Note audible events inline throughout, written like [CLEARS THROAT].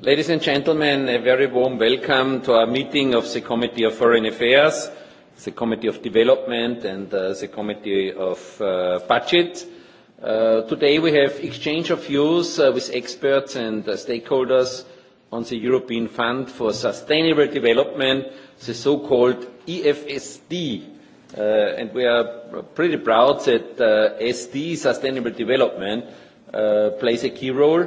Ladies and gentlemen, a very warm welcome to our meeting of the Committee of Foreign Affairs, the Committee of Development and uh, the Committee of uh, Budget. Uh, today we have exchange of views with experts and stakeholders on the European Fund for Sustainable Development, the so-called EFSD. And we are pretty proud that SD, Sustainable Development, Uh, plays a key role.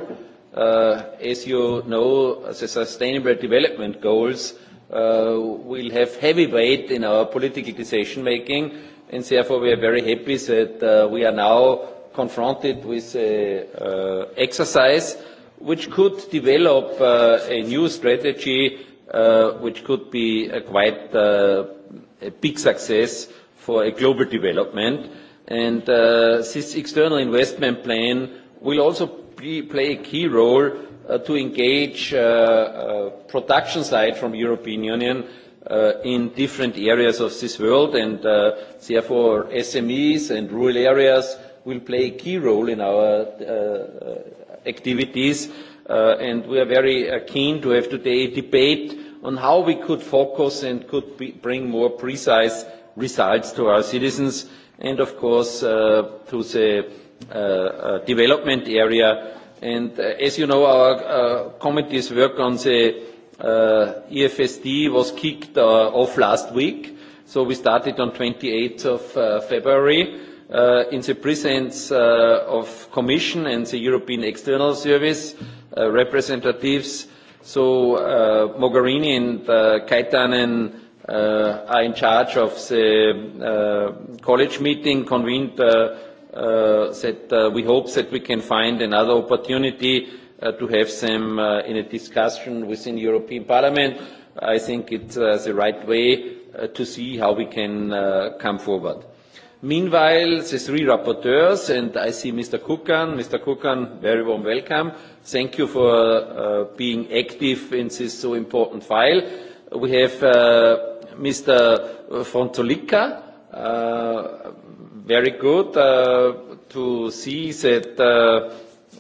Uh, as you know, the Sustainable Development Goals uh, will have heavy weight in our political decision making, and therefore we are very happy that we are now confronted with an exercise which could develop a new strategy which could be a quite a big success for a global development. And this external investment plan will also play a key role uh, to engage uh, uh, production side from European Union in different areas of this world and therefore SMEs and rural areas will play a key role in our activities and we are very keen to have today a debate on how we could focus and could bring more precise results to our citizens and of course to the Uh, uh, development area. And uh, as you know, our committee's work on the EFSD was kicked off last week. So we started on 28th of February in the presence of Commission and the European External Service representatives. So uh, Mogherini and uh, Kaitanen are in charge of the college meeting convened Uh, that uh, we hope that we can find another opportunity uh, to have them uh, in a discussion within European Parliament. I think it's uh, the right way uh, to see how we can uh, come forward. Meanwhile, the three rapporteurs, and I see Mr. Kukan. Mr. Kukan, very warm welcome. Thank you for uh, being active in this so important file. We have uh, Mr. Frontolica, uh, very good uh, to see that uh,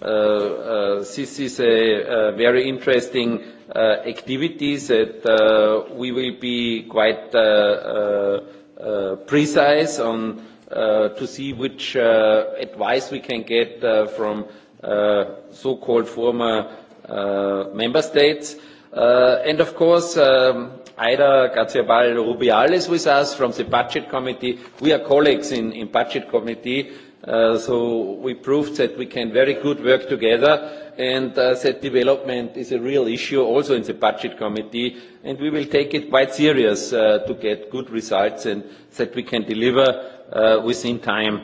uh, this is a, a very interesting uh, activity that uh, we will be quite uh, uh, uh, precise on uh, to see which uh, advice we can get uh, from uh, so-called former uh, member states. Uh, and of course, um, Ida Garciabal Rubiales with us from the Budget Committee. We are colleagues in, in Budget Committee, uh, so we proved that we can very good work together and uh, that development is a real issue also in the Budget Committee and we will take it quite serious uh, to get good results and that we can deliver uh, within time.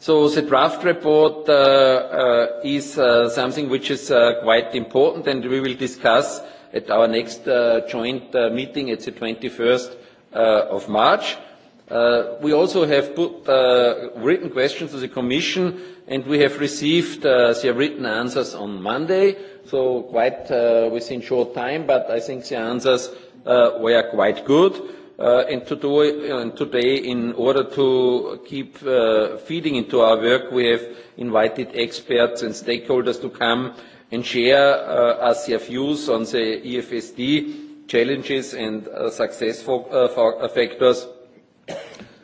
So the draft report uh, uh, is uh, something which is uh, quite important and we will discuss at our next uh, joint uh, meeting. It's the 21st uh, of March. we also have put written questions to the Commission and we have received their written answers on Monday, so quite within short time, but I think the answers were quite good. and, to do, and today, in order to keep feeding into our work, we have invited experts and stakeholders to come and share us your views on the EFSD challenges and uh, successful uh, uh, factors.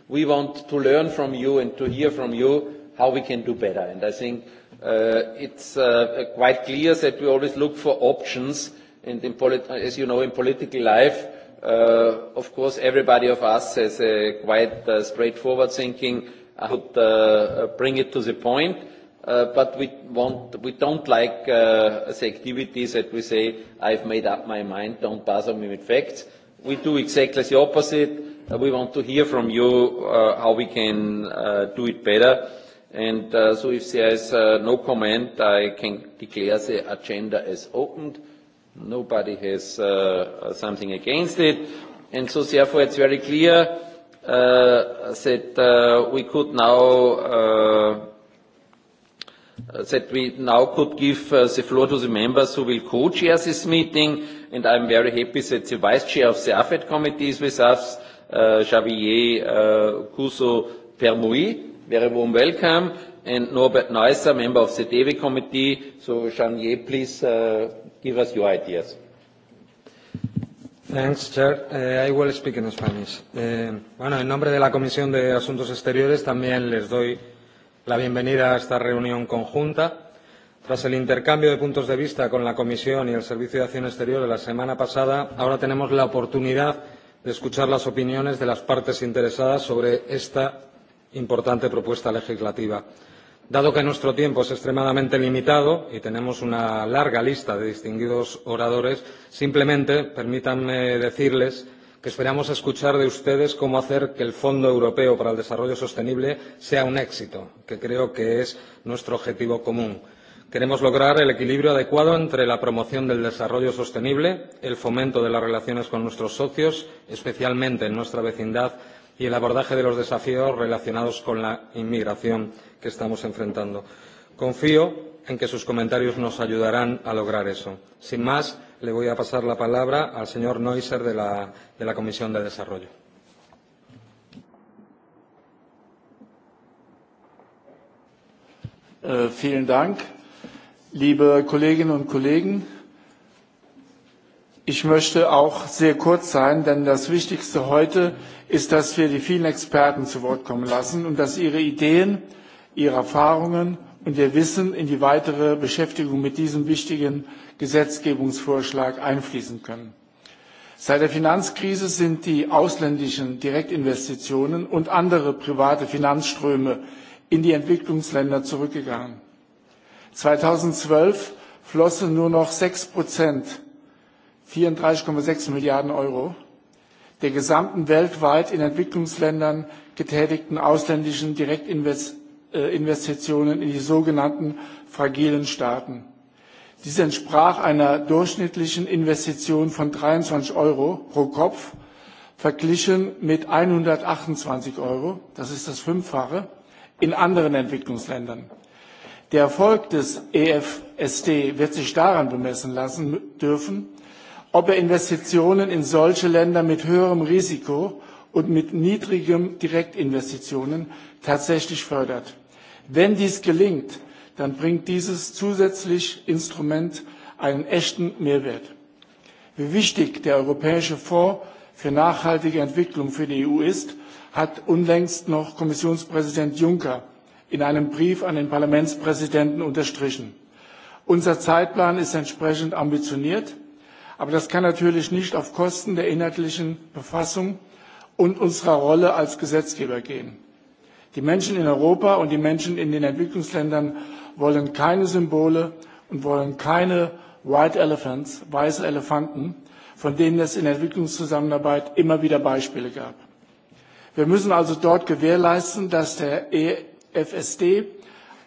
We want to learn from you and to hear from you how we can do better. And I think it's quite clear that we always look for options. And in as you know, in political life, of course, everybody of us has a quite straightforward thinking. I would bring it to the point Uh, but we want we don't like uh, the activities that we say I've made up my mind, don't bother me with facts. We do exactly the opposite. Uh, we want to hear from you uh, how we can do it better. And so if there is no comment, I can declare the agenda as opened. Nobody has something against it. And so therefore it's very clear that we could now that we now could give uh, the floor to the members who will co-chair this meeting, and I'm very happy that the Vice Chair of the AFET Committee is with us, uh, Xavier uh, Couso Permui. Very warm welcome. And Norbert Neuser, member of the DEWE Committee. So, Xavier, please uh, give us your ideas. Thanks, Chair. Eh, I will speak in Spanish. Eh, bueno, en nombre de la Comisión de Asuntos Exteriores también les doy la bienvenida a esta reunión conjunta. Tras el intercambio de puntos de vista con la Comisión y el Servicio de Acción Exterior de la semana pasada, ahora tenemos la oportunidad de escuchar las opiniones de las partes interesadas sobre esta importante propuesta legislativa. Dado que nuestro tiempo es extremadamente limitado y tenemos una larga lista de distinguidos oradores, simplemente permítanme decirles que esperamos escuchar de ustedes cómo hacer que el Fondo Europeo para el Desarrollo Sostenible sea un éxito, que creo que es nuestro objetivo común. Queremos lograr el equilibrio adecuado entre la promoción del desarrollo sostenible, el fomento de las relaciones con nuestros socios, especialmente en nuestra vecindad, y el abordaje de los desafíos relacionados con la inmigración que estamos enfrentando. Confío en que sus comentarios nos ayudarán a lograr eso. Sin más, le voy a pasar la palabra al señor Neusser de la, de la Comisión de Desarrollo. Uh, vielen Dank. Liebe Kolleginnen und Kollegen, ich möchte auch sehr kurz sein, denn das Wichtigste heute ist, dass wir die vielen Experten zu Wort kommen lassen und dass ihre Ideen, ihre Erfahrungen und wir wissen, in die weitere Beschäftigung mit diesem wichtigen Gesetzgebungsvorschlag einfließen können. Seit der Finanzkrise sind die ausländischen Direktinvestitionen und andere private Finanzströme in die Entwicklungsländer zurückgegangen. 2012 flossen nur noch 6 34,6 Milliarden Euro, der gesamten weltweit in Entwicklungsländern getätigten ausländischen Direktinvestitionen Äh, Investitionen in die sogenannten fragilen Staaten. Dies entsprach einer durchschnittlichen Investition von 23 Euro pro Kopf, verglichen mit 128 Euro, das ist das Fünffache, in anderen Entwicklungsländern. Der Erfolg des EFSD wird sich daran bemessen lassen dürfen, ob er Investitionen in solche Länder mit höherem Risiko und mit niedrigem Direktinvestitionen tatsächlich fördert. Wenn dies gelingt, dann bringt dieses zusätzliche Instrument einen echten Mehrwert. Wie wichtig der Europäische Fonds für nachhaltige Entwicklung für die EU ist, hat unlängst noch Kommissionspräsident Juncker in einem Brief an den Parlamentspräsidenten unterstrichen. Unser Zeitplan ist entsprechend ambitioniert, aber das kann natürlich nicht auf Kosten der inhaltlichen Befassung und unserer Rolle als Gesetzgeber gehen. Die Menschen in Europa und die Menschen in den Entwicklungsländern wollen keine Symbole und wollen keine White Elephants, weiße Elefanten, von denen es in Entwicklungszusammenarbeit immer wieder Beispiele gab. Wir müssen also dort gewährleisten, dass der EFSD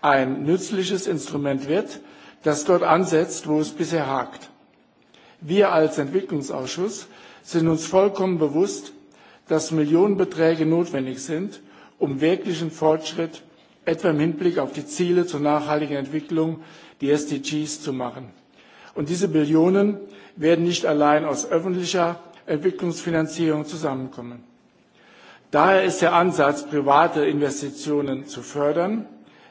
ein nützliches Instrument wird, das dort ansetzt, wo es bisher hakt. Wir als Entwicklungsausschuss sind uns vollkommen bewusst, dass Millionenbeträge notwendig sind, um wirklichen Fortschritt, etwa im Hinblick auf die Ziele zur nachhaltigen Entwicklung, die SDGs, zu machen. Und diese Billionen werden nicht allein aus öffentlicher Entwicklungsfinanzierung zusammenkommen. Daher ist der Ansatz, private Investitionen zu fördern,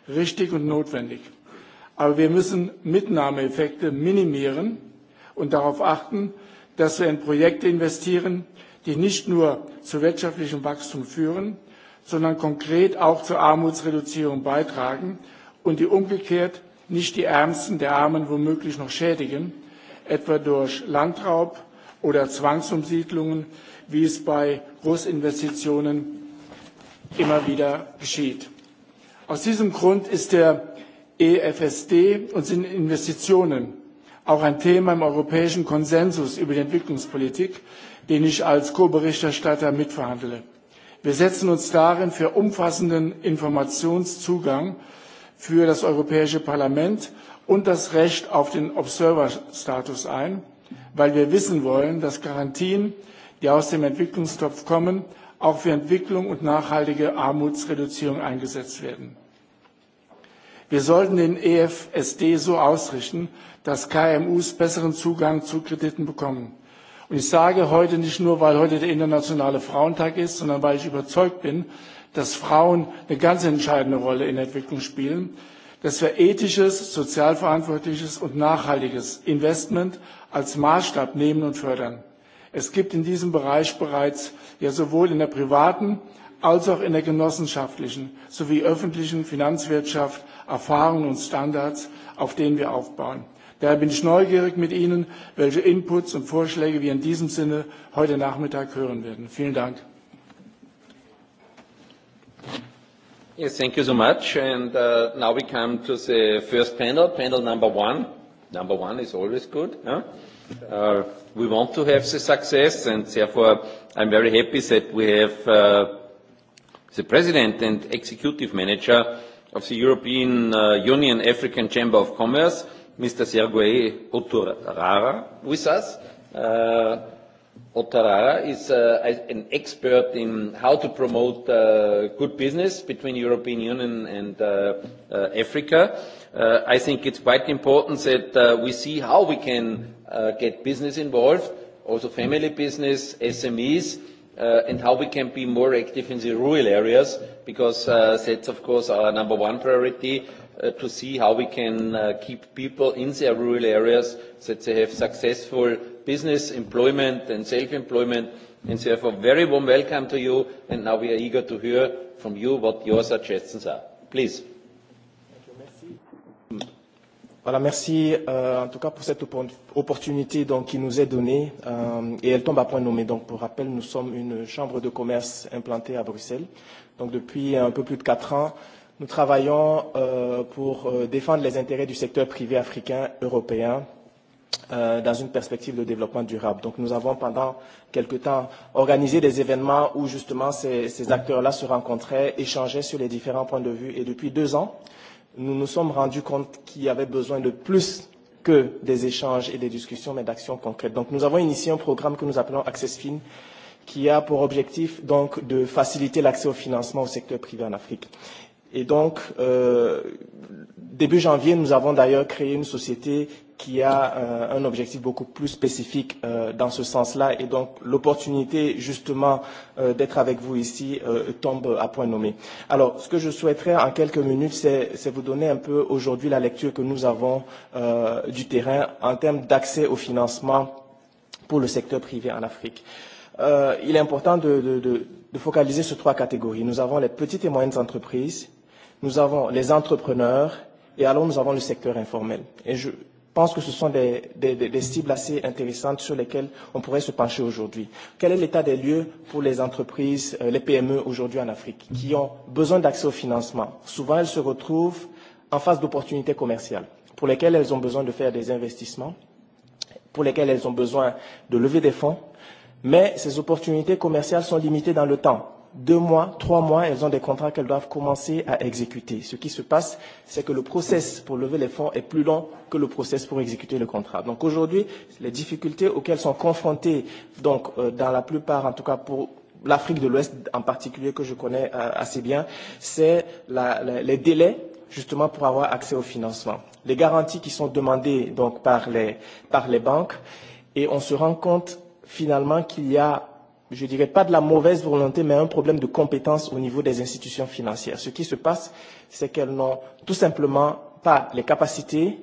richtig und notwendig. Aber wir müssen Mitnahmeeffekte minimieren und darauf achten, dass wir in Projekte investieren, die nicht nur zu wirtschaftlichem Wachstum führen, sondern konkret auch zur Armutsreduzierung beitragen und die umgekehrt nicht die Ärmsten der Armen womöglich noch schädigen, etwa durch Landraub oder Zwangsumsiedlungen, wie es bei Großinvestitionen immer wieder geschieht. Aus diesem Grund ist der EFSD und sind Investitionen auch ein Thema im europäischen Konsensus über die Entwicklungspolitik, den ich als Ko-Berichterstatter mitverhandle wir setzen uns darin für umfassenden informationszugang für das europäische parlament und das recht auf den observer status ein weil wir wissen wollen dass garantien die aus dem entwicklungstopf kommen auch für entwicklung und nachhaltige armutsreduzierung eingesetzt werden. wir sollten den efsd so ausrichten dass KMUs besseren zugang zu krediten bekommen. Und ich sage heute nicht nur, weil heute der internationale Frauentag ist, sondern weil ich überzeugt bin, dass Frauen eine ganz entscheidende Rolle in der Entwicklung spielen, dass wir ethisches, sozialverantwortliches und nachhaltiges Investment als Maßstab nehmen und fördern. Es gibt in diesem Bereich bereits ja sowohl in der privaten als auch in der genossenschaftlichen sowie öffentlichen Finanzwirtschaft Erfahrungen und Standards, auf denen wir aufbauen. Daher bin ich neugierig mit Ihnen, welche Inputs und Vorschläge wir in diesem Sinne heute Nachmittag hören werden. Vielen Dank. Yes, thank you so much. And uh, now we come to the first panel, panel number one. Number one is always good. Huh? Uh, we want to have the success, and therefore I'm very happy that we have uh, the President and Executive Manager of the European uh, Union African Chamber of Commerce, Mr. Sergei Otorara with us. Uh, Otorara is uh, an expert in how to promote uh, good business between European Union and uh, uh, Africa. Uh, I think it's quite important that uh, we see how we can uh, get business involved, also family business, SMEs, uh, and how we can be more active in the rural areas, because uh, that's, of course, our number one priority Uh, to see how we can uh, keep people in their rural areas so that they have successful business employment and self employment and therefore very warm welcome to you and now we are eager to hear from you what your suggestions are. Please. Voilà, merci euh, en tout cas pour cette opportunité donc, qui nous est donnée euh, et elle tombe à point nommé. Donc, pour rappel, nous sommes une chambre de commerce implantée à Bruxelles. Donc, depuis un peu plus de quatre ans, Nous travaillons euh, pour euh, défendre les intérêts du secteur privé africain européen euh, dans une perspective de développement durable. Donc nous avons pendant quelque temps organisé des événements où justement ces, ces acteurs-là se rencontraient, échangeaient sur les différents points de vue et depuis deux ans, nous nous sommes rendus compte qu'il y avait besoin de plus que des échanges et des discussions, mais d'actions concrètes. Donc nous avons initié un programme que nous appelons AccessFin, qui a pour objectif donc de faciliter l'accès au financement au secteur privé en Afrique. Et donc, euh, début janvier, nous avons d'ailleurs créé une société qui a euh, un objectif beaucoup plus spécifique euh, dans ce sens-là. Et donc, l'opportunité, justement, euh, d'être avec vous ici euh, tombe à point nommé. Alors, ce que je souhaiterais en quelques minutes, c'est vous donner un peu aujourd'hui la lecture que nous avons euh, du terrain en termes d'accès au financement pour le secteur privé en Afrique. Euh, il est important de, de, de, de focaliser sur trois catégories. Nous avons les petites et moyennes entreprises, nous avons les entrepreneurs et alors nous avons le secteur informel. Et je pense que ce sont des, des, des cibles assez intéressantes sur lesquelles on pourrait se pencher aujourd'hui. Quel est l'état des lieux pour les entreprises, euh, les PME aujourd'hui en Afrique, qui ont besoin d'accès au financement Souvent, elles se retrouvent en face d'opportunités commerciales pour lesquelles elles ont besoin de faire des investissements, pour lesquelles elles ont besoin de lever des fonds, mais ces opportunités commerciales sont limitées dans le temps deux mois, trois mois, elles ont des contrats qu'elles doivent commencer à exécuter. Ce qui se passe, c'est que le process pour lever les fonds est plus long que le process pour exécuter le contrat. Donc aujourd'hui, les difficultés auxquelles sont confrontées, donc euh, dans la plupart, en tout cas pour l'Afrique de l'Ouest en particulier que je connais euh, assez bien, c'est la, les délais justement pour avoir accès au financement. Les garanties qui sont demandées donc par les, par les banques et on se rend compte finalement qu'il y a je dirais pas de la mauvaise volonté, mais un problème de compétence au niveau des institutions financières. Ce qui se passe, c'est qu'elles n'ont tout simplement pas les capacités,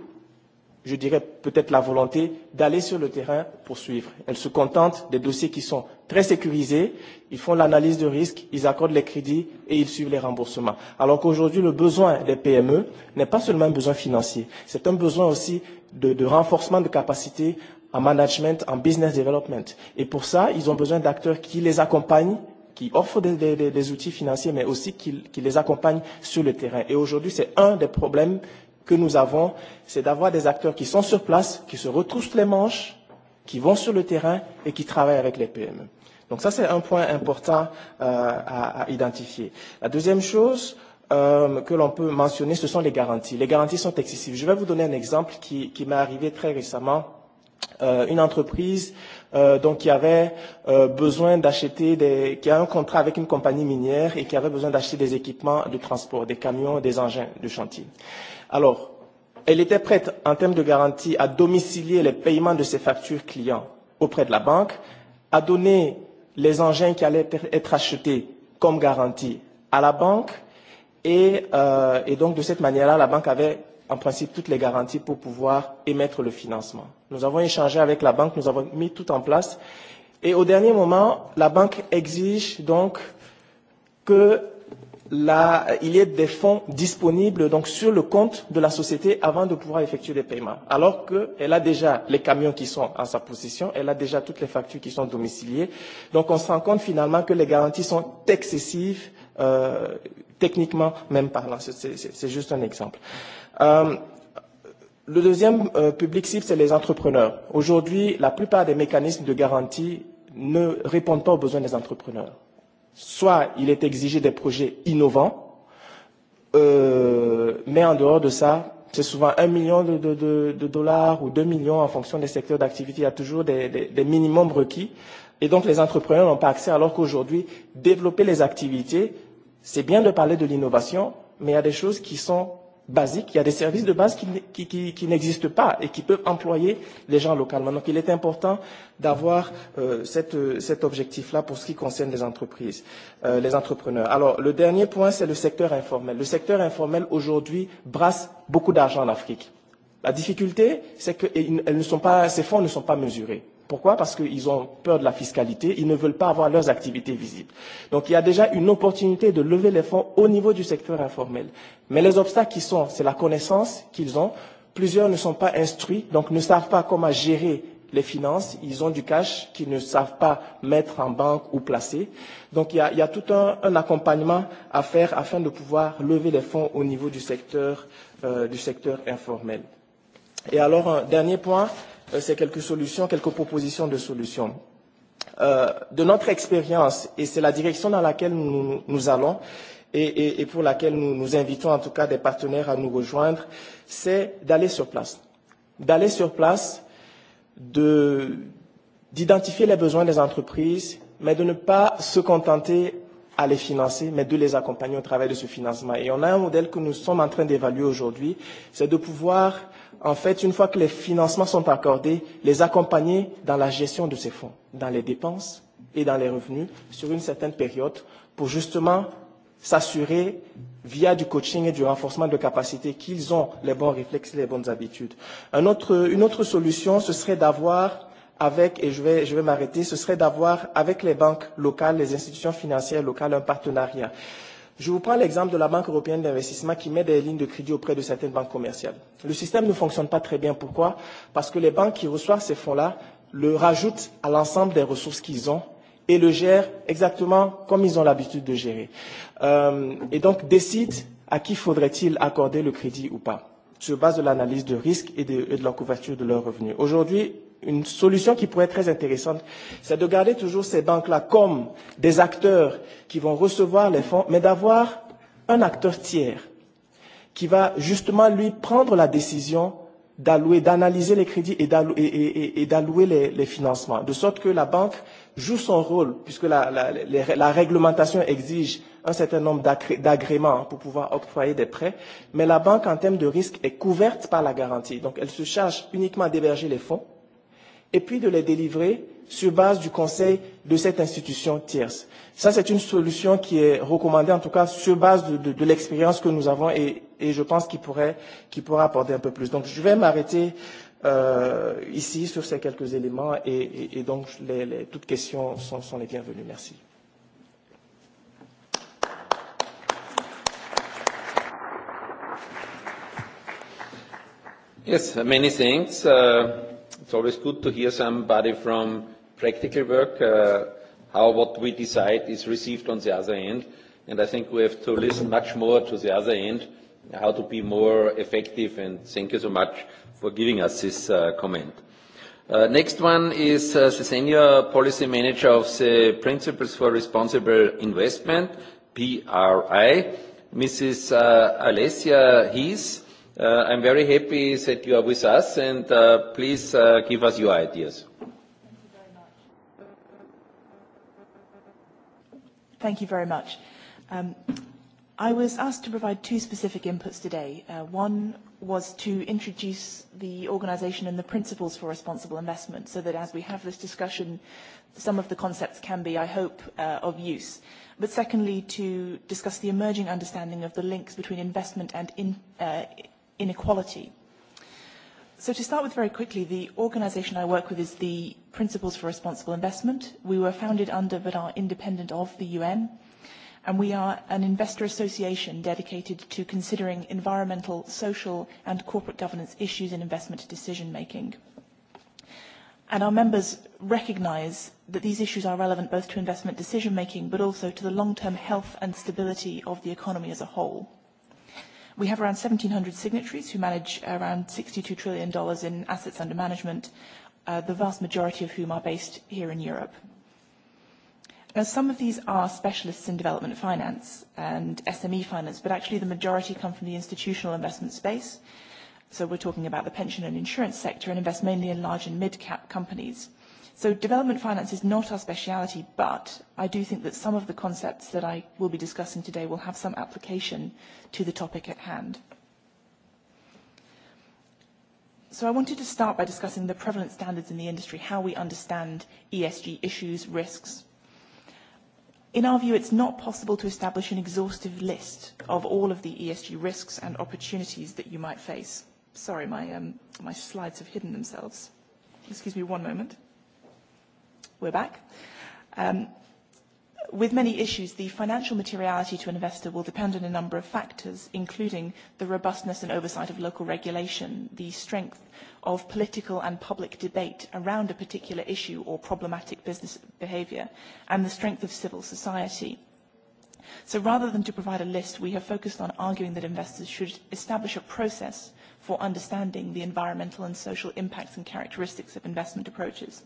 je dirais peut-être la volonté, d'aller sur le terrain pour suivre. Elles se contentent des dossiers qui sont très sécurisés, ils font l'analyse de risque, ils accordent les crédits et ils suivent les remboursements. Alors qu'aujourd'hui, le besoin des PME n'est pas seulement un besoin financier, c'est un besoin aussi de, de renforcement de capacités en management, en business development. Et pour ça, ils ont besoin d'acteurs qui les accompagnent qui offrent des, des, des outils financiers, mais aussi qui, qui les accompagnent sur le terrain. Et aujourd'hui, c'est un des problèmes que nous avons, c'est d'avoir des acteurs qui sont sur place, qui se retroussent les manches, qui vont sur le terrain et qui travaillent avec les PME. Donc ça, c'est un point important euh, à, à identifier. La deuxième chose euh, que l'on peut mentionner, ce sont les garanties. Les garanties sont excessives. Je vais vous donner un exemple qui, qui m'est arrivé très récemment Euh, une entreprise euh, donc qui avait euh, besoin d'acheter des qui a un contrat avec une compagnie minière et qui avait besoin d'acheter des équipements de transport, des camions, des engins de chantier. Alors, elle était prête en termes de garantie à domicilier les paiements de ses factures clients auprès de la banque, à donner les engins qui allaient être achetés comme garantie à la banque et, euh, et donc de cette manière-là, la banque avait en principe toutes les garanties pour pouvoir émettre le financement. Nous avons échangé avec la banque, nous avons mis tout en place et au dernier moment, la banque exige donc que la, il y ait des fonds disponibles donc sur le compte de la société avant de pouvoir effectuer des paiements. Alors qu'elle a déjà les camions qui sont en sa possession, elle a déjà toutes les factures qui sont domiciliées. Donc on se rend compte finalement que les garanties sont excessives, euh, techniquement même parlant. C'est juste un exemple. Euh, le deuxième euh, public cible, c'est les entrepreneurs. Aujourd'hui, la plupart des mécanismes de garantie ne répondent pas aux besoins des entrepreneurs. Soit il est exigé des projets innovants, euh, mais en dehors de ça, c'est souvent un million de, de, de, de dollars ou deux millions en fonction des secteurs d'activité. Il y a toujours des, des, des minimums requis. Et donc, les entrepreneurs n'ont pas accès, alors qu'aujourd'hui, développer les activités, c'est bien de parler de l'innovation, mais il y a des choses qui sont basiques, il y a des services de base qui, qui, qui, qui n'existent pas et qui peuvent employer les gens localement. Donc il est important d'avoir euh, cette, euh, cet objectif-là pour ce qui concerne les entreprises, euh, les entrepreneurs. Alors le dernier point, c'est le secteur informel. Le secteur informel aujourd'hui brasse beaucoup d'argent en Afrique. La difficulté, c'est que ne sont pas, ces fonds ne sont pas mesurés Pourquoi Parce qu'ils ont peur de la fiscalité, ils ne veulent pas avoir leurs activités visibles. Donc il y a déjà une opportunité de lever les fonds au niveau du secteur informel. Mais les obstacles qui sont, c'est la connaissance qu'ils ont. Plusieurs ne sont pas instruits, donc ne savent pas comment gérer les finances, ils ont du cash qu'ils ne savent pas mettre en banque ou placer. Donc il y a, il y a tout un, un accompagnement à faire afin de pouvoir lever les fonds au niveau du secteur, euh, du secteur informel. Et alors, un dernier point, Euh, ces quelques solutions, quelques propositions de solutions. Euh, de notre expérience, et c'est la direction dans laquelle nous, nous allons et, et, et pour laquelle nous, nous invitons en tout cas des partenaires à nous rejoindre, c'est d'aller sur place. D'aller sur place, d'identifier les besoins des entreprises, mais de ne pas se contenter à les financer, mais de les accompagner au travers de ce financement. Et on a un modèle que nous sommes en train d'évaluer aujourd'hui, c'est de pouvoir en fait, une fois que les financements sont accordés, les accompagner dans la gestion de ces fonds, dans les dépenses et dans les revenus sur une certaine période pour justement s'assurer via du coaching et du renforcement de capacité qu'ils ont les bons réflexes et les bonnes habitudes. Un autre, une autre solution, ce serait d'avoir avec, et je vais, je vais m'arrêter, ce serait d'avoir avec les banques locales, les institutions financières locales, un partenariat. Je vous prends l'exemple de la Banque européenne d'investissement qui met des lignes de crédit auprès de certaines banques commerciales. Le système ne fonctionne pas très bien. Pourquoi Parce que les banques qui reçoivent ces fonds-là le rajoutent à l'ensemble des ressources qu'ils ont et le gèrent exactement comme ils ont l'habitude de gérer. Euh, et donc décident à qui faudrait-il accorder le crédit ou pas, sur base de l'analyse de risque et de, et de la couverture de leurs revenus. Aujourd'hui, une solution qui pourrait être très intéressante, c'est de garder toujours ces banques-là comme des acteurs qui vont recevoir les fonds, mais d'avoir un acteur tiers qui va justement lui prendre la décision d'allouer, d'analyser les crédits et d'allouer, les, les financements, de sorte que la banque joue son rôle, puisque la, la, la, la réglementation exige un certain nombre d'agréments pour pouvoir octroyer des prêts, mais la banque, en termes de risque, est couverte par la garantie. Donc, elle se charge uniquement d'héberger les fonds, et puis de les délivrer sur base du conseil de cette institution tierce. Ça, c'est une solution qui est recommandée, en tout cas, sur base de, de, de l'expérience que nous avons et, et je pense qu'il pourrait, qu pourrait apporter un peu plus. Donc, je vais m'arrêter euh, ici sur ces quelques éléments et, et, et donc les, les, toutes questions sont, sont les bienvenues. Merci. Yes, many thanks. Uh... It's always good to hear somebody from practical work, uh, how what we decide is received on the other end. And I think we have to listen much more to the other end, how to be more effective. And thank you so much for giving us this uh, comment. Uh, next one is uh, the senior policy manager of the Principles for Responsible Investment, PRI, Mrs. Uh, Alessia Hees Uh, I'm very happy that you are with us and uh, please uh, give us your ideas. Thank you very much. Um, I was asked to provide two specific inputs today. Uh, one was to introduce the organisation and the principles for responsible investment so that as we have this discussion, some of the concepts can be, I hope, uh, of use. But secondly, to discuss the emerging understanding of the links between investment and in, inequality. So to start with very quickly, the organisation I work with is the Principles for Responsible Investment. We were founded under but are independent of the UN, and we are an investor association dedicated to considering environmental, social and corporate governance issues in investment decision making. And our members recognise that these issues are relevant both to investment decision making but also to the long term health and stability of the economy as a whole. We have around 1,700 signatories who manage around $62 trillion in assets under management, uh, the vast majority of whom are based here in Europe. Now, some of these are specialists in development finance and SME finance, but actually the majority come from the institutional investment space. So we're talking about the pension and insurance sector and invest mainly in large and mid-cap companies – So development finance is not our speciality, but I do think that some of the concepts that I will be discussing today will have some application to the topic at hand. So I wanted to start by discussing the prevalent standards in the industry, how we understand ESG issues, risks. In our view, it's not possible to establish an exhaustive list of all of the ESG risks and opportunities that you might face. Sorry, my, um, my slides have hidden themselves. Excuse me one moment we're back. Um, with many issues, the financial materiality to an investor will depend on a number of factors, including the robustness and oversight of local regulation, the strength of political and public debate around a particular issue or problematic business behaviour, and the strength of civil society. So rather than to provide a list, we have focused on arguing that investors should establish a process for understanding the environmental and social impacts and characteristics of investment approaches.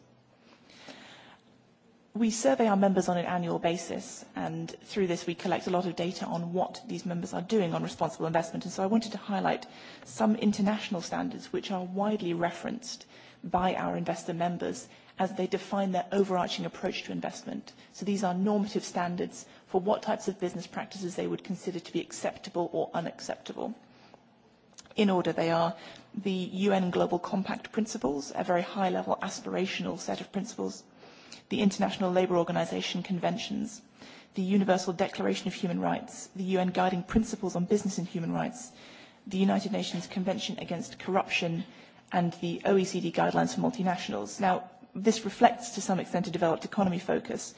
We survey our members on an annual basis, and through this we collect a lot of data on what these members are doing on responsible investment. And so I wanted to highlight some international standards which are widely referenced by our investor members as they define their overarching approach to investment. So these are normative standards for what types of business practices they would consider to be acceptable or unacceptable. In order, they are the UN Global Compact Principles, a very high-level aspirational set of principles – the International Labour Organization conventions, the Universal Declaration of Human Rights, the UN Guiding Principles on Business and Human Rights, the United Nations Convention Against Corruption, and the OECD Guidelines for Multinationals. Now, this reflects to some extent a developed economy focus.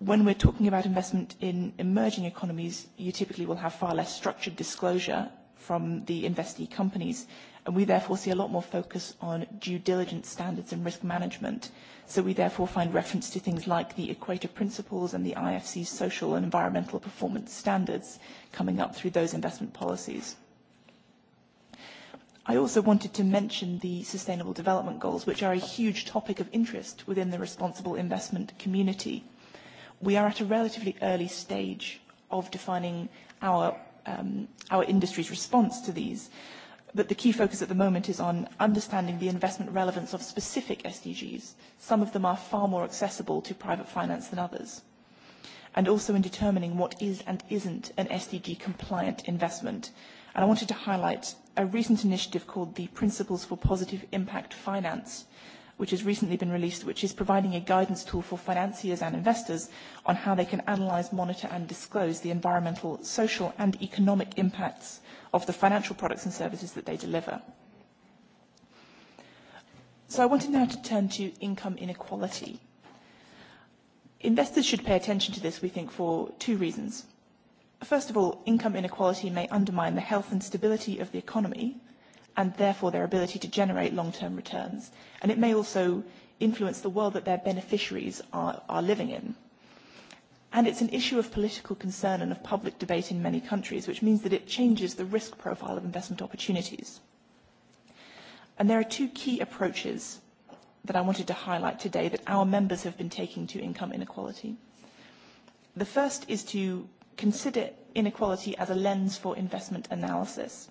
When we're talking about investment in emerging economies, you typically will have far less structured disclosure from the investee companies. And we therefore see a lot more focus on due diligence standards and risk management. So we therefore find reference to things like the Equator Principles and the IFC's social and environmental performance standards coming up through those investment policies. I also wanted to mention the Sustainable Development Goals, which are a huge topic of interest within the responsible investment community. We are at a relatively early stage of defining our um, our industry's response to these. But the key focus at the moment is on understanding the investment relevance of specific SDGs. Some of them are far more accessible to private finance than others. And also in determining what is and isn't an SDG compliant investment. And I wanted to highlight a recent initiative called the Principles for Positive Impact Finance, which has recently been released, which is providing a guidance tool for financiers and investors on how they can analyse, monitor and disclose the environmental, social and economic impacts of the financial products and services that they deliver. So I wanted now to turn to income inequality. Investors should pay attention to this, we think, for two reasons. First of all, income inequality may undermine the health and stability of the economy and therefore their ability to generate long-term returns. And it may also influence the world that their beneficiaries are, are living in. And it's an issue of political concern and of public debate in many countries, which means that it changes the risk profile of investment opportunities. And there are two key approaches that I wanted to highlight today that our members have been taking to income inequality. The first is to consider inequality as a lens for investment analysis.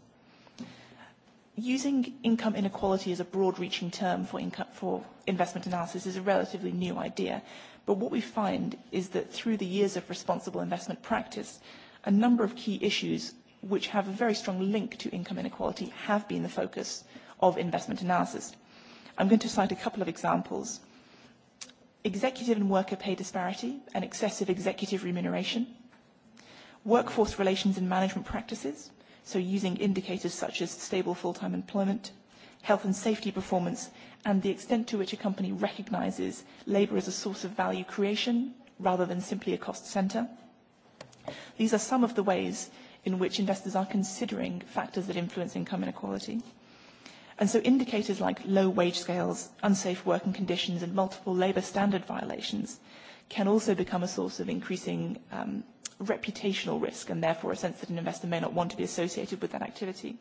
Using income inequality as a broad-reaching term for, income, for investment analysis is a relatively new idea, but what we find is that through the years of responsible investment practice, a number of key issues which have a very strong link to income inequality have been the focus of investment analysis. I'm going to cite a couple of examples. Executive and worker pay disparity and excessive executive remuneration, workforce relations and management practices, so using indicators such as stable full-time employment, health and safety performance, and the extent to which a company recognises labour as a source of value creation rather than simply a cost centre. These are some of the ways in which investors are considering factors that influence income inequality. And so indicators like low wage scales, unsafe working conditions, and multiple labour standard violations – can also become a source of increasing um, reputational risk and therefore a sense that an investor may not want to be associated with that activity.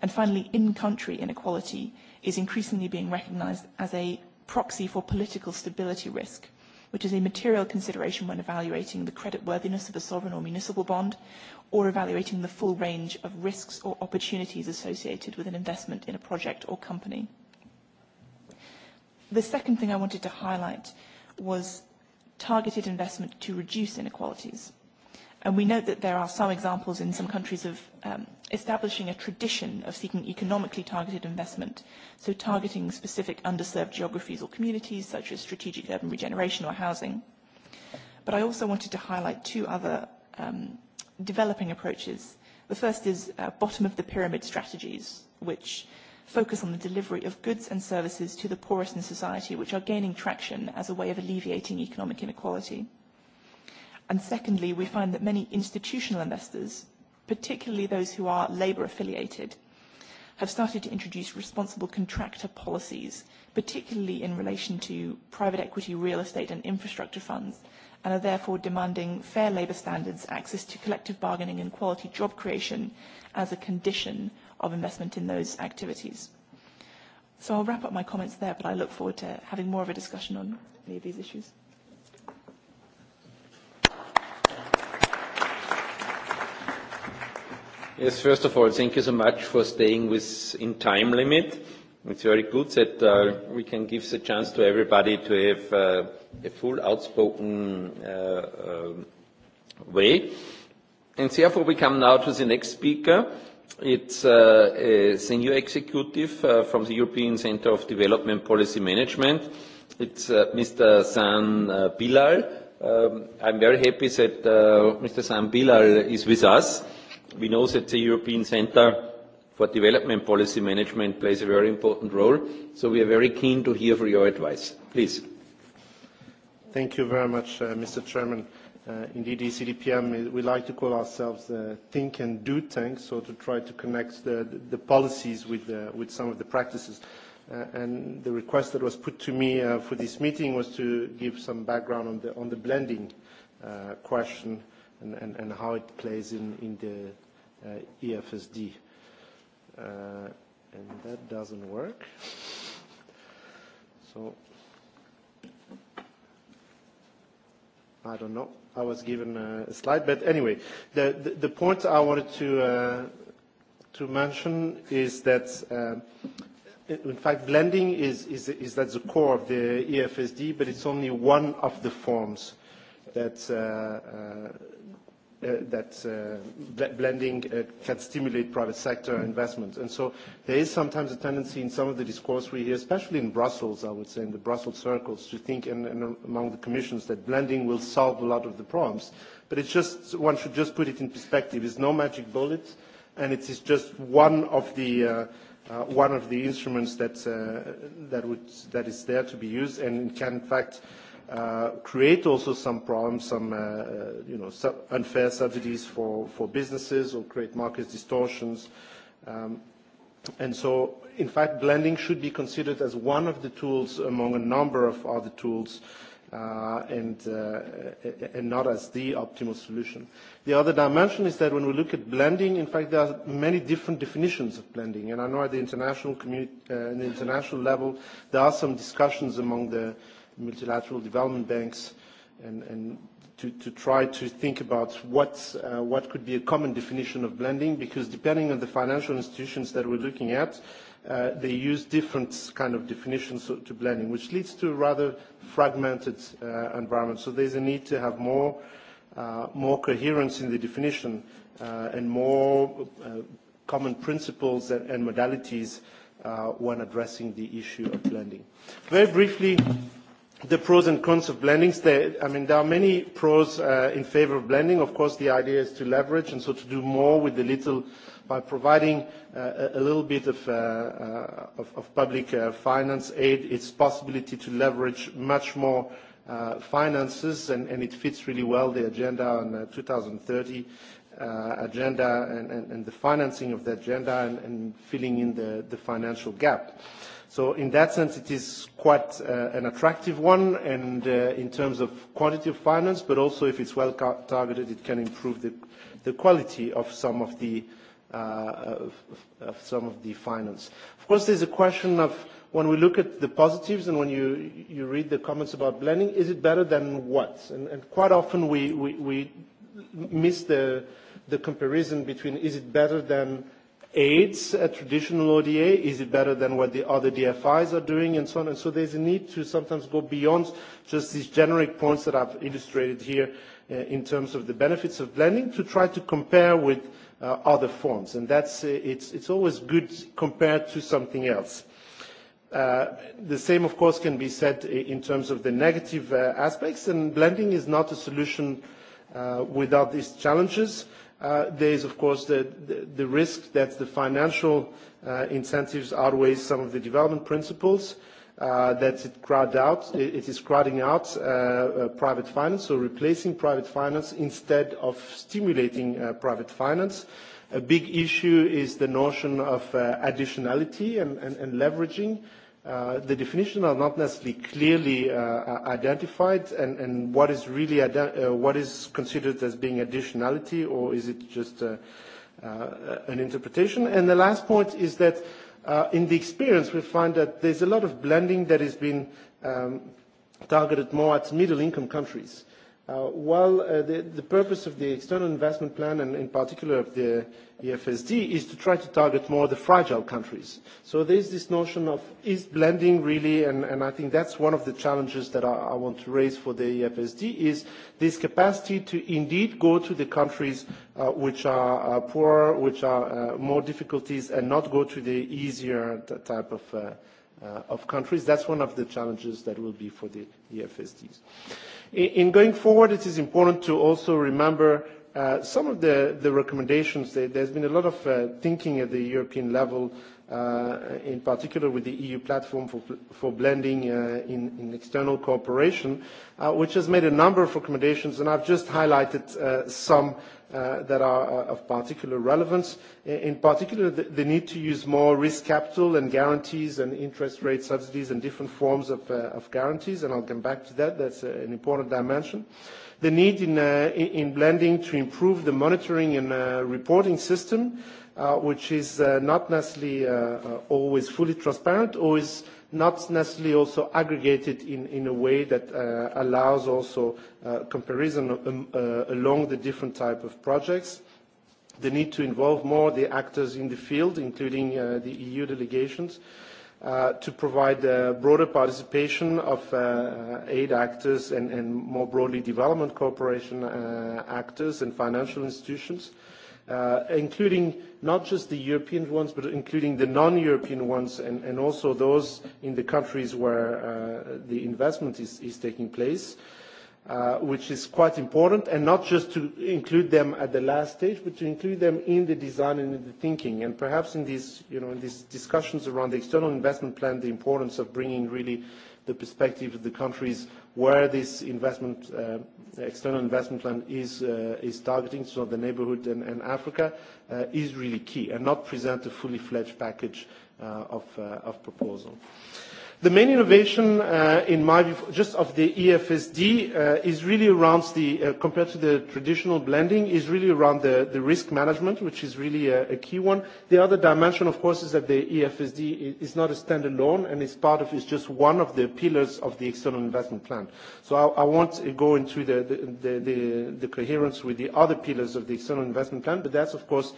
And finally, in-country inequality is increasingly being recognized as a proxy for political stability risk, which is a material consideration when evaluating the creditworthiness of a sovereign or municipal bond or evaluating the full range of risks or opportunities associated with an investment in a project or company. The second thing I wanted to highlight was targeted investment to reduce inequalities. And we note that there are some examples in some countries of um, establishing a tradition of seeking economically targeted investment, so targeting specific underserved geographies or communities such as strategic urban regeneration or housing. But I also wanted to highlight two other um, developing approaches. The first is uh, bottom of the pyramid strategies, which focus on the delivery of goods and services to the poorest in society, which are gaining traction as a way of alleviating economic inequality. And secondly, we find that many institutional investors, particularly those who are labour affiliated, have started to introduce responsible contractor policies, particularly in relation to private equity, real estate and infrastructure funds and are therefore demanding fair labour standards, access to collective bargaining and quality job creation as a condition of investment in those activities. So I'll wrap up my comments there, but I look forward to having more of a discussion on any of these issues. Yes, first of all, thank you so much for staying in time limit. It's very good that uh, we can give the chance to everybody to have uh, a full outspoken uh, um, way. And therefore we come now to the next speaker. It's uh, a senior executive uh, from the European Centre of Development Policy Management. It's uh, Mr. San Bilal. Um, I'm very happy that Mr. San Bilal is with us. We know that the European Centre but development policy management plays a very important role. So we are very keen to hear for your advice. Please. Thank you very much, uh, Mr. Chairman. Uh, indeed, ECDPM, uh, we like to call ourselves the uh, think and do tank, so to try to connect the, the policies with, with some of the practices. and the request that was put to me uh, for this meeting was to give some background on the, on the blending uh, question and, and, how it plays in, in the uh, EFSD. Uh, and that doesn't work. So I don't know. I was given a slide, but anyway, the, the, the point I wanted to, uh, to mention is that, um, in fact, blending is, is, is at the core of the EFSD, but it's only one of the forms that uh, uh Uh, that uh, blending uh, can stimulate private sector investment. And so there is sometimes a tendency in some of the discourse we hear, especially in Brussels, I would say, in the Brussels circles, to think in, in, among the commissions that blending will solve a lot of the problems. But it's just, one should just put it in perspective. It's no magic bullet, and it is just one of the, uh, uh, one of the instruments that, uh, that, would, that is there to be used and can, in fact, uh, Uh, create also some problems, some uh, uh, you know unfair subsidies for for businesses or create market distortions. Um, and so, in fact, blending should be considered as one of the tools among a number of other tools uh, and, not as the optimal solution. The other dimension is that when we look at blending, in fact, there are many different definitions of blending. And I know at the international, the international level, there are some discussions among the multilateral development banks, and, and to, to try to think about what, uh, what could be a common definition of blending, because depending on the financial institutions that we're looking at, uh, they use different kind of definitions to blending, which leads to a rather fragmented uh, environment. So there's a need to have more, uh, more coherence in the definition uh, and more uh, common principles and, and modalities uh, when addressing the issue of blending. Very briefly, the pros and cons of blendings, there, I mean, there are many pros uh, in favor of blending. Of course, the idea is to leverage and so to do more with the little by providing uh, a little bit of, uh, of, public finance aid, its possibility to leverage much more finances, and, it fits really well the agenda on 2030 agenda and, the financing of the agenda and, filling in the financial gap. So in that sense, it is quite uh, an attractive one, and uh, in terms of quantity of finance, but also if it's well targeted, it can improve the, the quality of some of the uh, of, some of the finance. Of course, there's a question of when we look at the positives and when you you read the comments about blending, is it better than what? And, and quite often we, we we miss the the comparison between is it better than aids a traditional ODA? Is it better than what the other DFIs are doing and so on? And so there's a need to sometimes go beyond just these generic points that I've illustrated here uh, in terms of the benefits of blending to try to compare with uh, other forms. And that's, uh, it's, always good compared to something else. the same, of course, can be said in terms of the negative aspects, and blending is not a solution without these challenges Uh, there is, of course, the, the, risk that the financial uh, incentives outweigh some of the development principles, uh, that it crowd out, it, is crowding out private finance, so replacing private finance instead of stimulating private finance. A big issue is the notion of additionality and, and leveraging. Uh, the definitions are not necessarily clearly uh, uh identified and, and what is really uh, what is considered as being additionality or is it just uh, uh, an interpretation and the last point is that uh, in the experience we find that there's a lot of blending that has been um, targeted more at middle income countries Uh, while well, uh, the, the purpose of the external investment plan, and in particular of the EFSD, is to try to target more the fragile countries. So there is this notion of is blending really, and, and I think that's one of the challenges that I, I want to raise for the EFSD, is this capacity to indeed go to the countries uh, which are uh, poorer, which are uh, more difficulties, and not go to the easier type of, uh, uh, of countries. That's one of the challenges that will be for the EFSDs. In going forward, it is important to also remember uh, some of the, the recommendations. There's been a lot of uh, thinking at the European level, uh, in particular with the EU platform for, for blending uh, in, in external cooperation, uh, which has made a number of recommendations, and I've just highlighted uh, some Uh, that are uh, of particular relevance. In particular, the, need to use more risk capital and guarantees and interest rate subsidies and different forms of, uh, guarantees, and I'll come back to that. That's an important dimension. The need in, in blending to improve the monitoring and reporting system, which is not necessarily always fully transparent, always not necessarily also aggregated in, in a way that uh, allows also uh, comparison um, uh, along the different type of projects. The need to involve more the actors in the field, including uh, the EU delegations, uh, to provide broader participation of uh, aid actors and, and more broadly development cooperation uh, actors and financial institutions uh, including not just the European ones, but including the non-European ones and, and also those in the countries where uh, the investment is, is taking place. Uh, which is quite important, and not just to include them at the last stage, but to include them in the design and in the thinking, and perhaps in these, you know, in these discussions around the external investment plan, the importance of bringing really the perspective of the countries where this investment uh, external investment plan is, uh, is targeting, so the neighborhood and, and Africa, uh, is really key and not present a fully fledged package uh, of, uh, of proposal. The main innovation, uh, in my view, just of the EFSD uh, is really around the, uh, compared to the traditional blending, is really around the, the risk management, which is really a, a key one. The other dimension, of course, is that the EFSD is not a standalone and is part of, is just one of the pillars of the external investment plan. So I, I won't go into the, the, the, the coherence with the other pillars of the external investment plan, but that's, of course,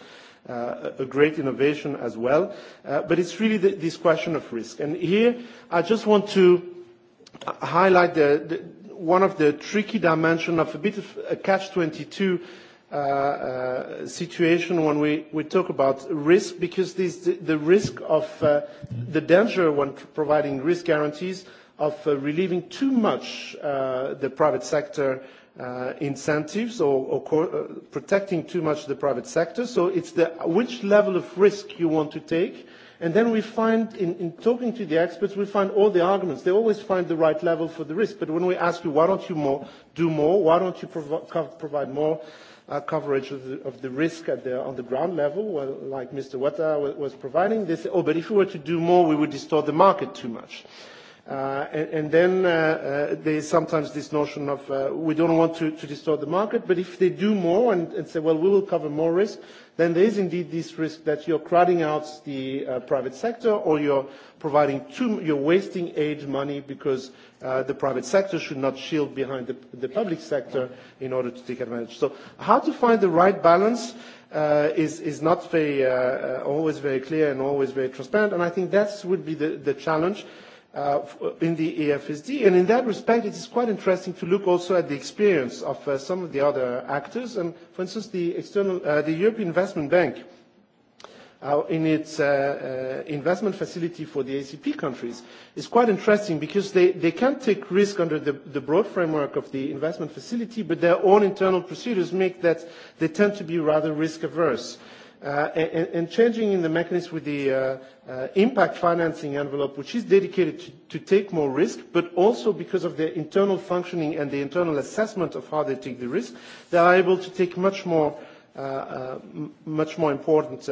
uh, a great innovation as well. Uh, but it's really the, this question of risk. And here, I just want to highlight the, the, one of the tricky dimensions of a bit of a catch-22 uh, uh, situation when we, we talk about risk, because this, the, the risk of uh, the danger when providing risk guarantees of uh, relieving too much uh, the private sector uh, incentives or, or uh, protecting too much the private sector. So it's the, which level of risk you want to take. And then we find, in, in talking to the experts, we find all the arguments. They always find the right level for the risk. But when we ask you, why don't you more, do more? Why don't you provide more uh, coverage of the, of the risk at the, on the ground level, well, like Mr. Wata was providing? They say, oh, but if we were to do more, we would distort the market too much. Uh, and, and then uh, uh, there is sometimes this notion of uh, we don't want to, to distort the market, but if they do more and, and say, well, we will cover more risk, then there is indeed this risk that you're crowding out the uh, private sector or you're providing too, you're wasting aid money because uh, the private sector should not shield behind the, the public sector in order to take advantage. So how to find the right balance uh, is, is not very, uh, uh always very clear and always very transparent, and I think that would be the, the challenge. Uh, in the AFSD. E and in that respect, it is quite interesting to look also at the experience of uh, some of the other actors. And for instance, the, external, uh, the European Investment Bank, uh, in its uh, uh, investment facility for the ACP countries, is quite interesting because they, they can take risk under the, the broad framework of the investment facility, but their own internal procedures make that they tend to be rather risk averse. Uh, and, changing in the mechanism with the uh, uh, impact financing envelope, which is dedicated to, take more risk, but also because of their internal functioning and the internal assessment of how they take the risk, they are able to take much more, much more important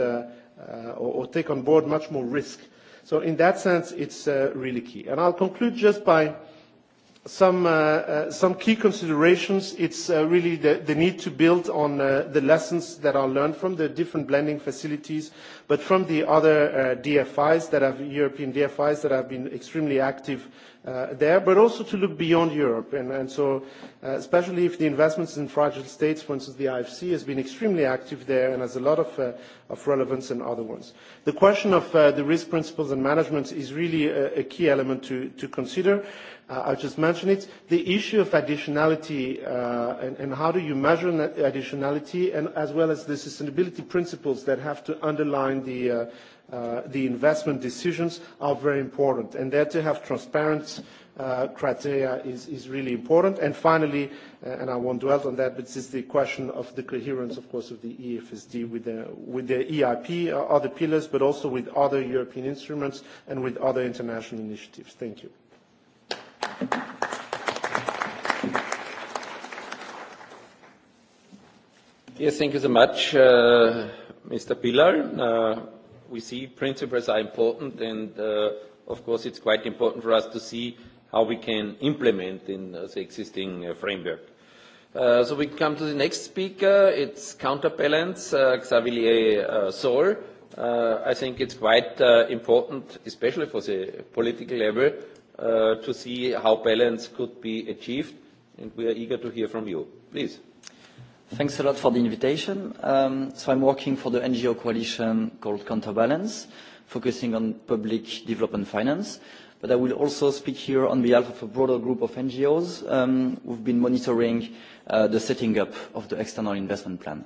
or take on board much more risk. So in that sense, it's really key. And I'll conclude just by some, uh, uh, some key considerations. It's uh, really the, the need to build on the lessons that are learned from the different blending facilities, but from the other DFIs that have European DFIs that have been extremely active there, but also to look beyond Europe. And, so, especially if the investments in fragile states, for instance, the IFC, has been extremely active there and has a lot of, relevance in other ones. The question of the risk principles and management is really a, a key element to, to consider. I uh, I'll just mention it. The issue of additionality uh, and, how do you measure additionality and as well as the sustainability principles that have to underline the, uh, the investment decisions are very important. And there to have transparent criteria is, is really important. And finally, and I won't dwell on that, but this is the question of the coherence, of course, of the EFSD with the, with the EIP, other pillars, but also with other European instruments and with other international initiatives. Thank you. Yes, thank you so much, uh, Mr. Pillar. Uh, we see principles are important, and uh, of course it's quite important for us to see how we can implement in the existing uh, framework. Uh, so we come to the next speaker. It's counterbalance, uh, Xavier Sol. I think it's quite important, especially for the political level, Uh, to see how balance could be achieved, and we are eager to hear from you. Please. Thanks a lot for the invitation. Um, so I'm working for the NGO coalition called Counterbalance, focusing on public development finance. But I will also speak here on behalf of a broader group of NGOs um, who've been monitoring uh, the setting up of the external investment plan.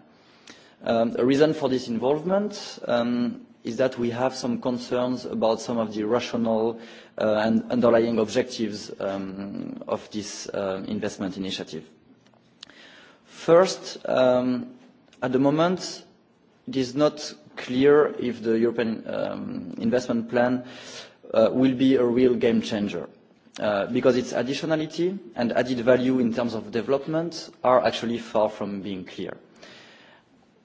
a um, reason for this involvement um, is that we have some concerns about some of the rational uh, and underlying objectives um, of this um, investment initiative. First, um, at the moment, it is not clear if the European investment plan uh, will be a real game changer. Uh, because its additionality and added value in terms of development are actually far from being clear.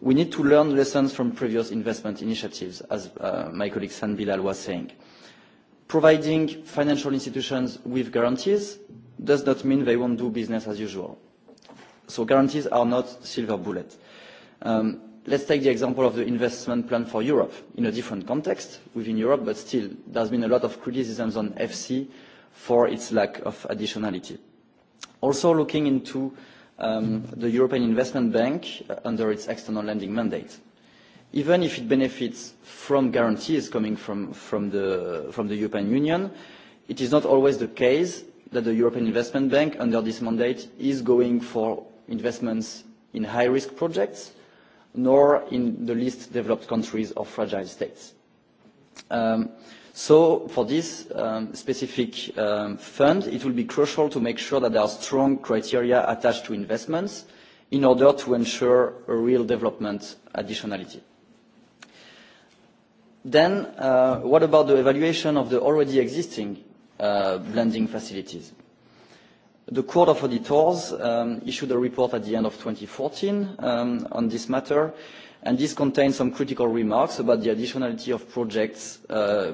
We need to learn lessons from previous investment initiatives, as uh, my colleague San Bilal was saying. Providing financial institutions with guarantees does not mean they won't do business as usual. So guarantees are not silver bullet. Um, let's take the example of the investment plan for Europe in a different context within Europe, but still there's been a lot of criticisms on FC for its lack of additionality. Also looking into Um, the European Investment Bank under its external lending mandate. Even if it benefits from guarantees coming from, from, the, from the European Union, it is not always the case that the European Investment Bank under this mandate is going for investments in high-risk projects nor in the least developed countries or fragile states. Um, So for this um, specific um, fund, it will be crucial to make sure that there are strong criteria attached to investments in order to ensure a real development additionality. Then, uh, what about the evaluation of the already existing uh, blending facilities? The Court of Auditors um, issued a report at the end of 2014 um, on this matter, and this contains some critical remarks about the additionality of projects uh,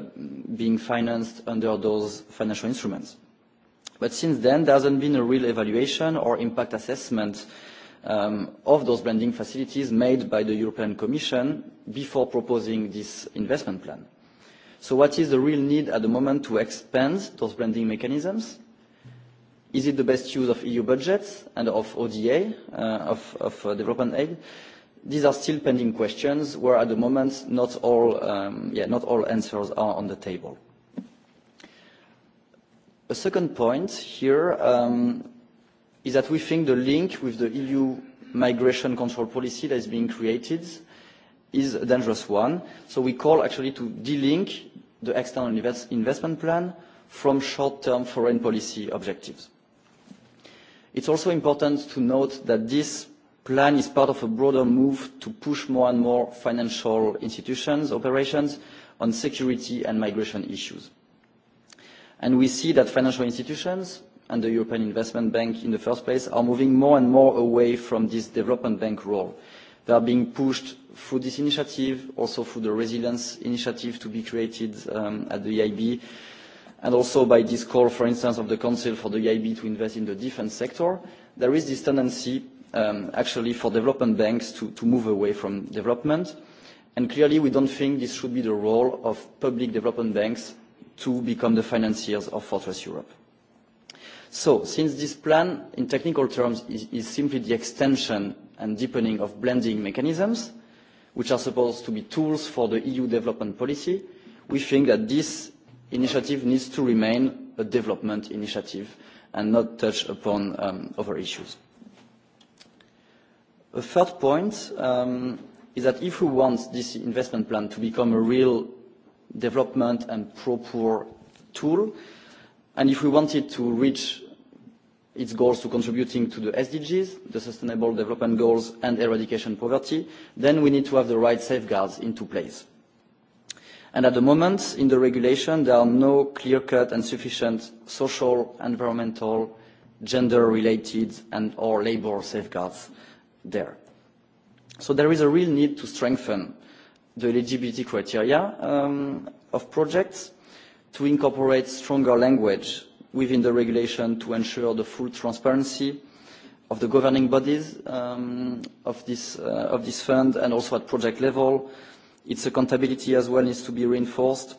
being financed under those financial instruments. But since then, there hasn't been a real evaluation or impact assessment um, of those blending facilities made by the European Commission before proposing this investment plan. So what is the real need at the moment to expand those blending mechanisms? Is it the best use of EU budgets and of ODA, uh, of, of uh, development aid? These are still pending questions where at the moment not all, um, yeah, not all answers are on the table. A second point here um, is that we think the link with the EU migration control policy that is being created is a dangerous one. So we call actually to delink the external invest investment plan from short-term foreign policy objectives. It's also important to note that this plan is part of a broader move to push more and more financial institutions' operations on security and migration issues. And we see that financial institutions and the European Investment Bank in the first place are moving more and more away from this development bank role. They are being pushed through this initiative, also through the resilience initiative to be created um, at the EIB, and also by this call, for instance, of the Council for the EIB to invest in the defense sector, there is this tendency um, actually for development banks to, to move away from development. And clearly, we don't think this should be the role of public development banks to become the financiers of Fortress Europe. So, since this plan, in technical terms, is, is simply the extension and deepening of blending mechanisms, which are supposed to be tools for the EU development policy, we think that this initiative needs to remain a development initiative and not touch upon um, other issues. A third point um, is that if we want this investment plan to become a real development and proper poor tool, and if we want it to reach its goals to contributing to the SDGs, the Sustainable Development Goals and eradication poverty, then we need to have the right safeguards into place and at the moment in the regulation there are no clear cut and sufficient social environmental gender related and or labour safeguards there. so there is a real need to strengthen the eligibility criteria um, of projects to incorporate stronger language within the regulation to ensure the full transparency of the governing bodies um, of, this, uh, of this fund and also at project level Its accountability as well needs to be reinforced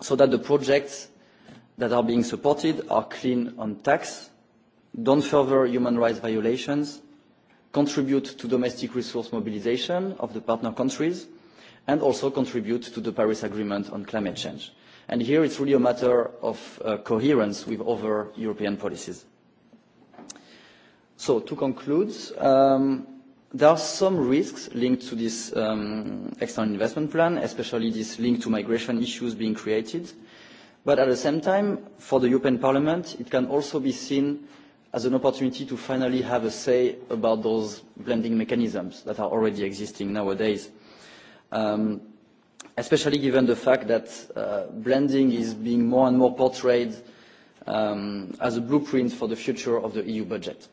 so that the projects that are being supported are clean on tax, don't further human rights violations, contribute to domestic resource mobilization of the partner countries, and also contribute to the Paris Agreement on climate change. And here it's really a matter of uh, coherence with other European policies. So to conclude, um, There are some risks linked to this um, external investment plan, especially this link to migration issues being created. But at the same time, for the European Parliament, it can also be seen as an opportunity to finally have a say about those blending mechanisms that are already existing nowadays. Um, especially given the fact that uh, blending is being more and more portrayed um, as a blueprint for the future of the EU budget.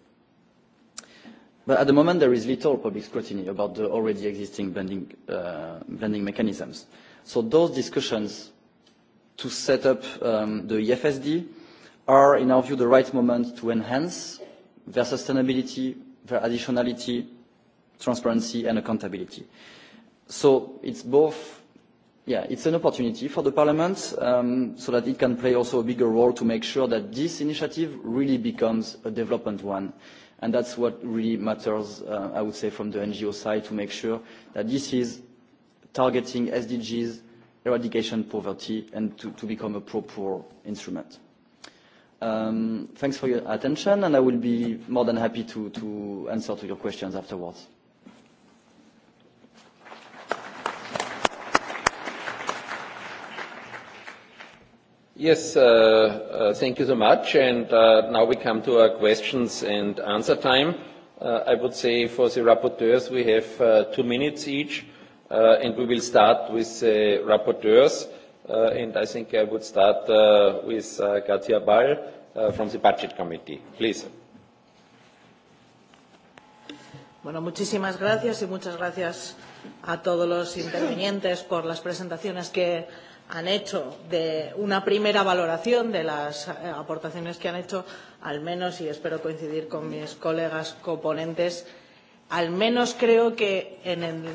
But at the moment, there is little public scrutiny about the already existing blending, uh, blending mechanisms. So those discussions to set up um, the EFSD are, in our view, the right moment to enhance their sustainability, their additionality, transparency, and accountability. So it's both, yeah, it's an opportunity for the Parliament um, so that it can play also a bigger role to make sure that this initiative really becomes a development one and that's what really matters uh, i would say from the ngo side to make sure that this is targeting sdgs eradication poverty and to, to become a proper instrument um, thanks for your attention and i will be more than happy to, to answer to your questions afterwards Yes, uh, uh, thank you so much. And uh, now we come to our questions and answer time. I would say for the rapporteurs, we have two minutes each, and we will start with the rapporteurs. and I think I would start with uh, Ball from the Budget Committee. Please. Bueno, muchísimas gracias y muchas gracias a todos los intervinientes por las presentaciones que han hecho de una primera valoración de las eh, aportaciones que han hecho, al menos, y espero coincidir con mis colegas coponentes, al menos creo que en el,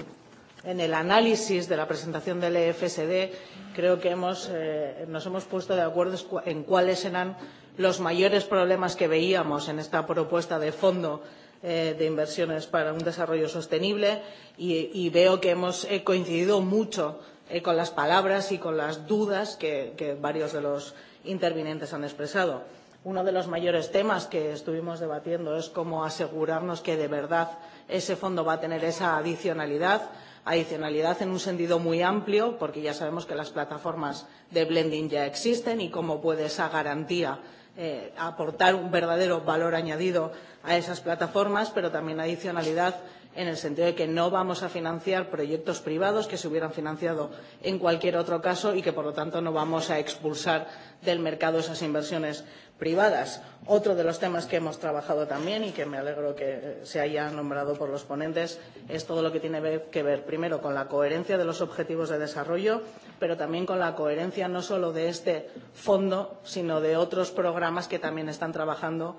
en el análisis de la presentación del EFSD creo que hemos, eh, nos hemos puesto de acuerdo en cuáles eran los mayores problemas que veíamos en esta propuesta de fondo eh, de inversiones para un desarrollo sostenible y, y veo que hemos eh, coincidido mucho eh, con las palabras y con las dudas que, que varios de los intervinientes han expresado. Uno de los mayores temas que estuvimos debatiendo es cómo asegurarnos que de verdad ese fondo va a tener esa adicionalidad, adicionalidad en un sentido muy amplio, porque ya sabemos que las plataformas de blending ya existen y cómo puede esa garantía eh, aportar un verdadero valor añadido a esas plataformas, pero también adicionalidad en el sentido de que no vamos a financiar proyectos privados que se hubieran financiado en cualquier otro caso y que, por lo tanto, no vamos a expulsar del mercado esas inversiones privadas. Otro de los temas que hemos trabajado también y que me alegro que se haya nombrado por los ponentes es todo lo que tiene que ver, primero, con la coherencia de los objetivos de desarrollo, pero también con la coherencia no solo de este fondo, sino de otros programas que también están trabajando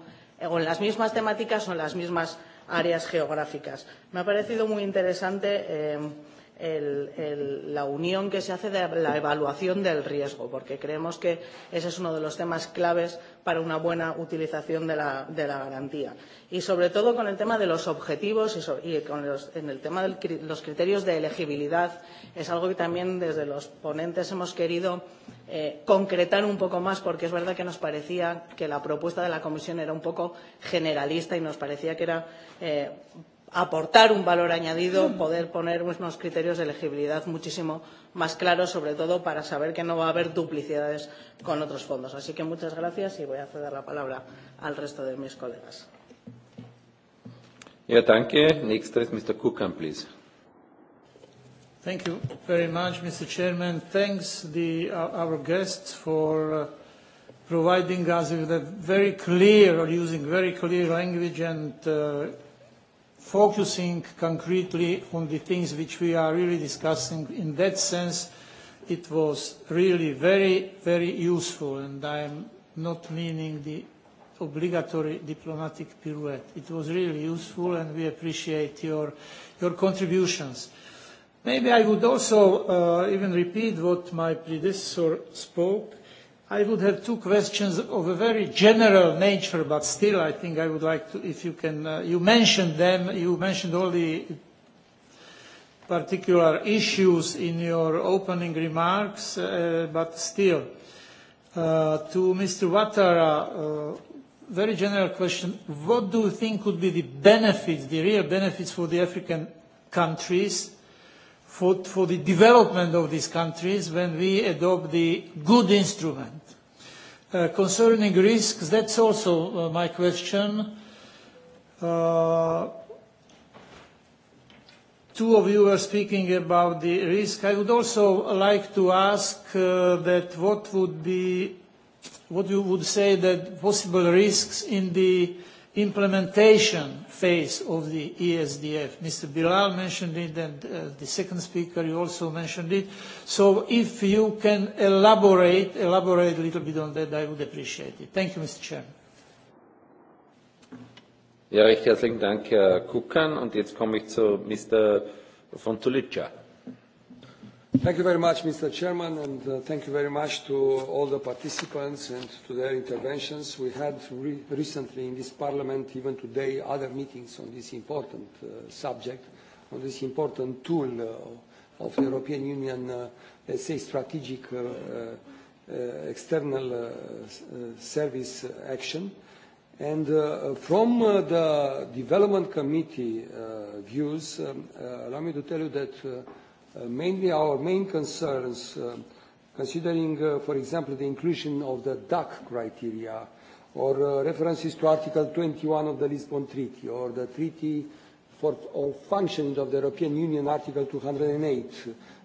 con las mismas temáticas o en las mismas áreas geográficas. Me ha parecido muy interesante eh, el, el, la unión que se hace de la evaluación del riesgo, porque creemos que ese es uno de los temas claves para una buena utilización de la, de la garantía. Y sobre todo con el tema de los objetivos y, y con los, en el tema de los criterios de elegibilidad, es algo que también desde los ponentes hemos querido eh, concretar un poco más, porque es verdad que nos parecía que la propuesta de la Comisión era un poco generalista y nos parecía que era. Eh, aportar un valor añadido, poder poner unos criterios de elegibilidad muchísimo más claros, sobre todo para saber que no va a haber duplicidades con otros fondos. Así que muchas gracias y voy a ceder la palabra al resto de mis colegas. Ja, danke. Nächster ist Mr. Kukan, please. Thank you very much, Mr. Chairman. Thanks the, uh, our guests for uh, providing us with a very clear, or using very clear language and uh, focusing concretely on the things which we are really discussing in that sense it was really very very useful and i am not meaning the obligatory diplomatic pirouette it was really useful and we appreciate your your contributions maybe i would also uh, even repeat what my predecessor spoke i would have two questions of a very general nature, but still I think I would like to, if you can, uh, you mentioned them, you mentioned all the particular issues in your opening remarks, uh, but still, uh, to Mr. Watara, uh, very general question, what do you think would be the benefits, the real benefits for the African countries for the development of these countries when we adopt the good instrument? Uh, concerning risks, that's also uh, my question. Uh, two of you were speaking about the risk. I would also like to ask that what would be, what you would say that possible risks in the implementation phase of the ESDF. Mr. Bilal mentioned it, and uh, the second speaker, you also mentioned it. So if you can elaborate, elaborate a little bit on that, I would appreciate it. Thank you, Mr. Chairman. Ja, recht herzlichen Dank, Herr Kukan. Und jetzt komme ich zu Mr. von Tulica. Thank you very much, Mr. Chairman, and uh, thank you very much to all the participants and to their interventions. We had re recently in this Parliament, even today, other meetings on this important uh, subject, on this important tool uh, of European Union, let's uh, say, strategic uh, uh, external service action. And from the Development Committee views, um, allow me to tell you that Uh, mainly our main concerns, uh, considering, uh, for example, the inclusion of the DAC criteria or references to Article 21 of the Lisbon Treaty or the Treaty for Function functioning of the European Union, Article 208,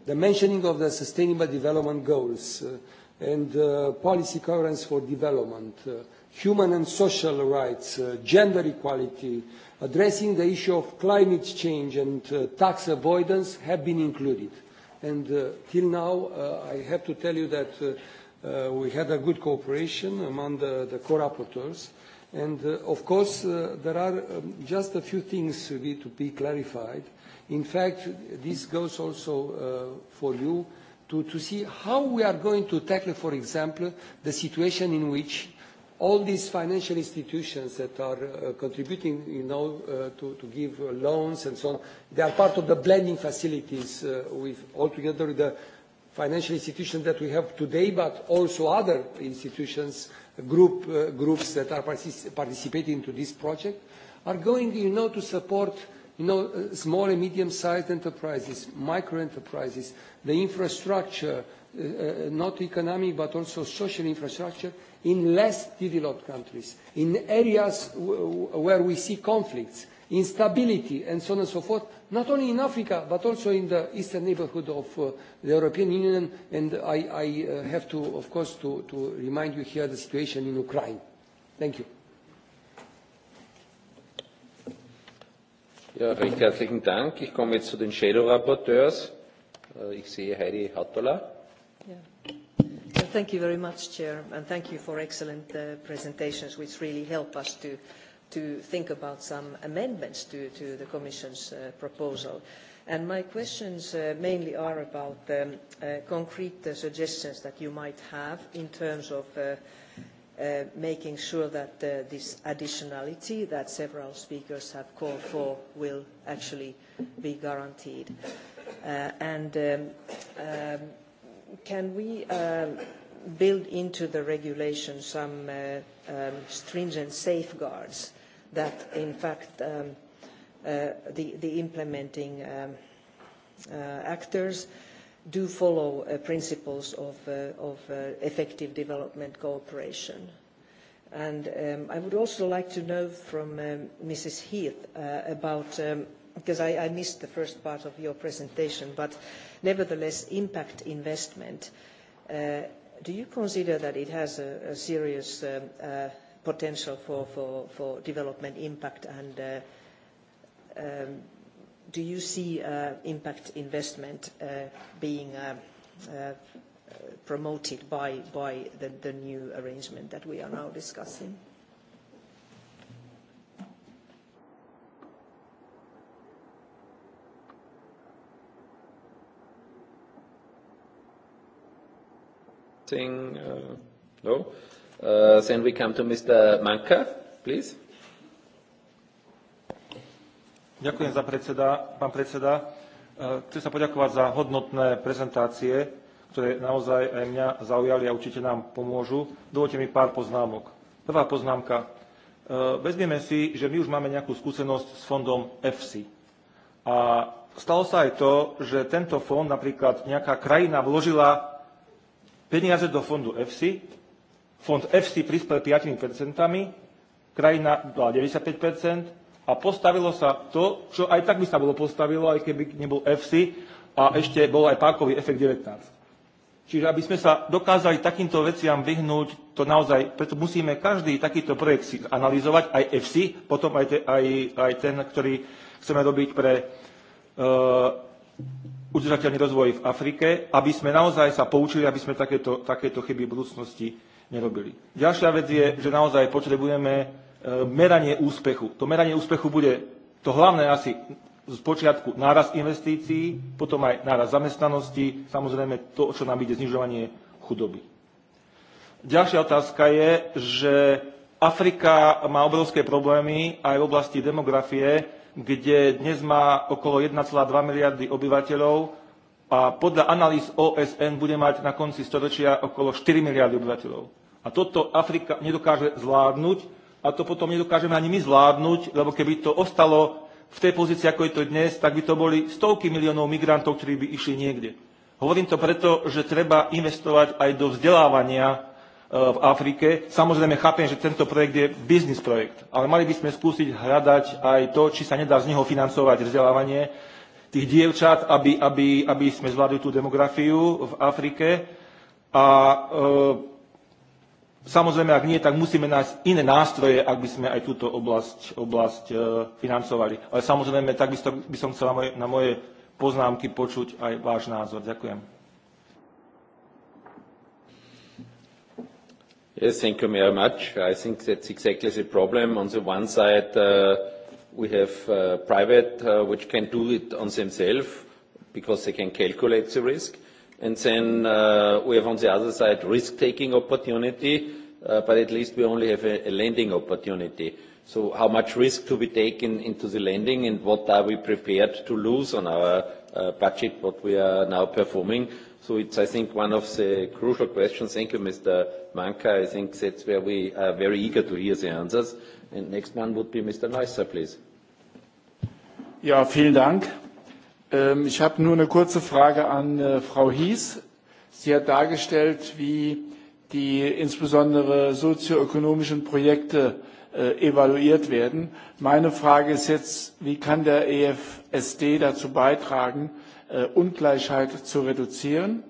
the mentioning of the Sustainable Development Goals, and policy coherence for development, human and social rights, uh, gender equality, addressing the issue of climate change and uh, tax avoidance have been included. And uh, till now, uh, I have to tell you that uh, uh, we had a good cooperation among the, the co-rapporteurs. And uh, of course, uh, there are um, just a few things to be, to be clarified. In fact, this goes also uh, for you to, to see how we are going to tackle, for example, the situation in which all these financial institutions that are uh, contributing, you know, uh, to, to give uh, loans and so on, they are part of the blending facilities uh, with altogether the financial institutions that we have today, but also other institutions, group, uh, groups that are partic participating to this project, are going, you know, to support you know, uh, small and medium-sized enterprises, micro enterprises, the infrastructure, uh, not economic but also social infrastructure in less developed countries, in areas w where we see conflicts, instability and so on and so forth, not only in Africa but also in the eastern neighborhood of uh, the European Union and I, I uh, have to, of course, to, to remind you here the situation in Ukraine. Thank you. Ja, recht herzlichen Dank. Ich komme jetzt zu den Shadow Rapporteurs. Äh, ich sehe Heidi Hattola. Thank you very much, Chair, and thank you for excellent uh, presentations, which really help us to, to think about some amendments to, to the Commission's uh, proposal. And my questions uh, mainly are about um, concrete suggestions that you might have in terms of making sure that this additionality that several speakers have called for will actually be guaranteed. And um, um, can we um, build into the regulation some uh, um, stringent safeguards that in fact um, uh, the, the implementing um, uh, actors do follow principles of, of effective development cooperation. And I would also like to know from Mrs. Heath about, because I, I missed the first part of your presentation, but nevertheless, impact investment do you consider that it has a, serious um, uh, potential for, for, for development impact and uh, um, do you see uh, impact investment being promoted by, by the, the new arrangement that we are now discussing? something? Uh, no? Uh, we come to Mr. Manka, please. Ďakujem za predseda, pán predseda. Uh, chcem sa poďakovať za hodnotné prezentácie, ktoré naozaj aj mňa zaujali a určite nám pomôžu. Dovolte mi pár poznámok. Prvá poznámka. Vezmeme si, že my už máme nejakú skúsenosť s fondom EFSI. A stalo sa aj to, že tento fond, napríklad nejaká krajina vložila peniaze do fondu EFSI. Fond EFSI prispel 5%, krajina dala 95% a postavilo sa to, čo aj tak by sa bolo postavilo, aj keby nebol EFSI a ešte bol aj pákový efekt 19. Čiže aby sme sa dokázali takýmto veciam vyhnúť, to naozaj, preto musíme každý takýto projekt si analyzovať, aj EFSI, potom aj, ten, ktorý chceme robiť pre eh, udržateľný rozvoj v Afrike, aby sme naozaj sa poučili, aby sme takéto, takéto chyby v budúcnosti nerobili. Ďalšia vec je, že naozaj potrebujeme e, meranie úspechu. To meranie úspechu bude to hlavné asi z počiatku náraz investícií, potom aj náraz zamestnanosti, samozrejme to, čo nám ide znižovanie chudoby. Ďalšia otázka je, že Afrika má obrovské problémy aj v oblasti demografie, kde dnes má okolo 1,2 miliardy obyvateľov a podľa analýz OSN bude mať na konci storočia okolo 4 miliardy obyvateľov. A toto Afrika nedokáže zvládnuť a to potom nedokážeme ani my zvládnuť, lebo keby to ostalo v tej pozícii, ako je to dnes, tak by to boli stovky miliónov migrantov, ktorí by išli niekde. Hovorím to preto, že treba investovať aj do vzdelávania E, v Afrike. Samozrejme chápem, že tento projekt je biznis projekt, ale mali by sme skúsiť hľadať aj to, či sa nedá z neho financovať vzdelávanie tých dievčat, aby, sme zvládli tú demografiu v Afrike. A e, samozrejme, ak nie, tak musíme nájsť iné nástroje, ak by sme aj túto oblasť, oblasť e, financovali. Ale samozrejme, tak by, som chcel na moje, na moje poznámky počuť aj váš názor. Ďakujem. Yes, thank you very much. I think that's exactly the problem. On the one side, uh, we have uh, private uh, which can do it on themselves because they can calculate the risk. And then we have on the other side risk-taking opportunity, but at least we only have a, lending opportunity. So how much risk to be taken into the lending and what are we prepared to lose on our budget, what we are now performing? So it's, I think, one of the crucial questions. Thank you, Mr. Manka. I think that's where we are very eager to hear the answers. And next one would be Mr. Neusser, please. Ja, vielen Dank. Ähm, ich habe nur eine kurze Frage an äh, Frau Hies. Sie hat dargestellt, wie die insbesondere sozioökonomischen Projekte äh, evaluiert werden. Meine Frage ist jetzt, wie kann der EFSD dazu beitragen, Äh, Ungleichheit zu reduzieren?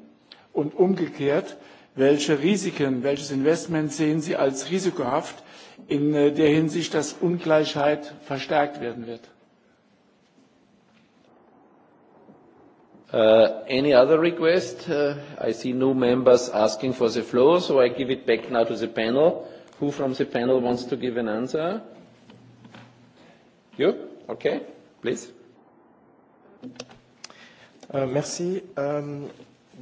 Und umgekehrt, welche Risiken, welches Investment sehen Sie als risikohaft in äh, der Hinsicht, dass Ungleichheit verstärkt werden wird? Uh, any other request? Uh, I see no members asking for the floor, so I give it back now to the panel. Who from the panel wants to give an answer? You? Okay, please. Euh, merci. Euh,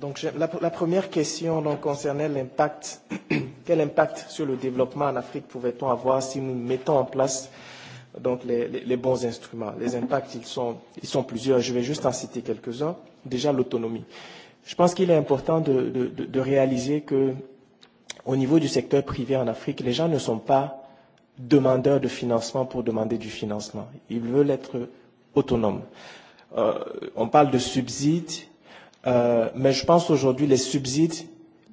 donc, la, première question donc, concernait l'impact. [CLEARS THROAT] Quel impact sur le développement en Afrique pouvait-on avoir si nous mettons en place donc, les, les, les bons instruments Les impacts, ils sont, ils sont plusieurs. Je vais juste en citer quelques-uns. Déjà, l'autonomie. Je pense qu'il est important de, de, de réaliser que au niveau du secteur privé en Afrique, les gens ne sont pas demandeurs de financement pour demander du financement. Ils veulent être autonomes. Euh, on parle de subsides, euh, mais je pense aujourd'hui les subsides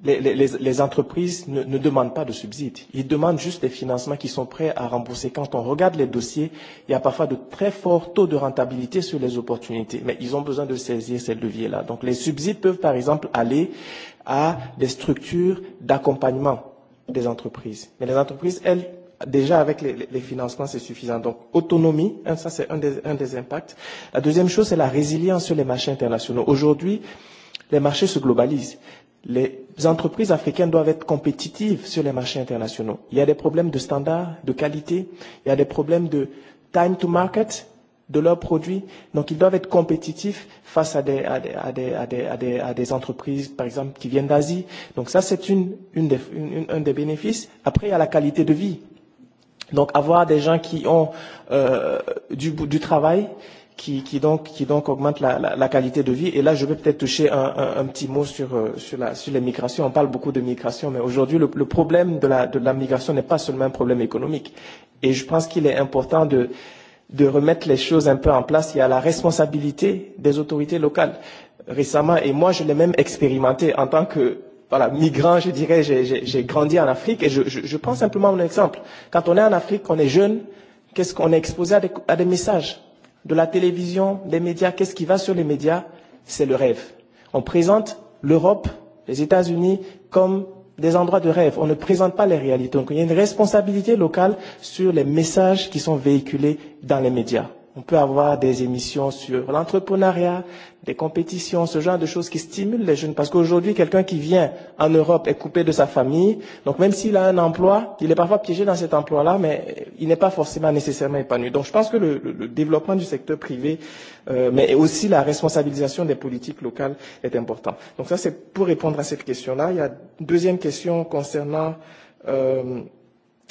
les, les, les entreprises ne, ne demandent pas de subsides. Ils demandent juste des financements qui sont prêts à rembourser. Quand on regarde les dossiers, il y a parfois de très forts taux de rentabilité sur les opportunités, mais ils ont besoin de saisir ces leviers-là. Donc les subsides peuvent par exemple aller à des structures d'accompagnement des entreprises. Mais les entreprises, elles, déjà avec les, les financements, c'est suffisant. Donc, autonomie, hein, ça c'est un des, un des impacts. La deuxième chose, c'est la résilience sur les marchés internationaux. Aujourd'hui, les marchés se globalisent. Les entreprises africaines doivent être compétitives sur les marchés internationaux. Il y a des problèmes de standards, de qualité, il y a des problèmes de time to market de leurs produits. Donc, ils doivent être compétitifs face à des, à des, à des, à des, à des, à des entreprises, par exemple, qui viennent d'Asie. Donc, ça, c'est une, une, une, une, un des bénéfices. Après, il y a la qualité de vie Donc avoir des gens qui ont euh, du, du travail, qui, qui, donc, qui donc augmente la, la, la qualité de vie. Et là, je vais peut-être toucher un, un, un petit mot sur, euh, sur, la, sur les migrations. On parle beaucoup de migration, mais aujourd'hui, le, le problème de la, de la migration n'est pas seulement un problème économique. Et je pense qu'il est important de, de remettre les choses un peu en place. Il y a la responsabilité des autorités locales récemment, et moi, je l'ai même expérimenté en tant que voilà, migrant, je dirais, j'ai grandi en Afrique et je, je, je prends simplement un exemple. Quand on est en Afrique, on est jeune, qu'est-ce qu'on est exposé à des, à des messages de la télévision, des médias, qu'est-ce qui va sur les médias C'est le rêve. On présente l'Europe, les États-Unis comme des endroits de rêve. On ne présente pas les réalités. Donc il y a une responsabilité locale sur les messages qui sont véhiculés dans les médias. On peut avoir des émissions sur l'entrepreneuriat, des compétitions, ce genre de choses qui stimulent les jeunes. Parce qu'aujourd'hui, quelqu'un qui vient en Europe est coupé de sa famille. Donc même s'il a un emploi, il est parfois piégé dans cet emploi-là, mais il n'est pas forcément nécessairement épanoui. Donc je pense que le, le, le développement du secteur privé, euh, mais aussi la responsabilisation des politiques locales est important. Donc ça, c'est pour répondre à cette question-là. Il y a une deuxième question concernant euh,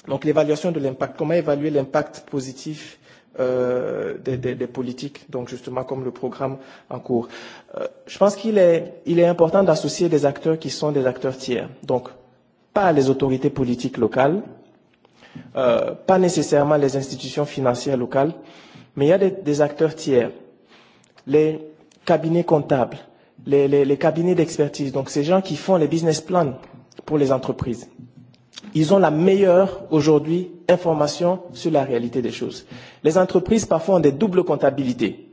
donc l'évaluation de l'impact. Comment évaluer l'impact positif Euh, des, des, des politiques, donc justement comme le programme en cours. Euh, je pense qu'il est, il est important d'associer des acteurs qui sont des acteurs tiers, donc pas les autorités politiques locales, euh, pas nécessairement les institutions financières locales, mais il y a des, des acteurs tiers, les cabinets comptables, les, les, les cabinets d'expertise, donc ces gens qui font les business plans pour les entreprises ils ont la meilleure aujourd'hui information sur la réalité des choses. Les entreprises parfois ont des doubles comptabilités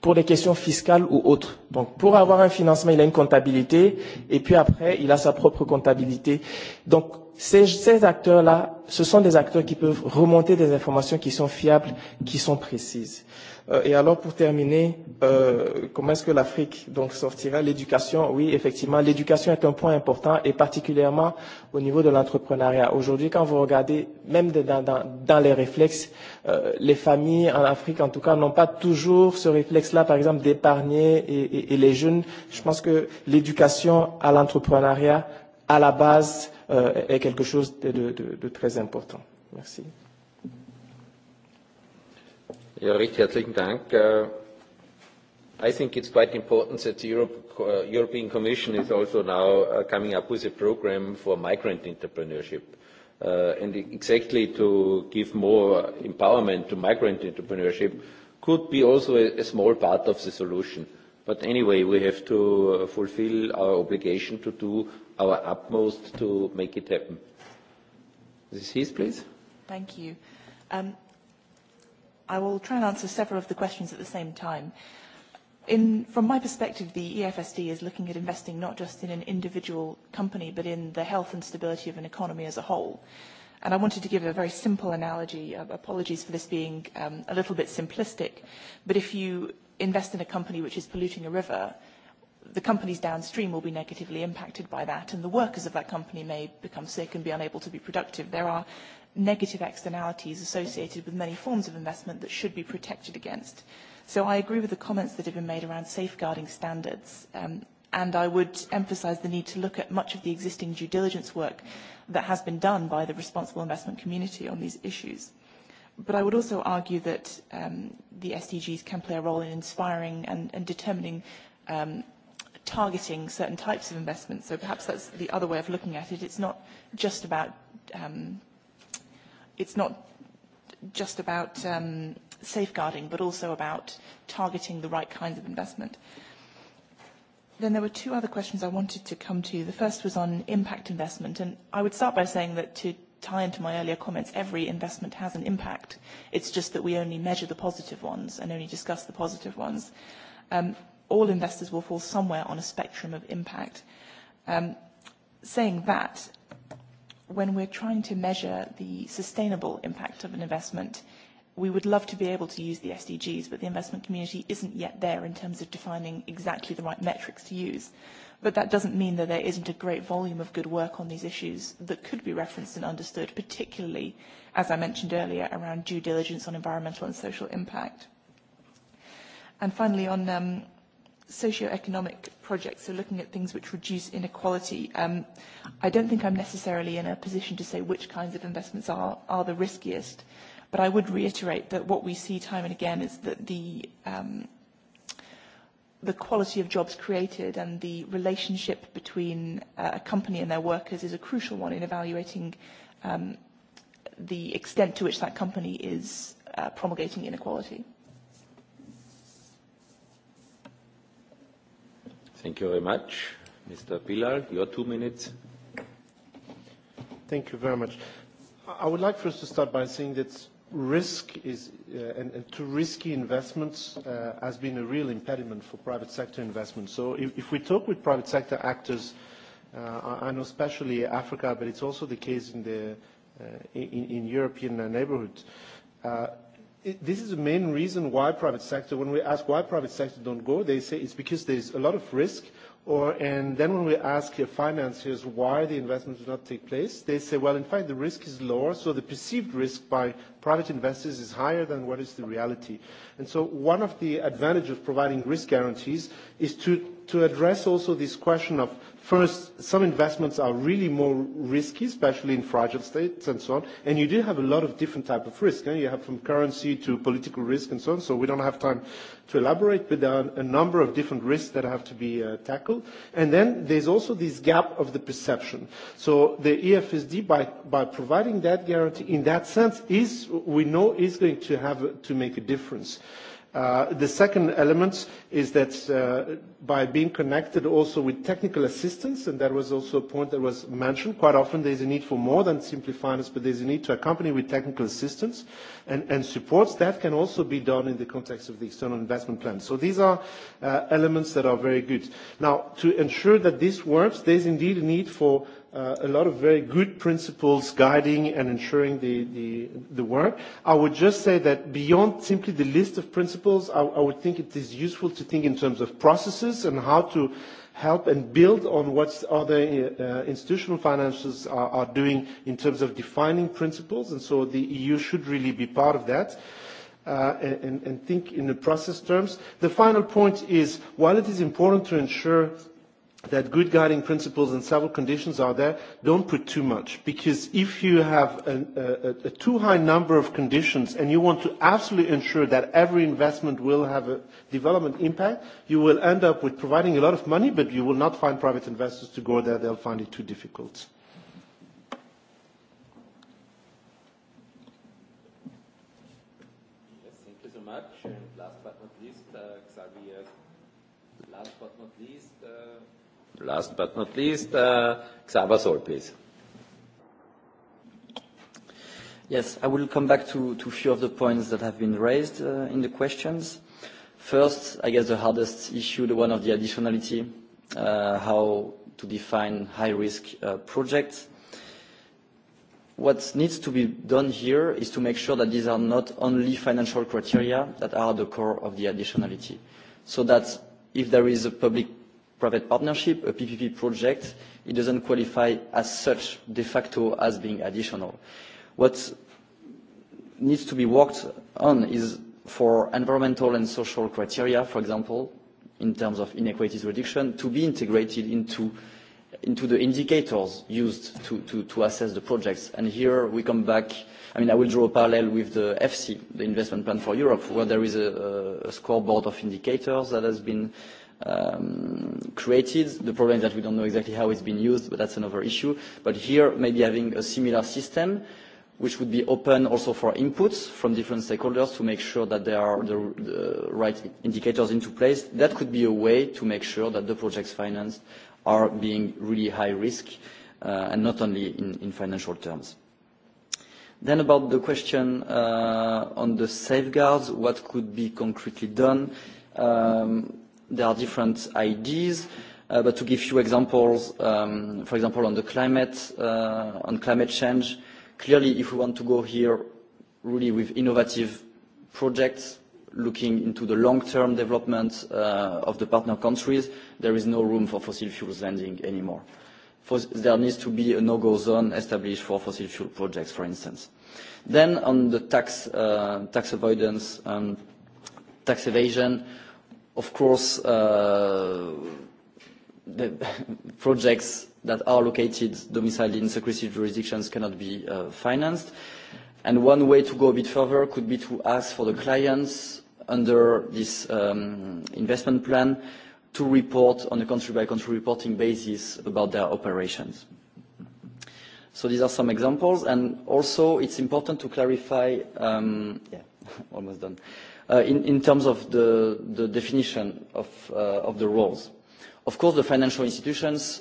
pour des questions fiscales ou autres. Donc pour avoir un financement, il a une comptabilité et puis après, il a sa propre comptabilité. Donc ces, ces acteurs-là, ce sont des acteurs qui peuvent remonter des informations qui sont fiables, qui sont précises. Euh, et alors, pour terminer, euh, comment est-ce que l'Afrique donc sortira L'éducation, oui, effectivement, l'éducation est un point important et particulièrement au niveau de l'entrepreneuriat. Aujourd'hui, quand vous regardez, même dans, dans, dans les réflexes, euh, les familles en Afrique, en tout cas, n'ont pas toujours ce réflexe-là, par exemple, d'épargner et, et, et les jeunes. Je pense que l'éducation à l'entrepreneuriat, à la base, est quelque chose de, de, de, de très important. Merci. Ja, recht herzlichen Dank. Uh, I think it's quite important that the Europe, uh, European Commission is also now uh, coming up with a program for migrant entrepreneurship. Uh, and exactly to give more empowerment to migrant entrepreneurship could be also a, a small part of the solution. But anyway, we have to uh, fulfill our obligation to do our utmost to make it happen. This is his, please. Thank you. Um, i will try and answer several of the questions at the same time. In, from my perspective, the EFSD is looking at investing not just in an individual company, but in the health and stability of an economy as a whole. And I wanted to give a very simple analogy. Uh, apologies for this being um, a little bit simplistic, but if you invest in a company which is polluting a river, the companies downstream will be negatively impacted by that, and the workers of that company may become sick and be unable to be productive. There are negative externalities associated with many forms of investment that should be protected against. So I agree with the comments that have been made around safeguarding standards. Um, and I would emphasize the need to look at much of the existing due diligence work that has been done by the responsible investment community on these issues. But I would also argue that um, the SDGs can play a role in inspiring and, and determining um, targeting certain types of investments. So perhaps that's the other way of looking at it. It's not just about um, it's not just about um, safeguarding, but also about targeting the right kinds of investment. Then there were two other questions I wanted to come to. The first was on impact investment, and I would start by saying that to tie into my earlier comments, every investment has an impact. It's just that we only measure the positive ones and only discuss the positive ones. Um, all investors will fall somewhere on a spectrum of impact. Um, saying that, when we're trying to measure the sustainable impact of an investment, we would love to be able to use the SDGs, but the investment community isn't yet there in terms of defining exactly the right metrics to use. But that doesn't mean that there isn't a great volume of good work on these issues that could be referenced and understood, particularly, as I mentioned earlier, around due diligence on environmental and social impact. And finally, on um, socioeconomic projects, so looking at things which reduce inequality. Um, I don't think I'm necessarily in a position to say which kinds of investments are, are the riskiest, but I would reiterate that what we see time and again is that the, um, the quality of jobs created and the relationship between uh, a company and their workers is a crucial one in evaluating um, the extent to which that company is uh, promulgating inequality. Thank you very much. Mr. Pilar, your two minutes. Thank you very much. I would like first to start by saying that risk is, uh, and, and too risky investments uh, has been a real impediment for private sector investment. So if, we talk with private sector actors, uh, I know especially Africa, but it's also the case in the uh, in, in European neighborhood, uh, this is the main reason why private sector, when we ask why private sector don't go, they say it's because there is a lot of risk, or, and then when we ask financiers why the investment does not take place, they say, well, in fact, the risk is lower, so the perceived risk by private investors is higher than what is the reality. And so one of the advantages of providing risk guarantees is to, to address also this question of First, some investments are really more risky, especially in fragile states and so on, and you do have a lot of different type of risk. Eh? You have from currency to political risk and so on, so we don't have time to elaborate, but there are a number of different risks that have to be uh, tackled. And then there's also this gap of the perception. So the EFSD, by, by providing that guarantee, in that sense, is, we know is going to have to make a difference. Uh, the second element is that uh, by being connected also with technical assistance, and that was also a point that was mentioned, quite often there is a need for more than simply finance, but there is a need to accompany with technical assistance and, supports. That can also be done in the context of the external investment plan. So these are uh, elements that are very good. Now, to ensure that this works, there is indeed a need for a lot of very good principles guiding and ensuring the, the, the work. I would just say that beyond simply the list of principles, I, I would think it is useful to think in terms of processes and how to help and build on what other uh, uh institutional finances are, are doing in terms of defining principles. And so the EU should really be part of that. Uh, and, and think in the process terms. The final point is, while it is important to ensure that good guiding principles and several conditions are there, don't put too much. Because if you have a, a, a too high number of conditions and you want to absolutely ensure that every investment will have a development impact, you will end up with providing a lot of money, but you will not find private investors to go there. They'll find it too difficult. Last but not least, uh, Xaver Sol, please. Yes, I will come back to a few of the points that have been raised uh, in the questions. First, I guess the hardest issue, the one of the additionality, uh, how to define high-risk projects. What needs to be done here is to make sure that these are not only financial criteria that are the core of the additionality, so that if there is a public private partnership, a PPP project, it doesn't qualify as such de facto as being additional. What needs to be worked on is for environmental and social criteria, for example, in terms of inequalities reduction, to be integrated into, into the indicators used to, to, to assess the projects. And here we come back i mean, I will draw a parallel with the FC, the Investment Plan for Europe, where there is a scoreboard of indicators that has been um, created. The problem is that we don't know exactly how it's been used, but that's another issue. But here, maybe having a similar system which would be open also for inputs from different stakeholders to make sure that there are the, the right indicators into place. That could be a way to make sure that the projects financed are being really high risk uh, and not only in, in financial terms. Then about the question uh, on the safeguards, what could be concretely done? Um, there are different ideas uh, but to give you examples um, for example on the climate uh, on climate change clearly if we want to go here really with innovative projects looking into the long-term development uh, of the partner countries there is no room for fossil fuels lending anymore For, there needs to be a no-go zone established for fossil fuel projects for instance then on the tax uh, tax avoidance and tax evasion of course, uh, the [LAUGHS] projects that are located domiciled in secrecy jurisdictions cannot be uh, financed. And one way to go a bit further could be to ask for the clients under this um, investment plan to report on a country-by-country reporting basis about their operations. So these are some examples. And also, it's important to clarify... Um, [LAUGHS] yeah, almost done. Uh, in, in terms of the, the definition of, uh, of the roles. Of course, the financial institutions,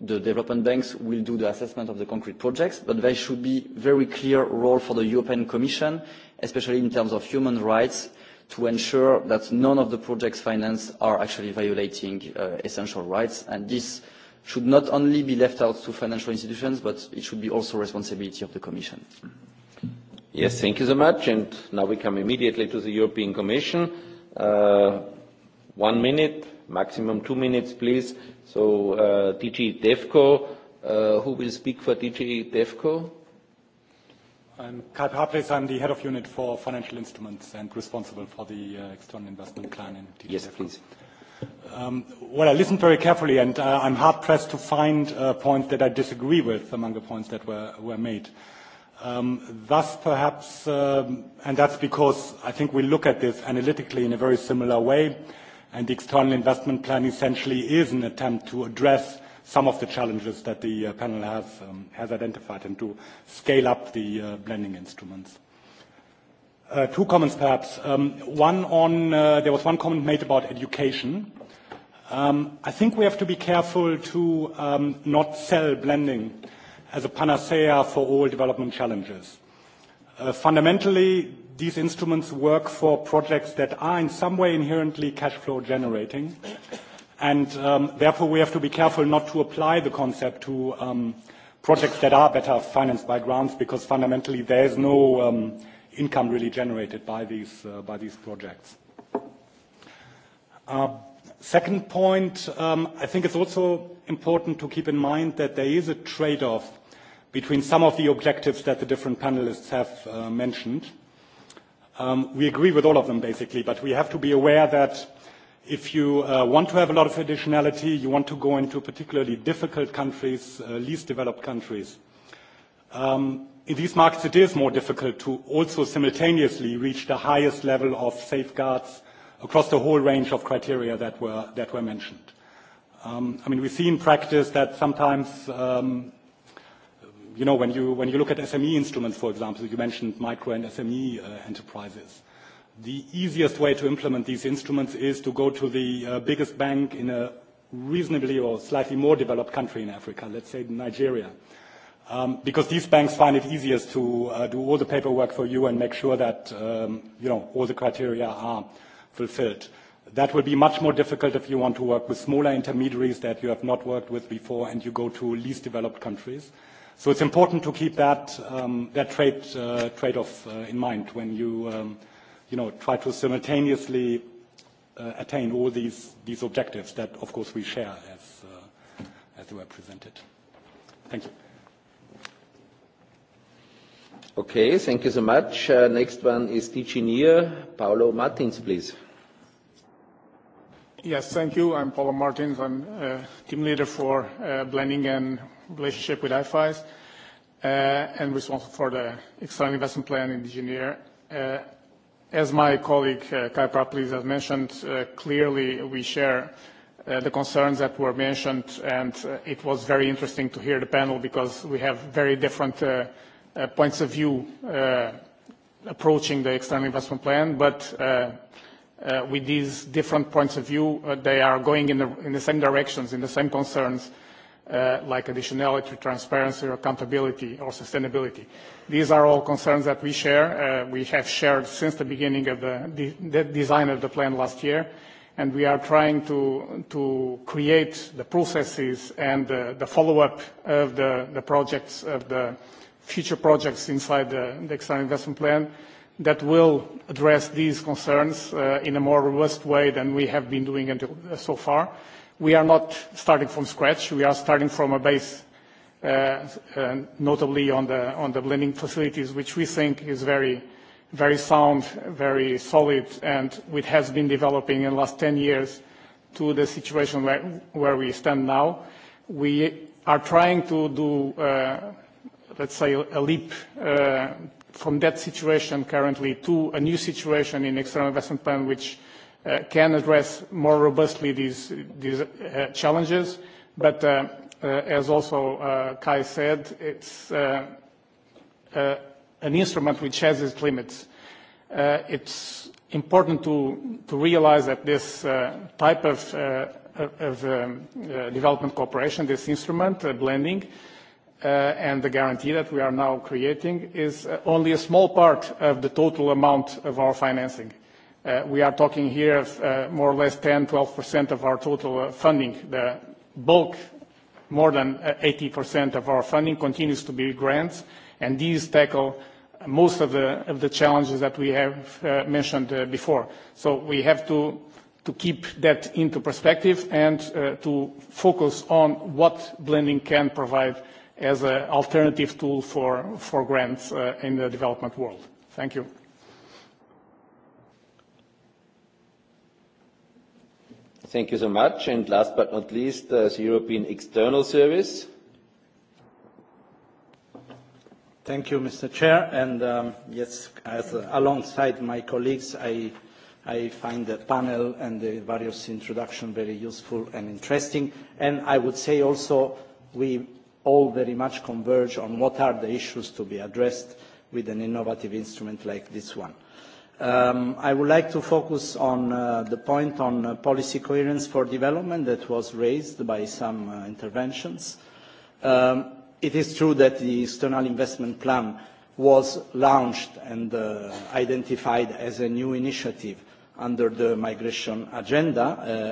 the development banks will do the assessment of the concrete projects, but there should be very clear role for the European Commission, especially in terms of human rights, to ensure that none of the projects financed are actually violating uh, essential rights. And this should not only be left out to financial institutions, but it should be also responsibility of the Commission. Mm -hmm. Yes, thank you so much. And now we come immediately to the European Commission. Uh, one minute, maximum two minutes, please. So uh, DG DEFCO, uh, who will speak for DG DEFCO? I'm Kai I'm the head of unit for financial instruments and responsible for the uh, external investment plan in DG Yes, please. Um, well, I listened very carefully, and uh, I'm hard-pressed to find a point that I disagree with among the points that were, were made. Um, thus, perhaps, um, and that's because I think we look at this analytically in a very similar way, and the external investment plan essentially is an attempt to address some of the challenges that the uh, panel has, um, has identified and to scale up the uh, blending instruments. Uh, two comments, perhaps. Um, one on, there was one comment made about education. I think we have to be careful to not sell blending as a panacea for all development challenges. Uh, fundamentally, these instruments work for projects that are in some way inherently cash flow generating, and um, therefore we have to be careful not to apply the concept to um, projects that are better financed by grants, because fundamentally there is no um, income really generated by these, uh, by these projects. Uh, Second point, um, I think it's also important to keep in mind that there is a trade-off between some of the objectives that the different panelists have uh, mentioned. Um, we agree with all of them, basically, but we have to be aware that if you uh, want to have a lot of additionality, you want to go into particularly difficult countries, uh, least developed countries. Um, in these markets, it is more difficult to also simultaneously reach the highest level of safeguards across the whole range of criteria that were, that were mentioned. Um, I mean, we see in practice that sometimes, um, you know, when you, when you look at SME instruments, for example, you mentioned micro and SME uh, enterprises. The easiest way to implement these instruments is to go to the uh, biggest bank in a reasonably or slightly more developed country in Africa, let's say Nigeria. Um, because these banks find it easiest to uh, do all the paperwork for you and make sure that, um, you know, all the criteria are fulfilled. That will be much more difficult if you want to work with smaller intermediaries that you have not worked with before and you go to least developed countries. So it's important to keep that, um, that trade, uh, trade-off uh, in mind when you, um, you know, try to simultaneously uh, attain all these, these objectives that, of course, we share as, as were presented. Thank you. Okay, thank you so much. next one is DG Paolo Martins, please. Yes, thank you. I'm Paula Martins. I'm uh, team leader for uh, blending and relationship with IFIs uh, and responsible for the external investment plan in Engineer. Uh, as my colleague uh, Kai Praplis has mentioned, uh, clearly we share uh, the concerns that were mentioned and it was very interesting to hear the panel because we have very different uh, uh, points of view uh, approaching the external investment plan, but uh, Uh, with these different points of view, uh, they are going in the, same directions, in the same concerns, uh, like additionality, transparency, accountability, or sustainability. These are all concerns that we share. we have shared since the beginning of the, design of the plan last year, and we are trying to, to create the processes and the follow-up of the, the projects, of the future projects inside the, the external investment plan, that will address these concerns uh, in a more robust way than we have been doing until uh, so far. We are not starting from scratch. We are starting from a base, uh, notably on the, on the blending facilities, which we think is very, very sound, very solid, and which has been developing in the last 10 years to the situation where, we stand now. We are trying to do let's say, a leap from that situation currently to a new situation in external investment plan which uh, can address more robustly these, these uh, challenges. But uh, as also Kai said, it's an instrument which has its limits. It's important to, to realize that this type of, of um, development cooperation, this instrument, blending, Uh, and the guarantee that we are now creating is uh, only a small part of the total amount of our financing. Uh, we are talking here of more or less 10%-12% of our total funding. The bulk, more than 80% of our funding continues to be grants, and these tackle most of the, challenges that we have mentioned before. So we have to keep that into perspective and to focus on what blending can provide as an alternative tool for, for grants uh, in the development world. Thank you. Thank you so much. And last but not least, uh, the European External Service. Thank you, Mr. Chair. And um, yes, as, uh, alongside my colleagues, I, I find the panel and the various introductions very useful and interesting. And I would say also we all very much converge on what are the issues to be addressed with an innovative instrument like this one. Um, I would like to focus on uh, the point on uh, policy coherence for development that was raised by some uh, interventions. Um, it is true that the external investment plan was launched and uh, identified as a new initiative under the migration agenda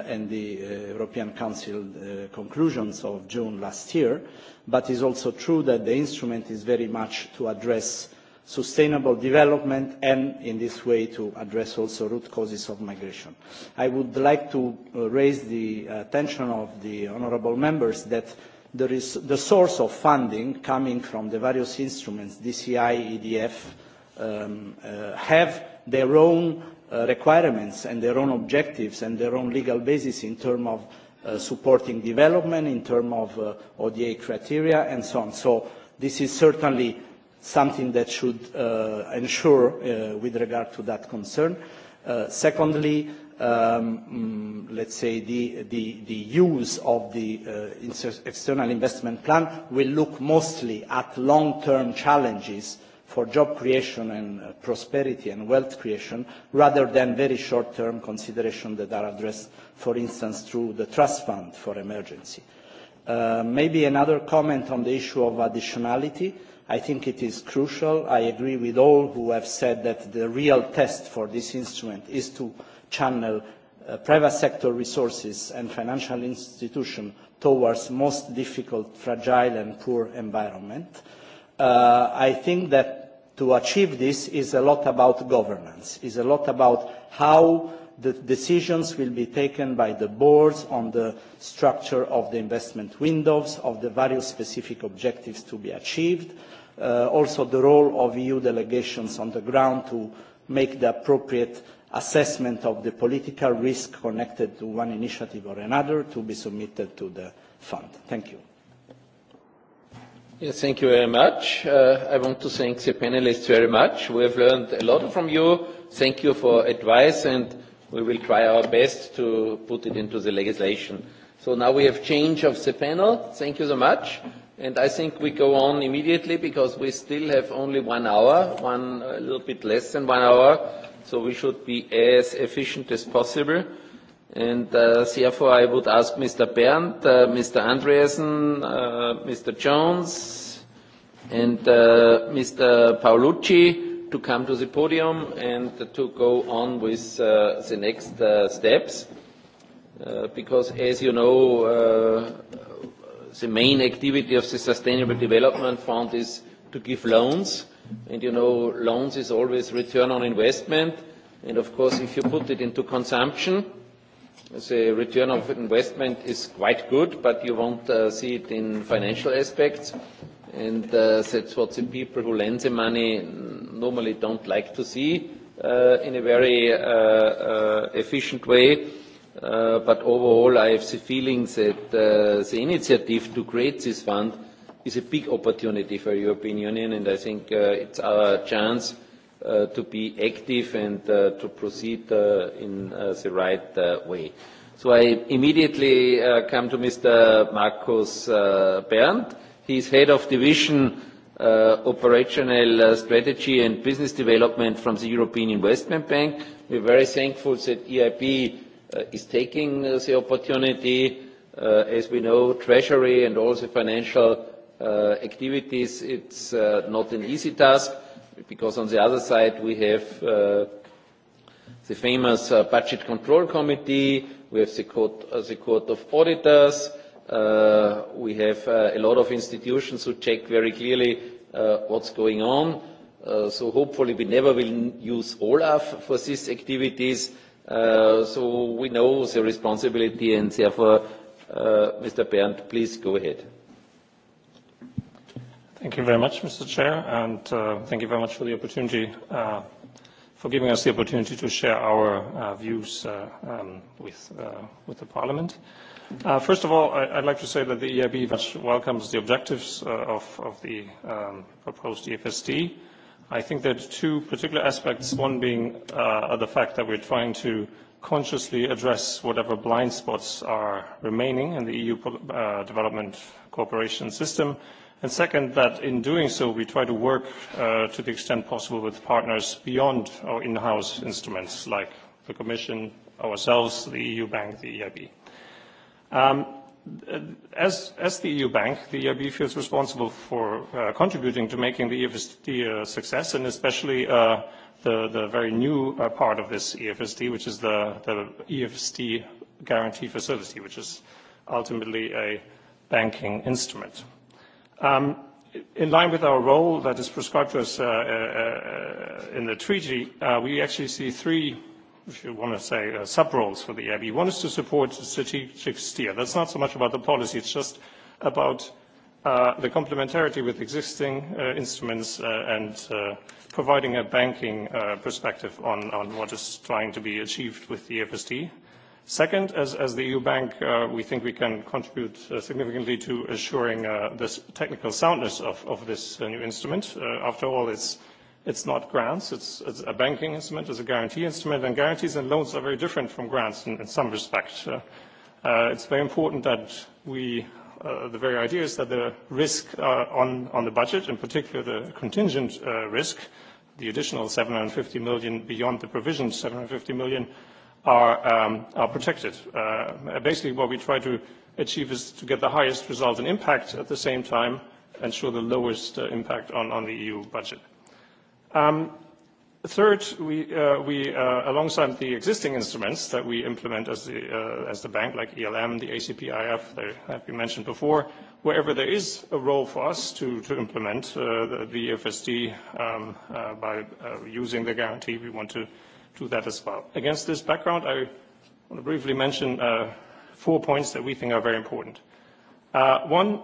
uh, and the uh, European Council uh, conclusions of June last year, but it is also true that the instrument is very much to address sustainable development and in this way to address also root causes of migration. I would like to raise the attention of the honourable members that there is the source of funding coming from the various instruments, DCI, EDF, um, have their own Uh, requirements and their own objectives and their own legal basis in terms of uh, supporting development, in terms of uh, ODA criteria and so on. So this is certainly something that should ensure with regard to that concern. Secondly, um, mm, let's say the, the, the use of the external investment plan will look mostly at long-term challenges for job creation and uh, prosperity and wealth creation rather than very short term considerations that are addressed for instance through the trust fund for emergency. Uh, maybe another comment on the issue of additionality i think it is crucial i agree with all who have said that the real test for this instrument is to channel uh, private sector resources and financial institutions towards most difficult fragile and poor environments Uh, I think that to achieve this is a lot about governance, is a lot about how the decisions will be taken by the boards on the structure of the investment windows, of the various specific objectives to be achieved, uh, also the role of EU delegations on the ground to make the appropriate assessment of the political risk connected to one initiative or another to be submitted to the fund. Thank you. Yes, thank you very much. Uh, I want to thank the panelists very much. We have learned a lot from you. Thank you for advice, and we will try our best to put it into the legislation. So now we have change of the panel. Thank you so much. And I think we go on immediately because we still have only one hour, one a little bit less than one hour, so we should be as efficient as possible. And therefore, uh, I would ask Mr. Bernd, uh, Mr. Andreasen, uh, Mr. Jones, and Mr. Paolucci to come to the podium and to go on with the next uh, steps. because, as you know, uh, the main activity of the Sustainable Development Fund is to give loans. And, you know, loans is always return on investment. And, of course, if you put it into consumption, the return of investment is quite good, but you won't uh, see it in financial aspects. And uh, that's what the people who lend the money normally don't like to see uh, in a very uh, efficient way. but overall, I have the feeling that the initiative to create this fund is a big opportunity for the European Union, and I think it's our chance Uh, to be active and uh, to proceed uh, in the right way. So I immediately come to Mr. Markus Berndt. He is head of division operational strategy and business development from the European Investment Bank. We are very thankful that EIB is taking the opportunity. As we know, treasury and all the financial activities, it's not an easy task because on the other side we have uh, the famous uh, budget control committee, we have the court, uh, the court of auditors, uh, we have uh, a lot of institutions who check very clearly uh, what's going on. Uh, so hopefully we never will use Olaf for these activities. Uh, so we know the responsibility and therefore, uh, Mr. Bernd, please go ahead. Thank you very much, Mr. Chair, and uh, thank you very much for the opportunity, uh, for giving us the opportunity to share our uh, views uh, um, with, with the Parliament. Uh, first of all, I, I'd like to say that the EIB much welcomes the objectives of, of the um, proposed EFSD. I think there are two particular aspects, one being uh, the fact that we're trying to consciously address whatever blind spots are remaining in the EU uh, development cooperation system, and second that in doing so we try to work uh, to the extent possible with partners beyond our in-house instruments like the Commission, ourselves, the EU Bank, the EIB. Um, as, as the EU Bank, the EIB feels responsible for uh, contributing to making the EFSD a uh, success and especially uh, the, the very new uh, part of this EFSD, which is the, the EFSD guarantee facility, which is ultimately a banking instrument. Um, in line with our role that is prescribed to us uh, uh, uh in the treaty, uh, we actually see three, if you want to say, uh, sub-roles for the EIB. One is to support strategic steer. That's not so much about the policy, it's just about uh, the complementarity with existing uh, instruments uh, and uh, providing a banking uh, perspective on, on what is trying to be achieved with the FSD. Second, as, the EU Bank, uh, we think we can contribute uh, significantly to assuring uh, the technical soundness of, this new instrument. After all, it's, it's not grants, it's, a banking instrument, it's a guarantee instrument, and guarantees and loans are very different from grants in, some respects. It's very important that we, the very idea is that the risk on, on the budget, in particular the contingent risk, the additional 750 million beyond the provision 750 million, are, um, are protected. Uh, basically, what we try to achieve is to get the highest result and impact at the same time, and ensure the lowest uh, impact on, on the EU budget. Um, Third, we, uh, we uh, alongside the existing instruments that we implement as the, uh, as the bank, like ELM, the ACPIF, that have been mentioned before, wherever there is a role for us to, to implement uh, the, the e FSD um, by using the guarantee, we want to to that as well. Against this background, I want to briefly mention uh, four points that we think are very important. Uh, one,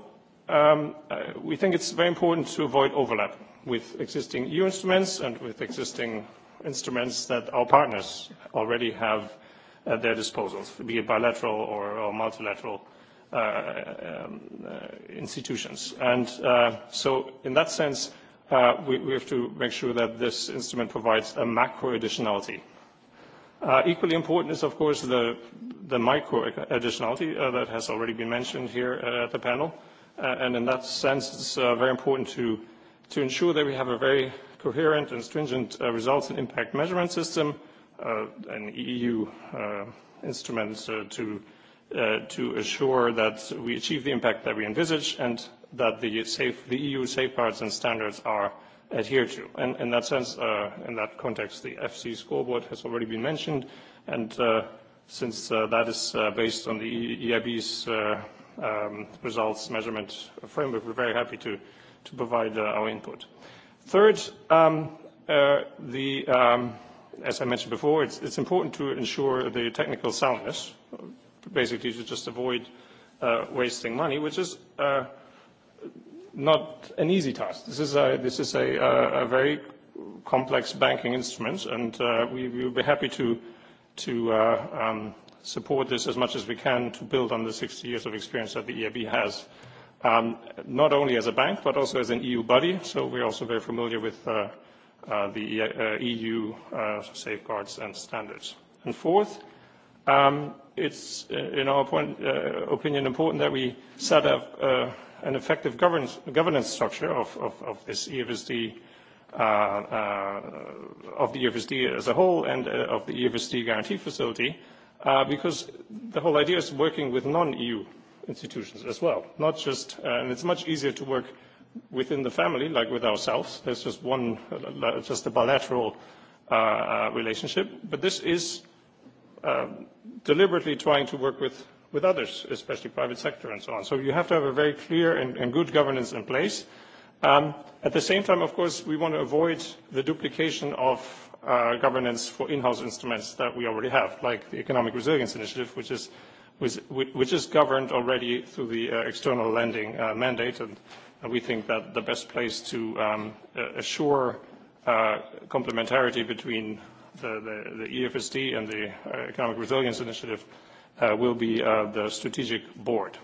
um, uh, we think it's very important to avoid overlap with existing EU instruments and with existing instruments that our partners already have at their disposal, be it bilateral or, or multilateral uh, um, uh, institutions. And uh, so in that sense, Uh, we, we have to make sure that this instrument provides a macro additionality. Uh, equally important is, of course, the, the micro additionality uh, that has already been mentioned here at the panel. and in that sense, it's very important to, to ensure that we have a very coherent and stringent results and impact measurement system, uh, an EU uh, instrument uh, to, uh, to assure that we achieve the impact that we envisage and that the, safe, the EU safeguards and standards are adhered to. And in that sense, uh, in that context, the FC scoreboard has already been mentioned, and uh, since uh, that is based on the EIB's e um, results measurement framework, we're very happy to, to provide our input. Third, um, um, as I mentioned before, it's, important to ensure the technical soundness, basically to just avoid wasting money, which is uh, not an easy task. This is a, this is a, a very complex banking instrument, and uh, we will be happy to, to uh, um, support this as much as we can to build on the 60 years of experience that the EIB has, um, not only as a bank, but also as an EU body. So we're also very familiar with uh, uh, the e uh, EU uh, safeguards and standards. And fourth, um, it's, uh, in our point, uh, opinion, important that we set up uh, an effective governance, governance structure of, of, of this EFSD uh, uh, of the EFSD as a whole and uh, of the EFSD guarantee facility, uh, because the whole idea is working with non-EU institutions as well, not just, uh, and it's much easier to work within the family, like with ourselves. There's just one, uh, uh, just a bilateral uh, uh, relationship, but this is uh, deliberately trying to work with with others, especially private sector and so on. So you have to have a very clear and, and good governance in place. Um, at the same time, of course, we want to avoid the duplication of uh, governance for in-house instruments that we already have, like the Economic Resilience Initiative, which is, which, is governed already through the uh, external lending uh, mandate. And, and we think that the best place to um, assure uh, complementarity between the, the, the EFSD and the uh, Economic Resilience Initiative Uh, will be uh, the strategic board.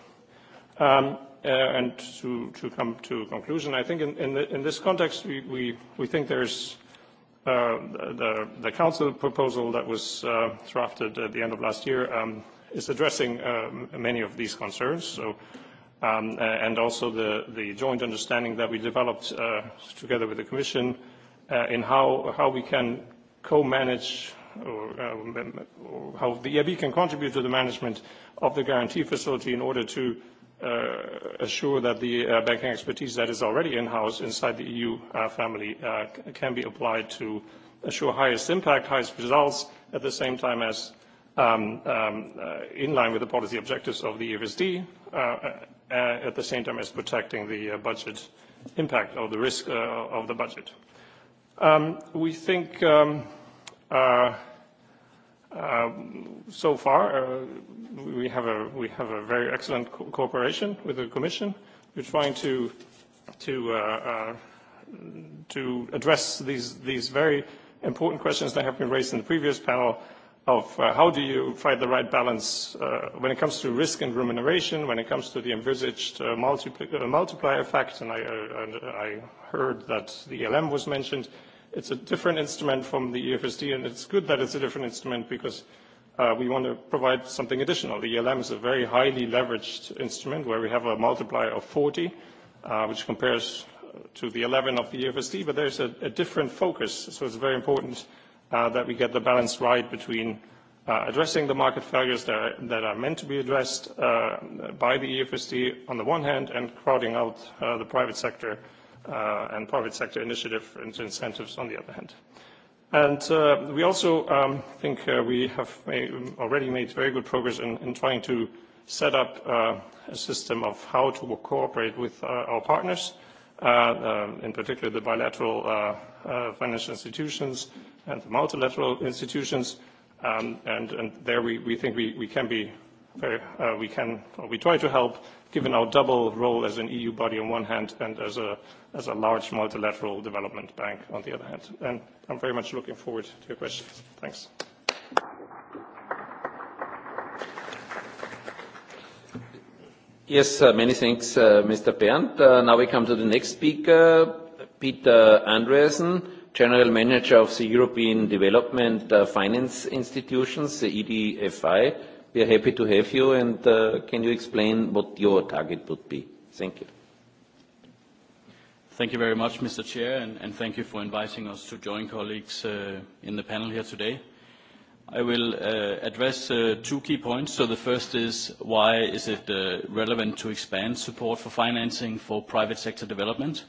Um, uh, and to, to come to a conclusion, I think in, in, the, in this context, we, we, we think there's uh, the, the council proposal that was uh, drafted at the end of last year um, is addressing uh, many of these concerns. So Um, and also the, the joint understanding that we developed uh, together with the Commission uh, in how, how we can co-manage Uh, or, how the EIB can contribute to the management of the guarantee facility in order to uh, assure that the uh, banking expertise that is already in-house inside the EU uh, family can be applied to assure highest impact, highest results, at the same time as um, um, in line with the policy objectives of the EFSD, at the same time as protecting the budget impact or the risk of the budget. Um, we think um, Uh, uh, so far, uh, we have a we have a very excellent cooperation with the Commission. We're trying to to to address these these very important questions that have been raised in the previous panel of how do you find the right balance when it comes to risk and remuneration, when it comes to the envisaged multiplier effect, and I, I heard that the e LM was mentioned, It's a different instrument from the EFSD, and it's good that it's a different instrument because uh, we want to provide something additional. The ELM is a very highly leveraged instrument where we have a multiplier of 40, uh, which compares uh, to the 11 of the EFSD, but there's a, a different focus, so it's very important uh, that we get the balance right between Uh, addressing the market failures that are, that are meant to be addressed uh, by the EFSD on the one hand and crowding out uh, the private sector Uh, and private sector initiative and incentives on the other hand. And uh, we also um, think uh, we have made, already made very good progress in, in trying to set up uh, a system of how to cooperate with uh, our partners, uh, in particular the bilateral uh, uh, financial institutions and the multilateral institutions. Um, and, and there we, we think we, we can be very, uh, we can, or we try to help given our double role as an EU body on one hand and as a, as a large multilateral development bank on the other hand. And I'm very much looking forward to your questions. Thanks. Yes, uh, many thanks, uh, Mr. Bernd. Uh, now we come to the next speaker, Peter Andreessen, General Manager of the European Development Finance Institutions, the EDFI. We are happy to have you, and uh, can you explain what your target would be? Thank you. Thank you very much, Mr. Chair, and, and thank you for inviting us to join colleagues uh, in the panel here today. I will uh, address uh, two key points. So the first is why is it uh, relevant to expand support for financing for private sector development?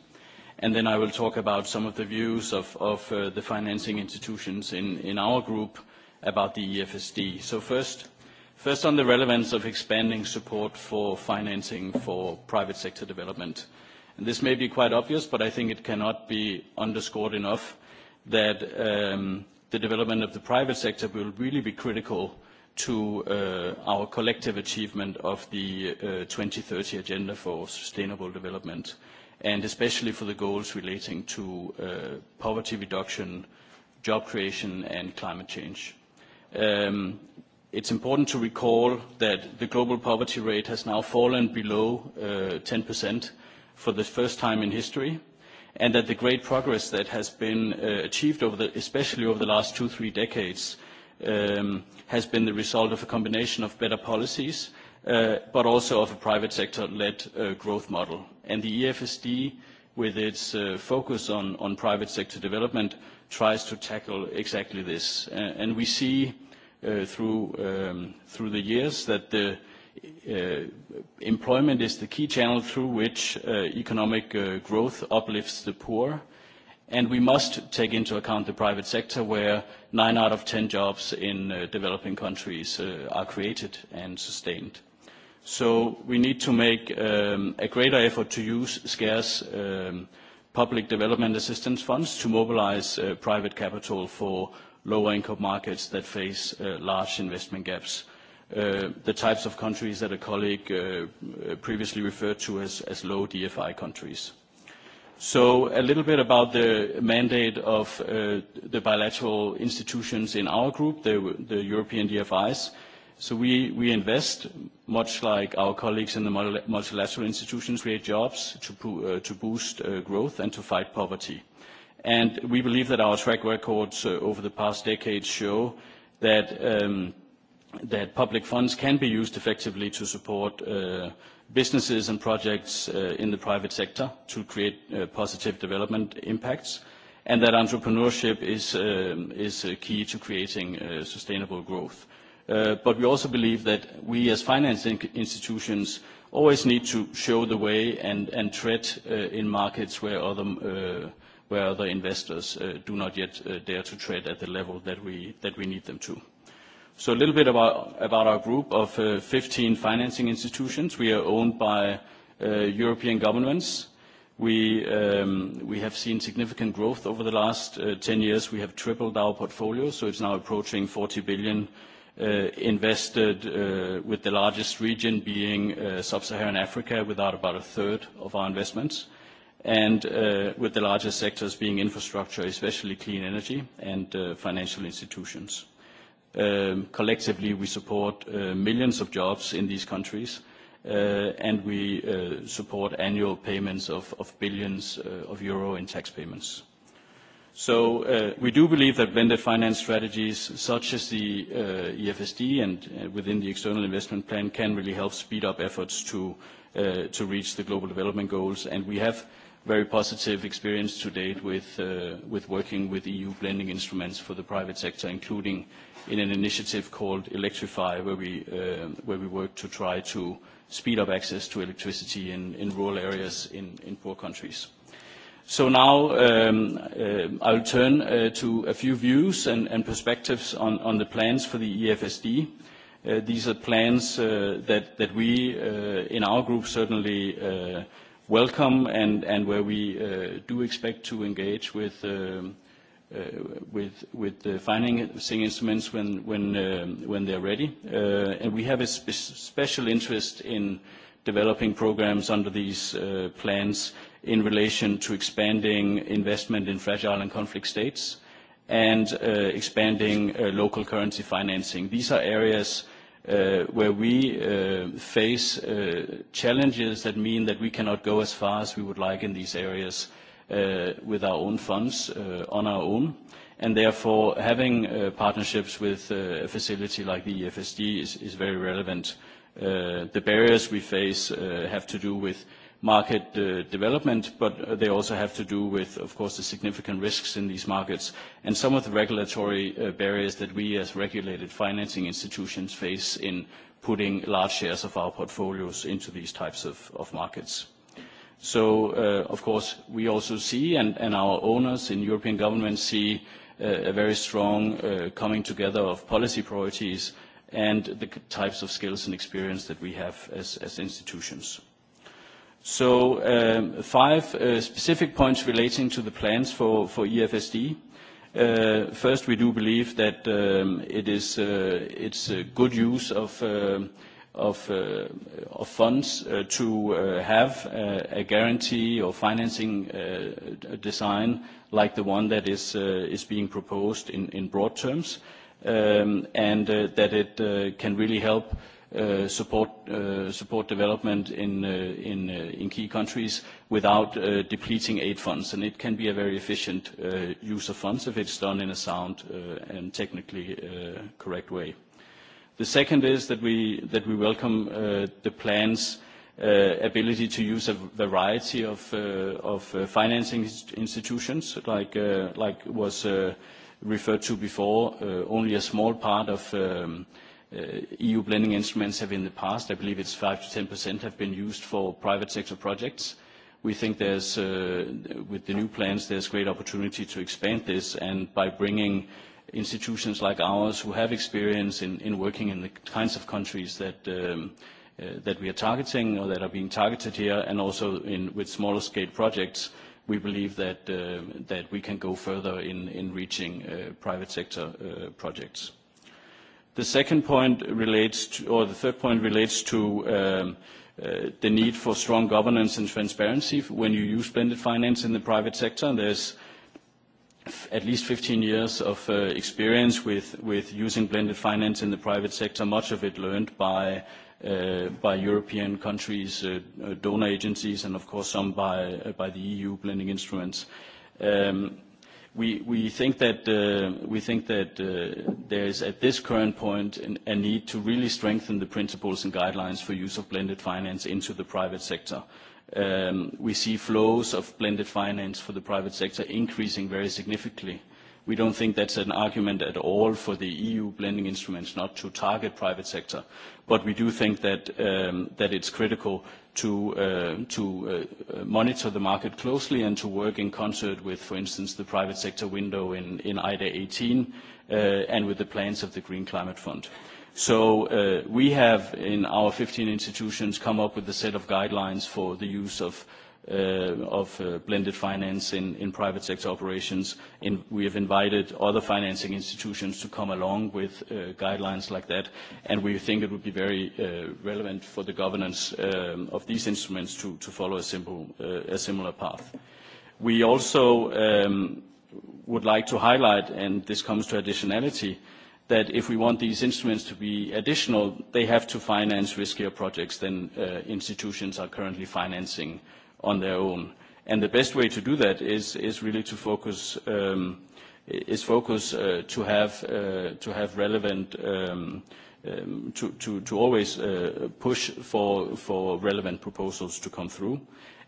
And then I will talk about some of the views of, of uh, the financing institutions in, in our group about the EFSD. So first, First, on the relevance of expanding support for financing for private sector development. And this may be quite obvious, but I think it cannot be underscored enough that um, the development of the private sector will really be critical to uh, our collective achievement of the uh, 2030 Agenda for Sustainable Development, and especially for the goals relating to uh, poverty reduction, job creation, and climate change. Um, It's important to recall that the global poverty rate has now fallen below uh, 10% for the first time in history, and that the great progress that has been uh, achieved, over especially over the last two, three decades, um, has been the result of a combination of better policies, uh, but also of a private sector-led uh, growth model. And the EFSD, with its focus on, on private sector development, tries to tackle exactly this. And we see Uh, um, through, the years that uh, employment is the key channel through which uh, economic growth uplifts the poor. And we must take into account the private sector where nine out of 10 jobs in developing countries are created and sustained. So we need to make um, a greater effort to use scarce um, public development assistance funds to mobilize private capital for lower income markets that face uh, large investment gaps. Uh, the types of countries that a colleague uh, previously referred to as, low DFI countries. So a little bit about the mandate of the bilateral institutions in our group, the, European DFIs. So we, we invest, much like our colleagues in the multilateral institutions, create jobs to boost growth and to fight poverty and we believe that our track records uh, over the past decades show um, that public funds can be used effectively to support uh, businesses and projects uh, in the private sector to create positive development impacts and that entrepreneurship is, um, key to creating sustainable growth. but we also believe that we as financing institutions always need to show the way and, tread in markets where other where other investors uh, do not yet uh, dare to trade at the level that we, that we need them to. So a little bit about, our group of 15 uh, financing institutions. We are owned by European governments. We, um, we have seen significant growth over the last 10 years. We have tripled our portfolio, so it's now approaching 40 billion invested, with the largest region being Sub-Saharan Africa, with about a third of our investments and uh, with the largest sectors being infrastructure, especially clean energy and uh, financial institutions. Um, collectively, we support uh, millions of jobs in these countries, and we support annual payments of, billions of euro in tax payments. So we do believe that blended finance strategies such as the EFSD and within the External Investment Plan can really help speed up efforts to, to reach the global development goals. And we have very positive experience to date with, uh, working with EU blending instruments for the private sector, including in an initiative called Electrify, where we, uh, work to try to speed up access to electricity in, rural areas in, poor countries. So now um, uh, I'll turn to a few views and, perspectives on, the plans for the EFSD. these are plans that, that we in our group certainly welcome and, and where we uh, do expect to engage with, um, uh, with, with the financing instruments when, when, um, when they're ready. Uh, and we have a special interest in developing programs under these uh, plans in relation to expanding investment in fragile and conflict states and uh, expanding uh, local currency financing. These are areas Uh, where we uh, face uh, challenges that mean that we cannot go as far as we would like in these areas with our own funds on our own. And therefore, having partnerships with a facility like the EFSD is, very relevant. the barriers we face have to do with market uh, development, but uh, they also have to do with, of course, the significant risks in these markets and some of the regulatory uh, barriers that we as regulated financing institutions face in putting large shares of our portfolios into these types of, markets. So, of course, we also see, and, our owners in European government see, a very strong coming together of policy priorities and the types of skills and experience that we have as institutions. So um, five uh, specific points relating to the plans for, for EFSD. Uh, first, we do believe that um, it is uh, it's a good use of um, funds to have a guarantee or financing design like the one that is being proposed in broad terms, and that it can really help Uh, support, uh, support development in, uh, in, uh, in key countries without depleting aid funds. And it can be a very efficient use of funds if it's done in a sound and technically correct way. The second is that we, that we welcome the plan's ability to use a variety of, of financing institutions, like, like was referred to before. Only a small part of um, Uh, EU blending instruments have in the past, I believe it's 5%-10%, have been used for private sector projects. We think there's, uh, with the new plans, there's great opportunity to expand this, and by bringing institutions like ours who have experience in, working in the kinds of countries um, uh, that, we are targeting or that are being targeted here, and also in, with smaller scale projects, we believe that, we can go further in, reaching private sector projects. The second point relates to, or the third point relates to um, uh, the need for strong governance and transparency when you use blended finance in the private sector. There's at least 15 years of uh, experience with, with using blended finance in the private sector, much of it learned by, uh, by European countries, donor agencies, and of course some by, by the EU blending instruments. Um, We, we think that, uh, we think that uh, there is, at this current point, a need to really strengthen the principles and guidelines for use of blended finance into the private sector. Um, we see flows of blended finance for the private sector increasing very significantly we don't think that's an argument at all for the eu blending instruments not to target private sector but we do think that um, that it's critical to uh, to uh, monitor the market closely and to work in concert with for instance the private sector window in in ida 18 uh, and with the plans of the green climate fund so we have in our 15 institutions come up with a set of guidelines for the use of Uh, of uh, blended finance in, private sector operations. we have invited other financing institutions to come along with uh, guidelines like that. And we think it would be very relevant for the governance um, of these instruments to, follow a, similar path. We also um, would like to highlight, and this comes to additionality, that if we want these instruments to be additional, they have to finance riskier projects than institutions are currently financing on their own. And the best way to do that is, is really to focus, um, is focus uh, to, have, uh, to have relevant, um, um, to, to, to always uh, push for, for relevant proposals to come through.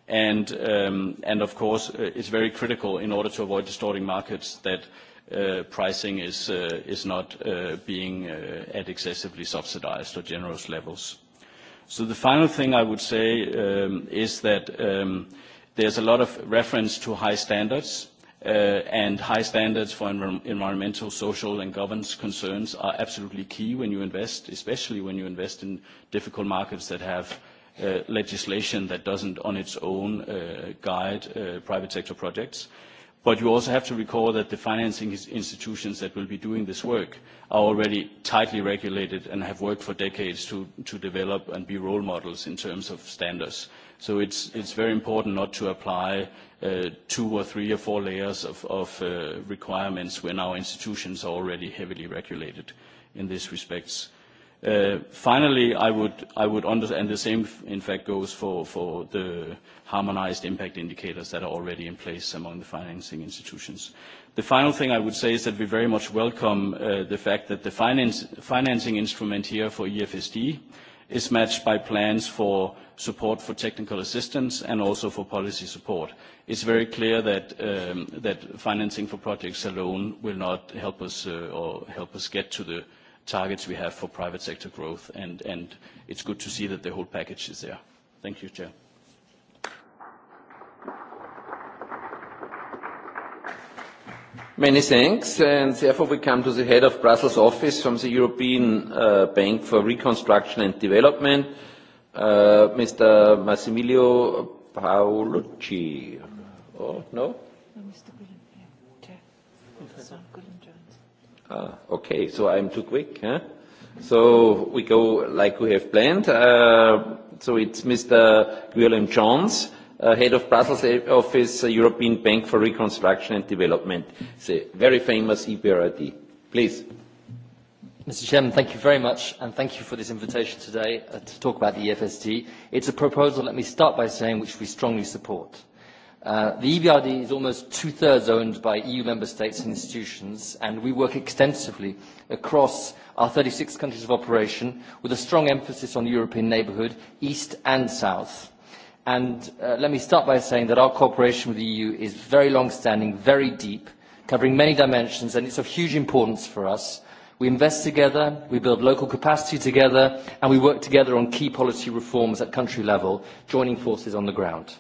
And, um, and of course, uh, it's very critical in order to avoid distorting markets that Uh, pricing is, uh, is not uh, being uh, at excessively subsidized or generous levels. So the final thing I would say um, is that um, there's a lot of reference to high standards, uh, and high standards for environmental, social, and governance concerns are absolutely key when you invest, especially when you invest in difficult markets that have uh, legislation that doesn't on its own uh, guide private sector projects. But you also have to recall that the financing institutions that will be doing this work are already tightly regulated and have worked for decades to, develop and be role models in terms of standards. So it's, it's very important not to apply uh, two or three or four layers of, uh, requirements when our institutions are already heavily regulated in this respects. Uh, finally, I would, I would understand, and the same in fact goes for, for the harmonized impact indicators that are already in place among the financing institutions. The final thing I would say is that we very much welcome uh, the fact that the finance, financing instrument here for EFSD is matched by plans for support for technical assistance and also for policy support. It's very clear that, um, that financing for projects alone will not help us uh, or help us get to the targets we have for private sector growth, and, and it's good to see that the whole package is there. Thank you, Chair. Many thanks, and therefore we come to the head of Brussels office from the European uh, Bank for Reconstruction and Development, uh, Mr. Massimilio Paolucci. Oh, no? Mr. Ah, okay, so I'm too quick. Huh? So we go like we have planned. Uh, so it's Mr. William Johns Uh, head of Brussels office, uh, European Bank for Reconstruction and Development. It's a very famous EBRD. Please. Mr. Chairman, thank you very much, and thank you for this invitation today uh, to talk about the EFSD. It's a proposal, let me start by saying, which we strongly support. the EBRD is almost two-thirds owned by EU member states and institutions, and we work extensively across our 36 countries of operation with a strong emphasis on the European neighbourhood, east and south. And uh, let me start by saying that our cooperation with the EU is very long-standing, very deep, covering many dimensions, and it's of huge importance for us. We invest together, we build local capacity together, and we work together on key policy reforms at country level, joining forces on the ground.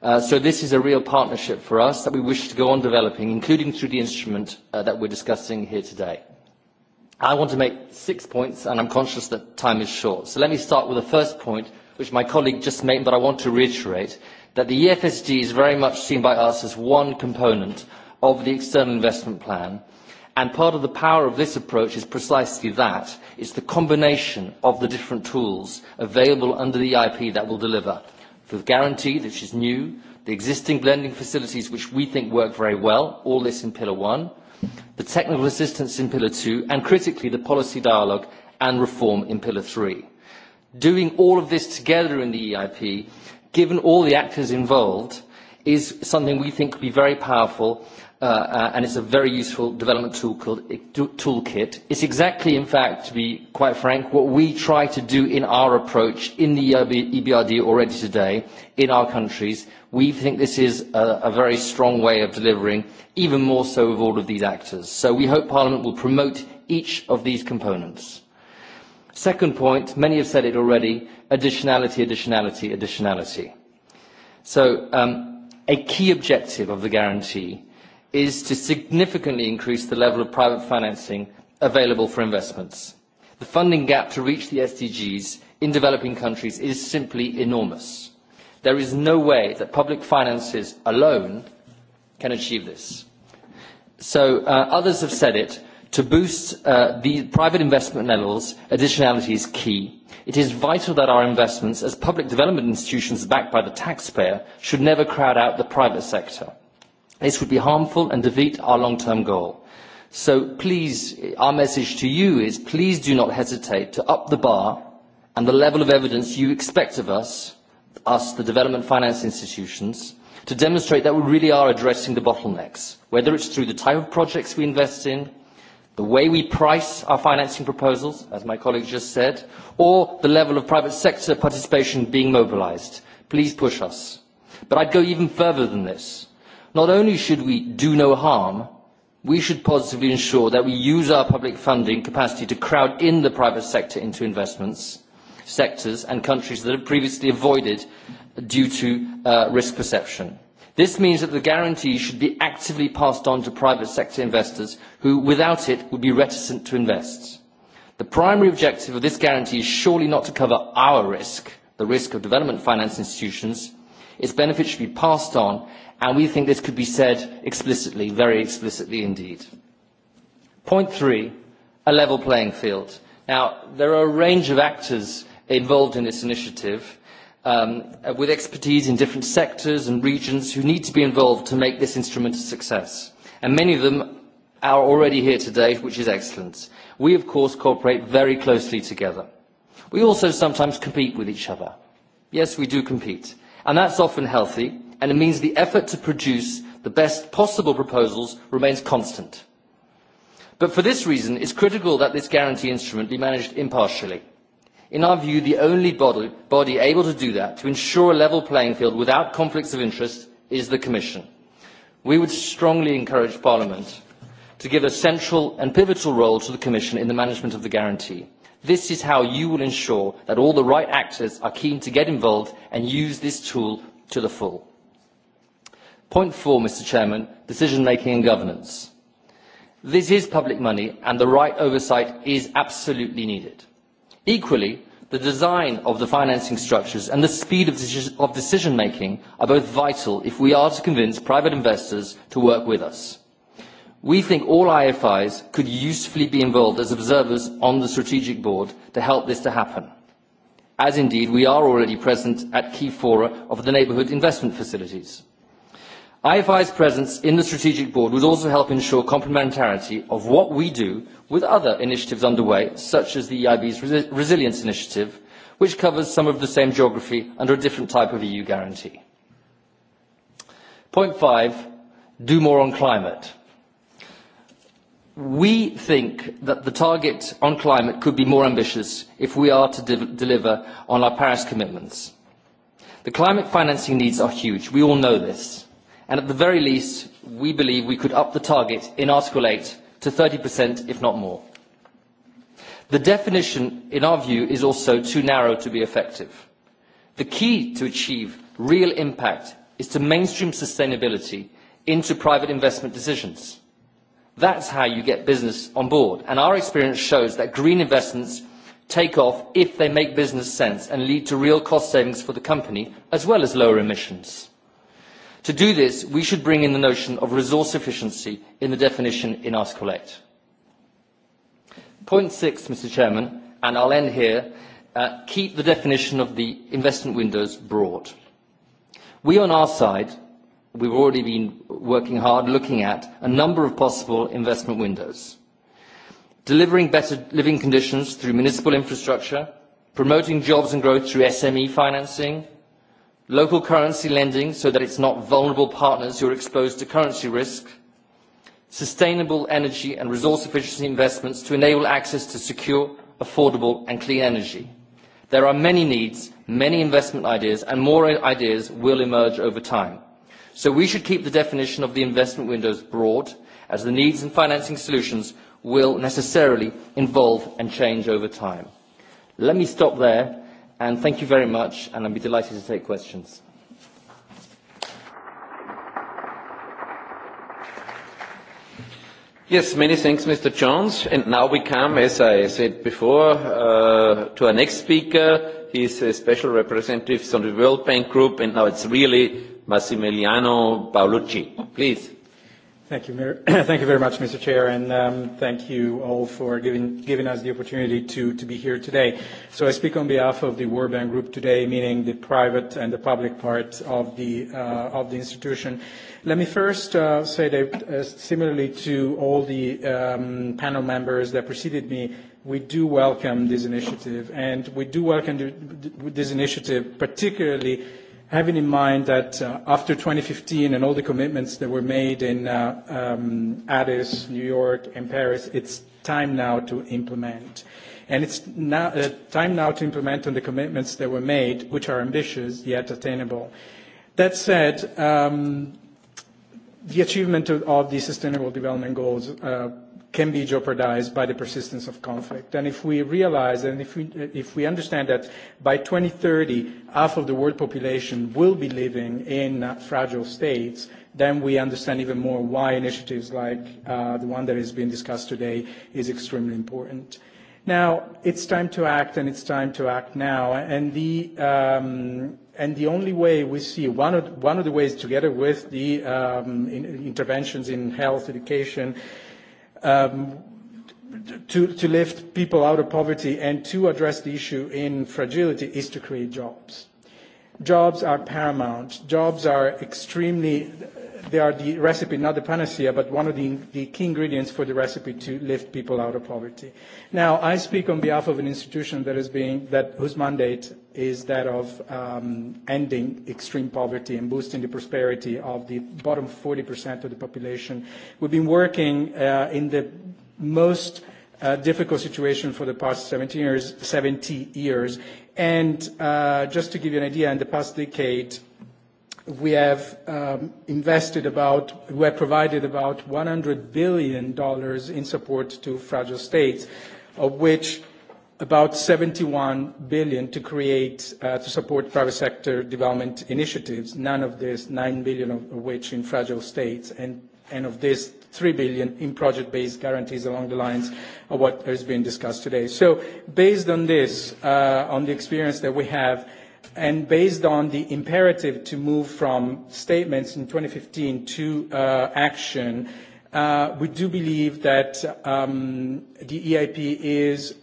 Uh, so this is a real partnership for us that we wish to go on developing, including through the instrument that uh, that we're discussing here today. I want to make six points, and I'm conscious that time is short. So let me start with the first point, which my colleague just made, but I want to reiterate, that the EFSD is very much seen by us as one component of the external investment plan. And part of the power of this approach is precisely that. It's the combination of the different tools available under the EIP that will deliver. The guarantee, which is new, the existing blending facilities, which we think work very well, all this in Pillar 1, the technical assistance in Pillar 2, and critically, the policy dialogue and reform in Pillar 3 doing all of this together in the EIP, given all the actors involved, is something we think could be very powerful uh, uh, and it's a very useful development tool called eh, toolkit. it's exactly, in fact, to be quite frank, what we try to do in our approach in the EBRD e already today in our countries. We think this is a, very strong way of delivering, even more so of all of these actors. So we hope Parliament will promote each of these components. Second point, many have said it already, additionality, additionality, additionality. So um, a key objective of the guarantee is to significantly increase the level of private financing available for investments. The funding gap to reach the SDGs in developing countries is simply enormous. There is no way that public finances alone can achieve this. So uh, others have said it, to boost uh, the private investment levels, additionality is key. It is vital that our investments, as public development institutions backed by the taxpayer, should never crowd out the private sector. This would be harmful and defeat our long-term goal. So please, our message to you is please do not hesitate to up the bar and the level of evidence you expect of us, us, the development finance institutions, to demonstrate that we really are addressing the bottlenecks, whether it's through the type of projects we invest in, the way we price our financing proposals, as my colleague just said, or the level of private sector participation being mobilised. Please push us. But I'd go even further than this. Not only should we do no harm, we should positively ensure that we use our public funding capacity to crowd in the private sector into investments, sectors and countries that have previously avoided due to uh, risk perception. This means that the guarantee should be actively passed on to private sector investors who, without it, would be reticent to invest. The primary objective of this guarantee is surely not to cover our risk, the risk of development finance institutions. Its benefits should be passed on, and we think this could be said explicitly, very explicitly indeed. Point three, a level playing field. Now, there are a range of actors involved in this initiative um, with expertise in different sectors and regions who need to be involved to make this instrument a success. And many of them are already here today, which is excellent. We, of course, cooperate very closely together. We also sometimes compete with each other. Yes, we do compete. And that's often healthy, and it means the effort to produce the best possible proposals remains constant. But for this reason, it's critical that this guarantee instrument be managed impartially In our view, the only body, able to do that, to ensure a level playing field without conflicts of interest, is the Commission. We would strongly encourage Parliament to give a central and pivotal role to the Commission in the management of the guarantee. This is how you will ensure that all the right actors are keen to get involved and use this tool to the full. Point four, Mr Chairman, decision making and governance. This is public money and the right oversight is absolutely needed equally the design of the financing structures and the speed of decision making are both vital if we are to convince private investors to work with us. we think all ifis could usefully be involved as observers on the strategic board to help this to happen as indeed we are already present at key fora of the neighbourhood investment facilities. IFI's presence in the strategic board would also help ensure complementarity of what we do with other initiatives underway, such as the EIB's Resilience Initiative, which covers some of the same geography under a different type of EU guarantee. Point five, do more on climate. We think that the target on climate could be more ambitious if we are to deliver on our Paris commitments. The climate financing needs are huge. We all know this and at the very least we believe we could up the target in article 8 to 30% if not more the definition in our view is also too narrow to be effective the key to achieve real impact is to mainstream sustainability into private investment decisions that's how you get business on board and our experience shows that green investments take off if they make business sense and lead to real cost savings for the company as well as lower emissions to do this, we should bring in the notion of resource efficiency in the definition in Article 8. Point six, Mr. Chairman, and I'll end here, uh, keep the definition of the investment windows broad. We on our side, we've already been working hard looking at a number of possible investment windows. Delivering better living conditions through municipal infrastructure, promoting jobs and growth through SME financing, local currency lending so that it is not vulnerable partners who are exposed to currency risk, sustainable energy and resource efficiency investments to enable access to secure, affordable and clean energy. There are many needs, many investment ideas and more ideas will emerge over time. So we should keep the definition of the investment windows broad as the needs and financing solutions will necessarily involve and change over time. Let me stop there And thank you very much, and I'll be delighted to take questions. Yes, many thanks, Mr. Jones. And now we come, as I said before, uh, to our next speaker. He is a special representative from the World Bank Group, and now it's really Massimiliano Paolucci. Please. Thank you, Mayor. [CLEARS THROAT] thank you very much, Mr. Chair, and um, thank you all for giving, giving us the opportunity to, to be here today. So I speak on behalf of the World Bank Group today, meaning the private and the public part of the, uh, of the institution. Let me first uh, say that uh, similarly to all the um, panel members that preceded me, we do welcome this initiative, and we do welcome this initiative particularly having in mind that uh, after 2015 and all the commitments that were made in uh, um, Addis, New York, and Paris, it's time now to implement. And it's now, uh, time now to implement on the commitments that were made, which are ambitious yet attainable. That said, um, the achievement of, of the Sustainable Development Goals uh, can be jeopardized by the persistence of conflict. And if we realize and if we, if we understand that by 2030 half of the world population will be living in uh, fragile states, then we understand even more why initiatives like uh, the one that has been discussed today is extremely important. Now, it's time to act, and it's time to act now. And the, um, and the only way we see, one of, one of the ways together with the um, in, interventions in health, education, Um, to, to lift people out of poverty and to address the issue in fragility is to create jobs. Jobs are paramount. Jobs are extremely they are the recipe, not the panacea, but one of the, the key ingredients for the recipe to lift people out of poverty. Now, I speak on behalf of an institution that is being, that whose mandate is that of um, ending extreme poverty and boosting the prosperity of the bottom 40% of the population. We've been working uh, in the most uh, difficult situation for the past 17 years, 70 years. And uh, just to give you an idea, in the past decade, we have um, invested about, we have provided about $100 billion in support to fragile states, of which about 71 billion to create, uh, to support private sector development initiatives. None of this, 9 billion of which in fragile states, and, and of this, 3 billion in project-based guarantees along the lines of what has been discussed today. So based on this, uh, on the experience that we have, and based on the imperative to move from statements in 2015 to uh, action, uh, we do believe that um, the EIP is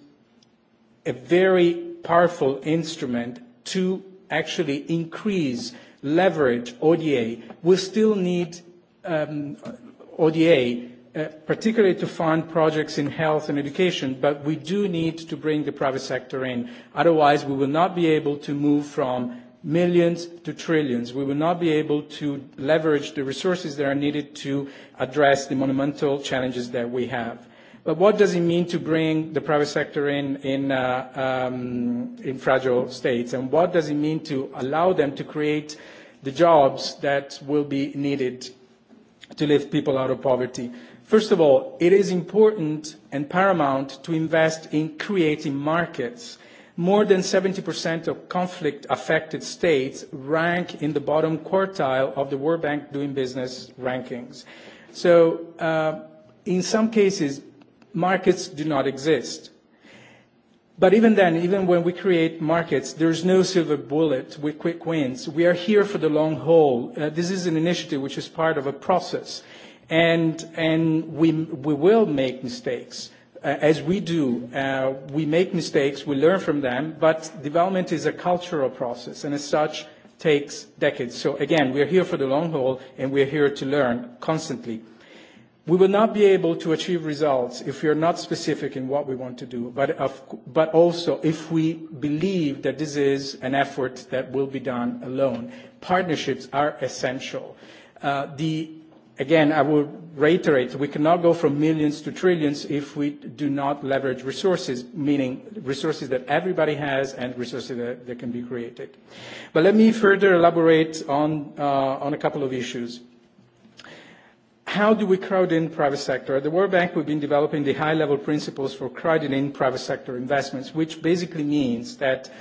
a very powerful instrument to actually increase leverage ODA. We still need um, ODA Uh, particularly to fund projects in health and education, but we do need to bring the private sector in. Otherwise, we will not be able to move from millions to trillions. We will not be able to leverage the resources that are needed to address the monumental challenges that we have. But what does it mean to bring the private sector in in, uh, um, in fragile states? And what does it mean to allow them to create the jobs that will be needed to lift people out of poverty? First of all, it is important and paramount to invest in creating markets. More than 70% of conflict-affected states rank in the bottom quartile of the World Bank Doing Business rankings. So uh, in some cases, markets do not exist. But even then, even when we create markets, there's no silver bullet with quick wins. We are here for the long haul. Uh, this is an initiative which is part of a process and and we we will make mistakes uh, as we do uh, we make mistakes we learn from them but development is a cultural process and as such takes decades so again we are here for the long haul and we're here to learn constantly we will not be able to achieve results if we are not specific in what we want to do but of, but also if we believe that this is an effort that will be done alone partnerships are essential uh, the again, I will reiterate, we cannot go from millions to trillions if we do not leverage resources, meaning resources that everybody has and resources that, that can be created. But let me further elaborate on, uh, on a couple of issues. How do we crowd in private sector? At the World Bank, we've been developing the high-level principles for crowding in private sector investments, which basically means that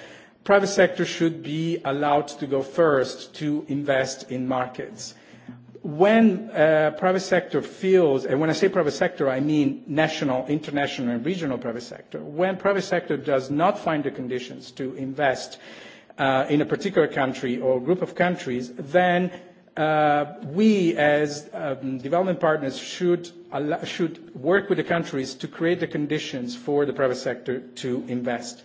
private sector should be allowed to go first to invest in markets when uh, private sector feels, and when I say private sector, I mean national, international, and regional private sector, when private sector does not find the conditions to invest uh, in a particular country or group of countries, then uh, we as um, development partners should, should work with the countries to create the conditions for the private sector to invest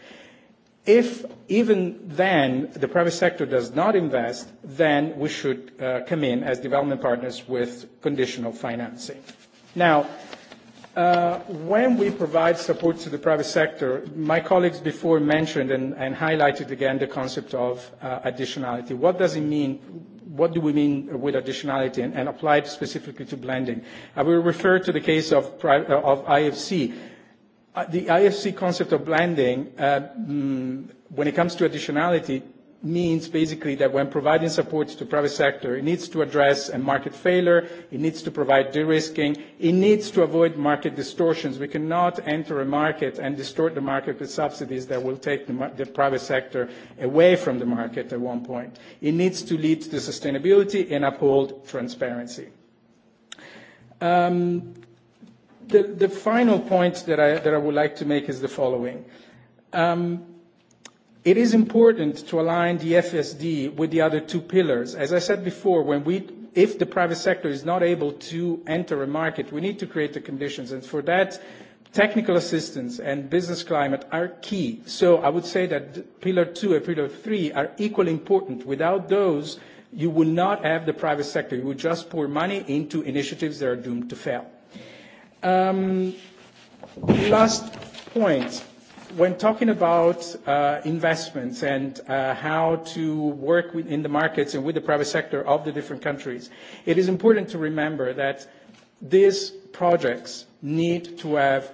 if even then the private sector does not invest, then we should uh, come in as development partners with conditional financing. Now, uh, when we provide support to the private sector, my colleagues before mentioned and, and highlighted again the concept of uh, additionality. What does it mean? What do we mean with additionality and, and applied specifically to blending? I will refer to the case of, uh, of IFC Uh, the IFC concept of blending, uh, mm, when it comes to additionality, means basically that when providing support to private sector, it needs to address a market failure, it needs to provide de-risking, it needs to avoid market distortions. We cannot enter a market and distort the market with subsidies that will take the, the private sector away from the market at one point. It needs to lead to sustainability and uphold transparency. Um, The, the final point that I, that I would like to make is the following. Um, it is important to align the FSD with the other two pillars. As I said before, when we, if the private sector is not able to enter a market, we need to create the conditions. And for that, technical assistance and business climate are key. So I would say that pillar two and pillar three are equally important. Without those, you will not have the private sector. You will just pour money into initiatives that are doomed to fail. Um, last point. When talking about uh, investments and uh, how to work with, in the markets and with the private sector of the different countries, it is important to remember that these projects need to have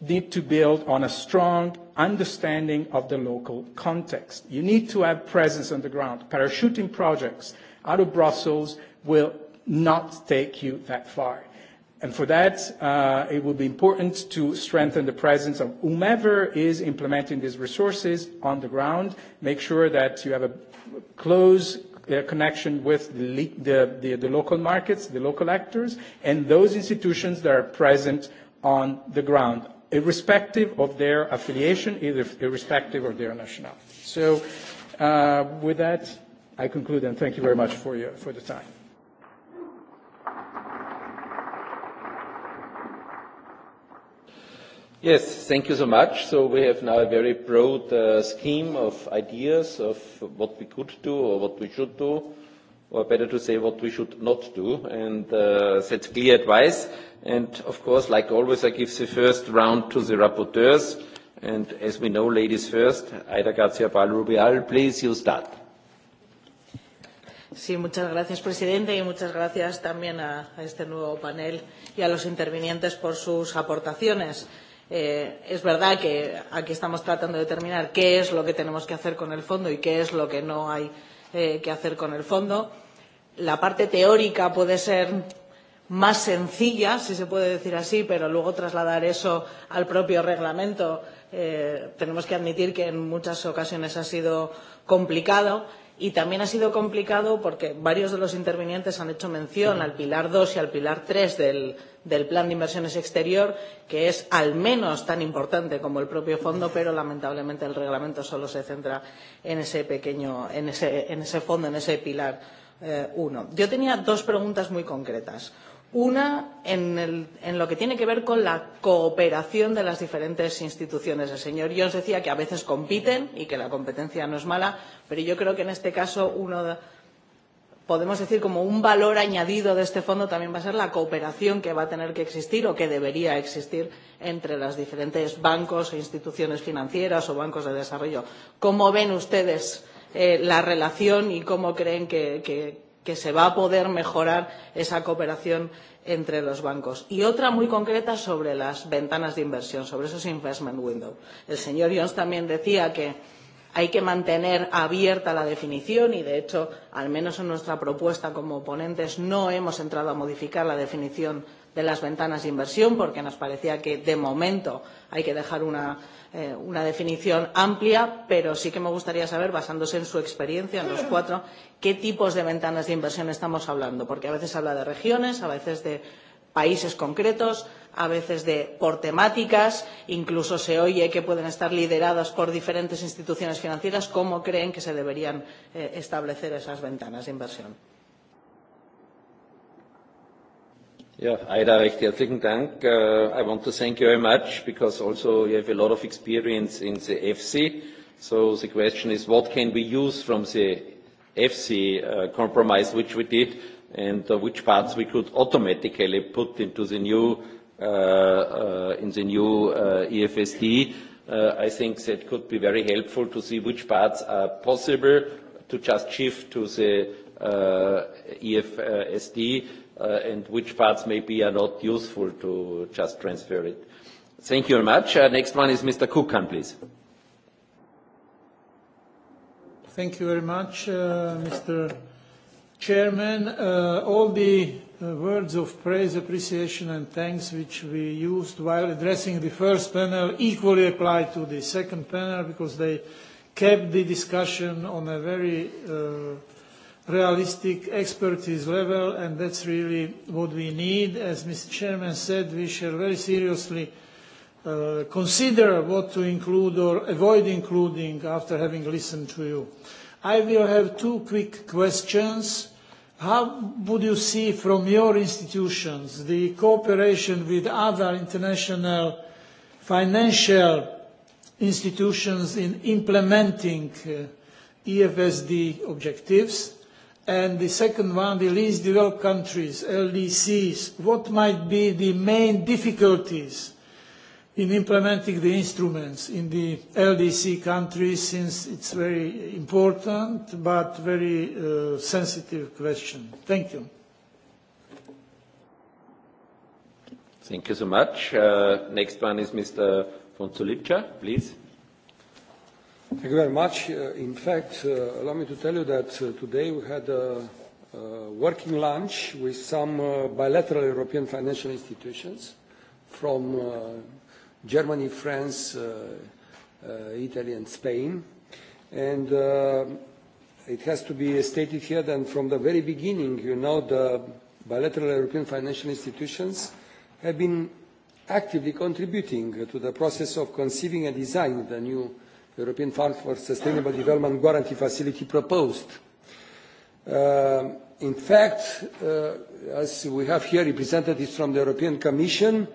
need to build on a strong understanding of the local context. You need to have presence on the ground. Parachuting projects out of Brussels will not take you that far And for that, uh, it will be important to strengthen the presence of whomever is implementing these resources on the ground, make sure that you have a close uh, connection with the, local markets, the local actors, and those institutions that are present on the ground, irrespective of their affiliation, either irrespective of their nationality. So uh, with that, I conclude, and thank you very much for, your, for the time. Yes, thank you so much. So we have now a very broad uh, scheme of ideas of what we could do or what we should do, or better to say what we should not do, and uh, that's clear advice. And of course, like always, I give the first round to the rapporteurs. And as we know, ladies first, Aida Garcia Rubial, please, you start. Sí, muchas gracias, presidente, y muchas gracias también a este nuevo panel y a los intervinientes por sus aportaciones. Eh, es verdad que aquí estamos tratando de determinar qué es lo que tenemos que hacer con el fondo y qué es lo que no hay eh, que hacer con el fondo. La parte teórica puede ser más sencilla, si se puede decir así, pero luego trasladar eso al propio reglamento eh, tenemos que admitir que en muchas ocasiones ha sido complicado y también ha sido complicado porque varios de los intervinientes han hecho mención al pilar 2 y al pilar 3 del, del plan de inversiones exterior, que es al menos tan importante como el propio fondo, pero lamentablemente el reglamento solo se centra en ese pequeño, en ese, en ese fondo, en ese pilar 1. Eh, Yo tenía dos preguntas muy concretas. Una, en, el, en lo que tiene que ver con la cooperación de las diferentes instituciones. El señor Jones decía que a veces compiten y que la competencia no es mala, pero yo creo que en este caso uno podemos decir como un valor añadido de este fondo también va a ser la cooperación que va a tener que existir o que debería existir entre los diferentes bancos e instituciones financieras o bancos de desarrollo. ¿Cómo ven ustedes eh, la relación y cómo creen que, que que se va a poder mejorar esa cooperación entre los bancos. Y otra muy concreta sobre las ventanas de inversión, sobre esos investment windows. El señor Jones también decía que hay que mantener abierta la definición y, de hecho, al menos en nuestra propuesta como ponentes no hemos entrado a modificar la definición de las ventanas de inversión porque nos parecía que de momento hay que dejar una, eh, una definición amplia pero sí que me gustaría saber basándose en su experiencia en los cuatro qué tipos de ventanas de inversión estamos hablando porque a veces habla de regiones a veces de países concretos a veces de por temáticas incluso se oye que pueden estar lideradas por diferentes instituciones financieras cómo creen que se deberían eh, establecer esas ventanas de inversión Yeah, Ida, recht herzlichen Dank. Uh, I want to thank you very much because also you have a lot of experience in the FC. So the question is, what can we use from the FC uh, compromise which we did and uh, which parts we could automatically put into the new uh, uh, in the new uh, EFSD. Uh, I think that could be very helpful to see which parts are possible to just shift to the uh, EFSD Uh, and which parts maybe are not useful to just transfer it. Thank you very much. Uh, next one is Mr. Kukan, please. Thank you very much, uh, Mr. Chairman. all the words of praise, appreciation and thanks which we used while addressing the first panel equally apply to the second panel because they kept the discussion on a very realistic expertise level and that's really what we need. As Mr Chairman said, we shall very seriously uh, consider what to include or avoid including after having listened to you. I will have two quick questions. How would you see from your institutions the cooperation with other international financial institutions in implementing uh, EFSD objectives? and the second one, the least developed countries, LDCs, what might be the main difficulties in implementing the instruments in the LDC countries, since it's very important but very uh, sensitive question. Thank you. Thank you so much. Uh, next one is Mr. von Zulipka, please. Thank you very much. Uh, in fact, uh, allow me to tell you that uh, today we had a, a working lunch with some uh, bilateral European financial institutions from uh, Germany, France, uh, uh, Italy and Spain. And uh, it has to be stated here that from the very beginning, you know, the bilateral European financial institutions have been actively contributing to the process of conceiving and designing the new European Fund for Sustainable Development Guarantee Facility proposed. Uh, in fact, uh, as we have here representatives from the European Commission,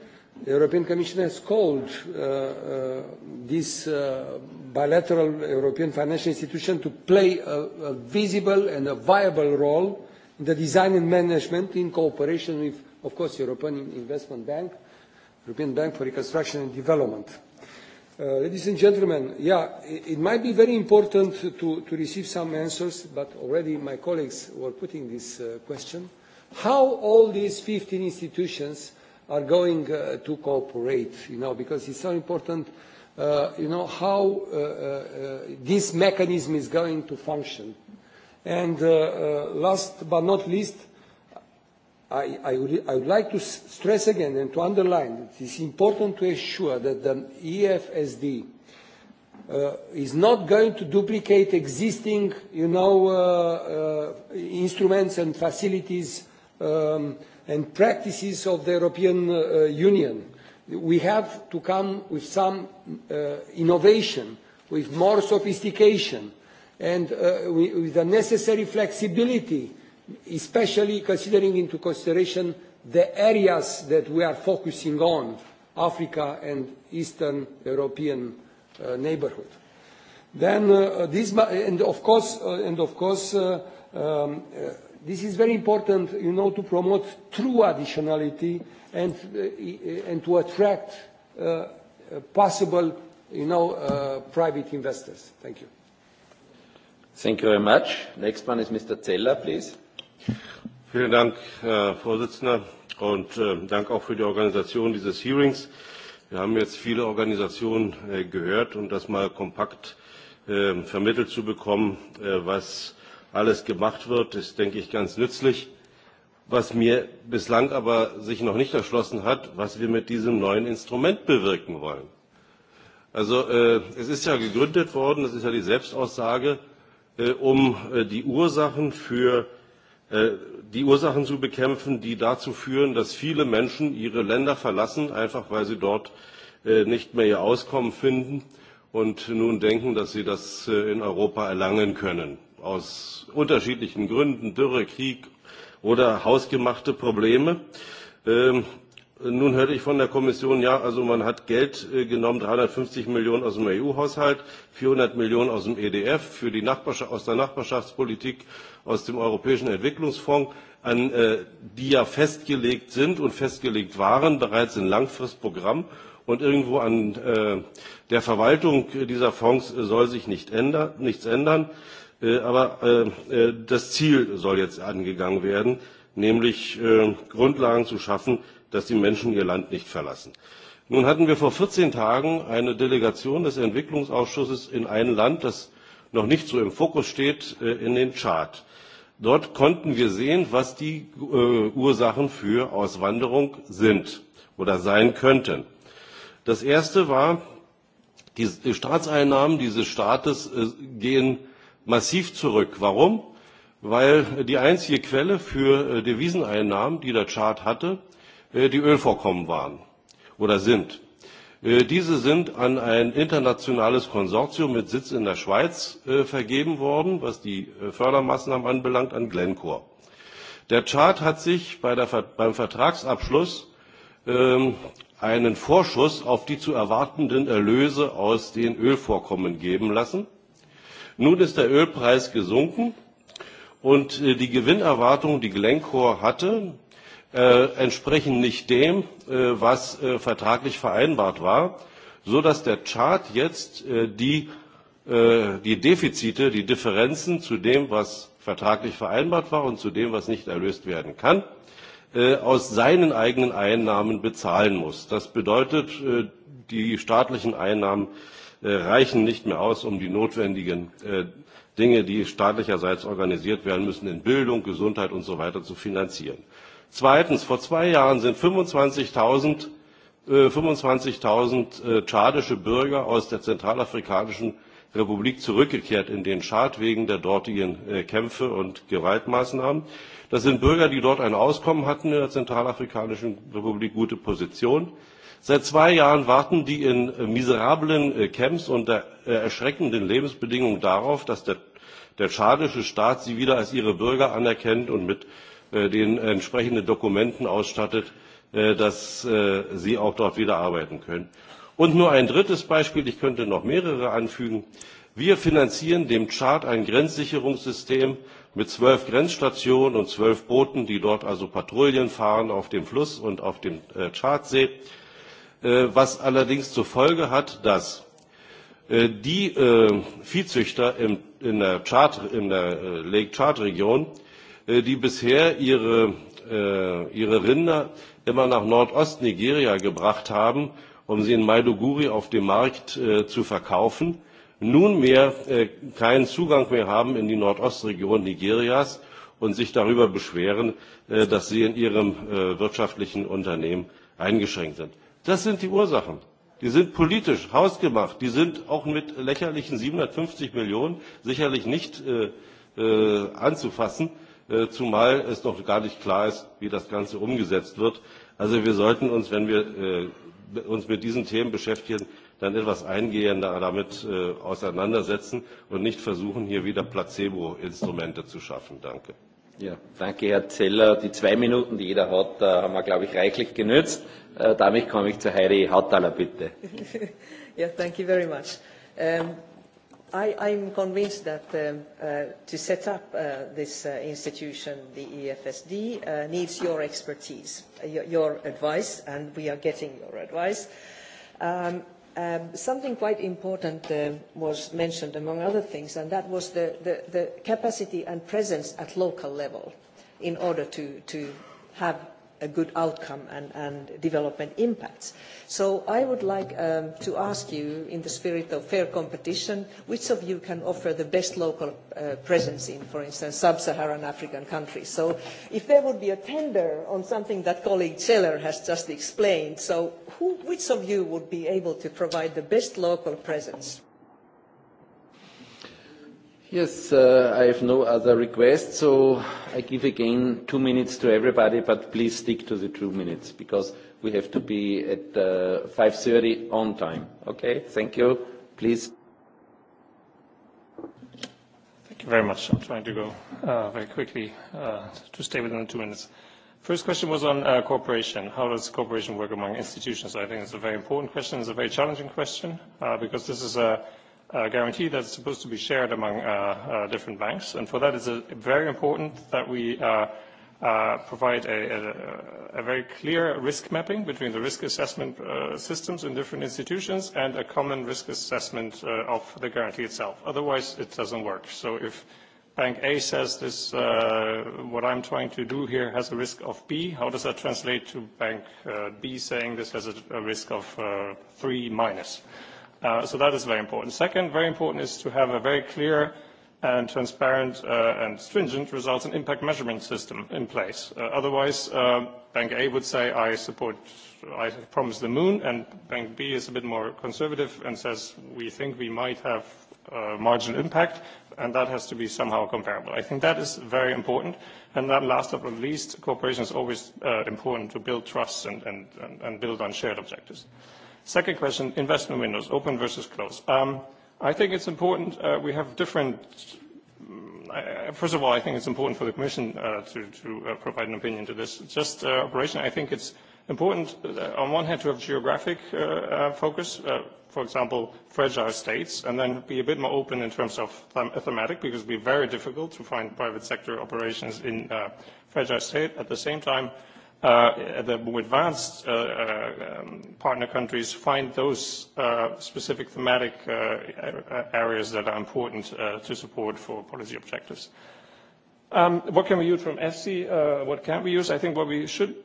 the European Commission has called uh, uh this uh, bilateral European financial institution to play a, a visible and a viable role in the design and management in cooperation with, of course, European Investment Bank, European Bank for Reconstruction and Development. Uh, ladies and gentlemen, yeah, it, might be very important to, to receive some answers, but already my colleagues were putting this uh, question. How all these 15 institutions are going uh, to cooperate, you know, because it's so important, you know, how this mechanism is going to function. And last but not least, i, I, would, like to stress again and to underline that it is important to ensure that the EFSD uh, is not going to duplicate existing, you know, uh, uh, instruments and facilities um, and practices of the European uh, Union. We have to come with some uh, innovation, with more sophistication, and uh, with the necessary flexibility especially considering into consideration the areas that we are focusing on, Africa and Eastern European uh, neighborhood. Then uh, this, and of course, uh, and of course, uh, um, uh, this is very important, you know, to promote true additionality and uh, and to attract possible, you know, private investors. Thank you. Thank you very much. Next one is Mr. Zeller, please. Vielen Dank, Herr Vorsitzender, und äh, Dank auch für die Organisation dieses Hearings. Wir haben jetzt viele Organisationen äh, gehört und um das mal kompakt äh, vermittelt zu bekommen, was alles gemacht wird, ist, denke ich, ganz nützlich. Was mir bislang aber sich noch nicht erschlossen hat, was wir mit diesem neuen Instrument bewirken wollen. Also es ist ja gegründet worden, das ist ja die Selbstaussage, um die Ursachen für Äh, die Ursachen zu bekämpfen, die dazu führen, dass viele Menschen ihre Länder verlassen, einfach weil sie dort äh, nicht mehr ihr Auskommen finden und nun denken, dass sie das äh, in Europa erlangen können. Aus unterschiedlichen Gründen, Dürre, Krieg oder hausgemachte Probleme. Ähm, Nun hörte ich von der Kommission, ja, also man hat Geld äh, genommen, 350 Millionen aus dem EU-Haushalt, 400 Millionen aus dem EDF, für die Nachbarschaft, aus der Nachbarschaftspolitik, aus dem Europäischen Entwicklungsfonds, an, äh, die ja festgelegt sind und festgelegt waren, bereits in Langfristprogramm. Und irgendwo an äh, der Verwaltung dieser Fonds soll sich nicht ändern, nichts ändern. aber das Ziel soll jetzt angegangen werden, nämlich Grundlagen zu schaffen, dass die Menschen ihr Land nicht verlassen. Nun hatten wir vor 14 Tagen eine Delegation des Entwicklungsausschusses in ein Land, das noch nicht so im Fokus steht, äh, in den Chart. Dort konnten wir sehen, was die äh, Ursachen für Auswanderung sind oder sein könnten. Das erste war, die Staatseinnahmen dieses Staates äh, gehen massiv zurück. Warum? Weil die einzige Quelle für Deviseneinnahmen, die der Chart hatte, Äh, die Ölvorkommen waren oder sind. Äh, diese sind an ein internationales Konsortium mit Sitz in der Schweiz äh, vergeben worden, was die Fördermaßnahmen anbelangt, an Glencore. Der Chart hat sich bei der, beim Vertragsabschluss ähm, einen Vorschuss auf die zu erwartenden Erlöse aus den Ölvorkommen geben lassen. Nun ist der Ölpreis gesunken und die Gewinnerwartung, die Glencore hatte, Äh, entsprechen nicht dem, äh, was äh, vertraglich vereinbart war, dass der Chart jetzt die, die Defizite, die Differenzen zu dem, was vertraglich vereinbart war und zu dem, was nicht erlöst werden kann, aus seinen eigenen Einnahmen bezahlen muss. Das bedeutet, die staatlichen Einnahmen reichen nicht mehr aus, um die notwendigen Dinge, die staatlicherseits organisiert werden müssen, in Bildung, Gesundheit und so weiter zu finanzieren. Zweitens, vor zwei Jahren sind 25.000 äh, 25 äh, tschadische Bürger aus der Zentralafrikanischen Republik zurückgekehrt in den Tschad wegen der dortigen äh, Kämpfe und Gewaltmaßnahmen. Das sind Bürger, die dort ein Auskommen hatten in der Zentralafrikanischen Republik, gute Position. Seit zwei Jahren warten die in äh, miserablen Camps unter erschreckenden Lebensbedingungen darauf, dass der, der tschadische Staat sie wieder als ihre Bürger anerkennt und mit Äh, den entsprechenden Dokumenten ausstattet, äh, dass äh, Sie auch dort wieder arbeiten können. Und nur ein drittes Beispiel, ich könnte noch mehrere anfügen. Wir finanzieren dem Chart ein Grenzsicherungssystem mit zwölf Grenzstationen und zwölf Booten, die dort also Patrouillen fahren auf dem Fluss und auf dem Chartsee, was allerdings zur Folge hat, dass die Viehzüchter in der, Chart, in der Lake Chart Region Äh, die bisher ihre, äh, ihre Rinder immer nach Nordostnigeria gebracht haben, um sie in Maiduguri auf dem Markt äh, zu verkaufen, nunmehr keinen Zugang mehr haben in die Nordostregion Nigerias und sich darüber beschweren, dass sie in ihrem wirtschaftlichen Unternehmen eingeschränkt sind. Das sind die Ursachen. Die sind politisch hausgemacht. Die sind auch mit lächerlichen 750 Millionen sicherlich nicht anzufassen. Äh, zumal es noch gar nicht klar ist, wie das Ganze umgesetzt wird. Also wir sollten uns, wenn wir äh, uns mit diesen Themen beschäftigen, dann etwas eingehender damit äh, auseinandersetzen und nicht versuchen, hier wieder Placebo-Instrumente zu schaffen. Danke. Ja, danke, Herr Zeller. Die zwei Minuten, die jeder hat, haben wir, glaube ich, reichlich genützt. Damit komme ich zu Heidi Hautala, bitte. yeah, [LAUGHS] thank you very much. Ähm, i am convinced that um, uh, to set up uh, this uh, institution, the EFSD, needs your expertise, your, advice, and we are getting your advice. Um, um, something quite important was mentioned, among other things, and that was the, the capacity and presence at local level in order to have a good outcome and, and development impacts. So I would like um, to ask you, in the spirit of fair competition, which of you can offer the best local uh, presence in, for instance, sub-Saharan African countries? So if there would be a tender on something that colleague Scheller has just explained, so who, which of you would be able to provide the best local presence? Yes, uh, I have no other requests, so I give again two minutes to everybody, but please stick to the two minutes because we have to be at uh, 5.30 on time. Okay, thank you. Please. Thank you very much. I'm trying to go uh, very quickly uh, to stay within the two minutes. First question was on uh, cooperation. How does cooperation work among institutions? I think it's a very important question. It's a very challenging question uh, because this is a uh, guarantee that's supposed to be shared among uh, uh, different banks. And for that, it's a, uh, very important that we uh, uh, provide a, a, a very clear risk mapping between the risk assessment uh, systems in different institutions and a common risk assessment uh, of the guarantee itself. Otherwise, it doesn't work. So if Bank A says this, uh, what I'm trying to do here has a risk of B. How does that translate to Bank uh, B saying this has a, a risk of uh, 3 minus? Uh, so that is very important. Second, very important is to have a very clear and transparent uh, and stringent results and impact measurement system in place. Uh, otherwise, Bank A would say, I support, I promise the moon, and Bank B is a bit more conservative and says, we think we might have marginal impact, and that has to be somehow comparable. I think that is very important. And then last but not least, cooperation is always important to build trust and, and build on shared objectives. Second question, investment windows, open versus closed. Um, I think it's important, uh, we have different, mm, first of all, I think it's important for the Commission uh, to, to uh, provide an opinion to this. Just operation, I think it's important on one hand to have geographic focus, for example, fragile states, and then be a bit more open in terms of thematic, because it would be very difficult to find private sector operations in fragile state. At the same time, uh, the more advanced uh, uh, partner countries find those uh, specific thematic areas that are important to support for policy objectives. Um, what can we use from EFSI? Uh, what can we use? I think what we should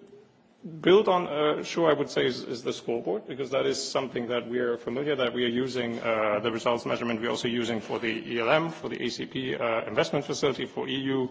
build on, uh, sure, I would say, is, is the scoreboard, because that is something that we are familiar, that we are using uh, the results measurement are also using for the ELM, for the ACP uh, investment facility, for EU,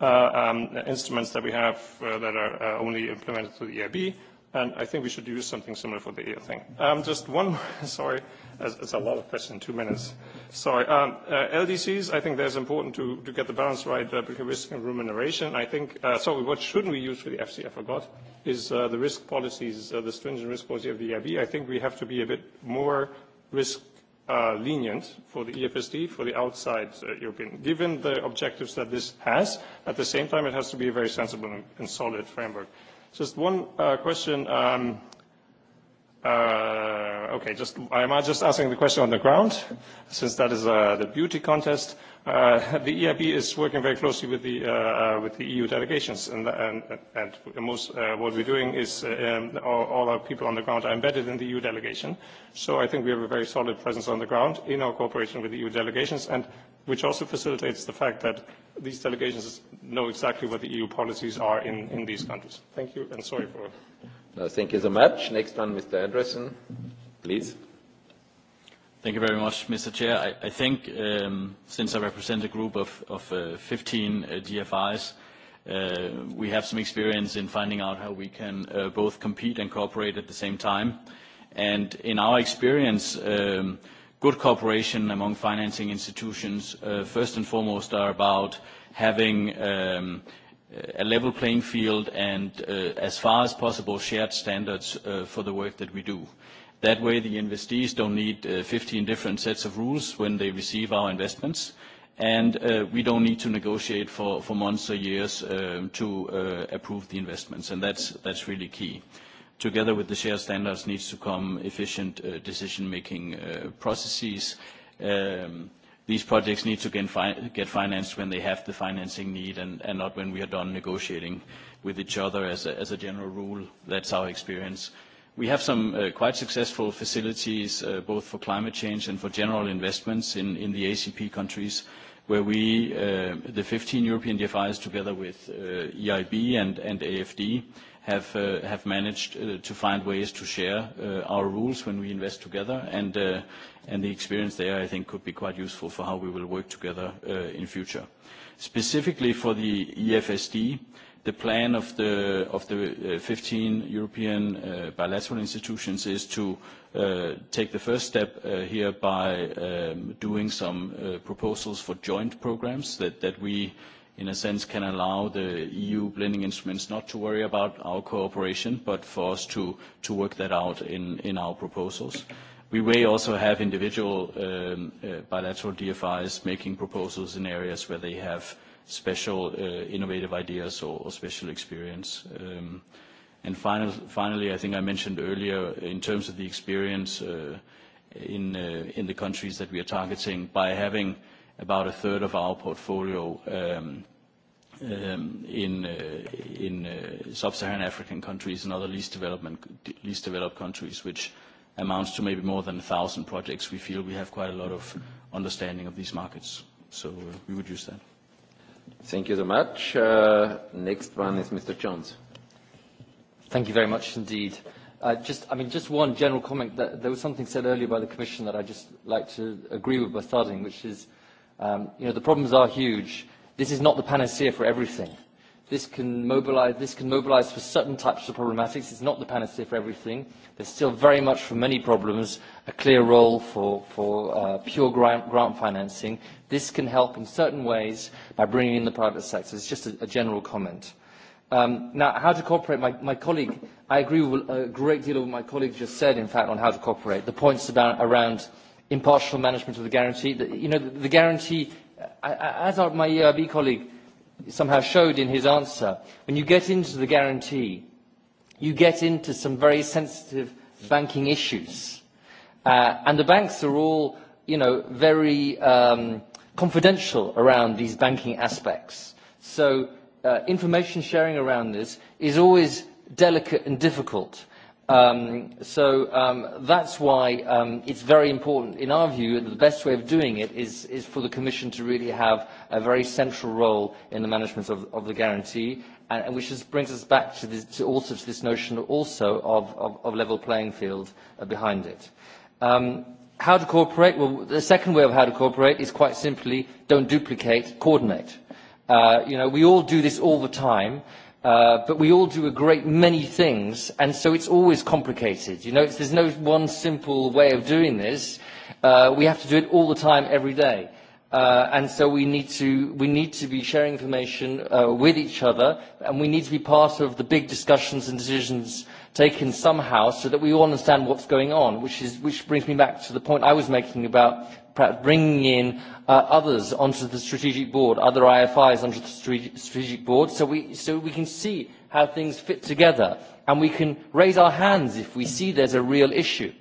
uh, um, instruments that we have uh, that are uh, only implemented through the EIB. And I think we should use something similar for the EU thing. Um, just one, [LAUGHS] sorry, it's a lot of questions, two minutes. Sorry. Um, uh, LDCs, I think that's important to, to get the balance right uh, between risk and remuneration. I think, uh, sorry, what shouldn't we use for the FC? I forgot, is the risk policies, uh, the stringent risk policy of the EIB. I think we have to be a bit more risk Uh, lenient for the EFSD, for the outside uh, European, given the objectives that this has. At the same time, it has to be a very sensible and, solid framework. Just one uh, question. Um, okay, just, I'm just asking the question on the ground, since that is the beauty contest. Uh, the EIB is working very closely with the, uh, uh with the EU delegations, and, and, and most, uh, what we're doing is uh, um, all, all our people on the ground are embedded in the EU delegation. So I think we have a very solid presence on the ground in our cooperation with the EU delegations, and which also facilitates the fact that these delegations know exactly what the EU policies are in, in these countries. Thank you, and sorry for... No, thank you so much. Next one, Mr. Andresen, please. Thank you very much, Mr. Chair. I, I think um, since I represent a group of, of 15 uh, uh, GFIs, uh, we have some experience in finding out how we can both compete and cooperate at the same time. And in our experience, um, good cooperation among financing institutions, first and foremost, are about having um, a level playing field and, as far as possible, shared standards for the work that we do. That way, the investees don't need 15 uh, different sets of rules when they receive our investments, and uh, we don't need to negotiate for, months or years um, to uh, approve the investments, and that's, really key together with the shared standards needs to come efficient decision making processes um, these projects need to get, financed when they have the financing need and, not when we are done negotiating with each other as a, as a general rule that's our experience We have some uh, quite successful facilities uh, both for climate change and for general investments in, the ACP countries where we, uh, the 15 European DFIs together with EIB and, AFD, have, managed to find ways to share our rules when we invest together. and the experience there, I think, could be quite useful for how we will work together in future. Specifically for the EFSD, the plan of the, of the 15 uh, European uh, bilateral institutions is to uh, take the first step uh, here by um, doing some uh, proposals for joint programs that, that we, in a sense, can allow the EU blending instruments not to worry about our cooperation, but for us to, to work that out in, in our proposals. We may also have individual um, uh, bilateral DFIs making proposals in areas where they have – special uh, innovative ideas or, special experience. Um, and finally, I think I mentioned earlier, in terms of the experience uh, uh, in, the countries that we are targeting, by having about a third of our portfolio um, um, in, sub-Saharan African countries and other least, developed countries, which amounts to maybe more than 1,000 projects. We feel we have quite a lot of understanding of these markets, so we would use that. Thank you so much. Uh, next one is Mr. Jones. Thank you very much indeed. Uh, just, I mean, just one general comment. That there was something said earlier by the Commission that I just like to agree with by starting, which is, um, you know, the problems are huge. This is not the panacea for everything. This can mobilize, this can mobilize for certain types of problematics. It's not the panacea for everything. There's still very much for many problems a clear role for, for uh, pure grant, grant financing. This can help in certain ways by bringing in the private sector. It's just a, a general comment. Um, now, how to cooperate, my, my colleague, I agree with a great deal of what my colleague just said, in fact, on how to cooperate. The points about, around impartial management of the guarantee, the, you know, the, the guarantee, uh, I, I, as my EIB colleague, somehow showed in his answer, when you get into the guarantee, you get into some very sensitive banking issues. Uh, and the banks are all, you know, very um, confidential around these banking aspects. So uh, information sharing around this is always delicate and difficult. Um, so um, that's why um, it's very important, in our view, the best way of doing it is, is for the Commission to really have a very central role in the management of, of the guarantee, and, and which just brings us back to, this, to also to this notion also of, of, of level playing field uh, behind it. Um, how to cooperate? Well, the second way of how to cooperate is quite simply don't duplicate, coordinate. Uh, you know, we all do this all the time Uh, but we all do a great many things, and so it's always complicated. You know, it's, there's no one simple way of doing this. Uh, we have to do it all the time, every day. Uh, and so we need to we need to be sharing information uh, with each other, and we need to be part of the big discussions and decisions taken somehow, so that we all understand what's going on. Which is which brings me back to the point I was making about perhaps bringing in uh, others onto the strategic board, other IFIs onto the strategic board, so we, so we can see how things fit together. And we can raise our hands if we see there's a real issue.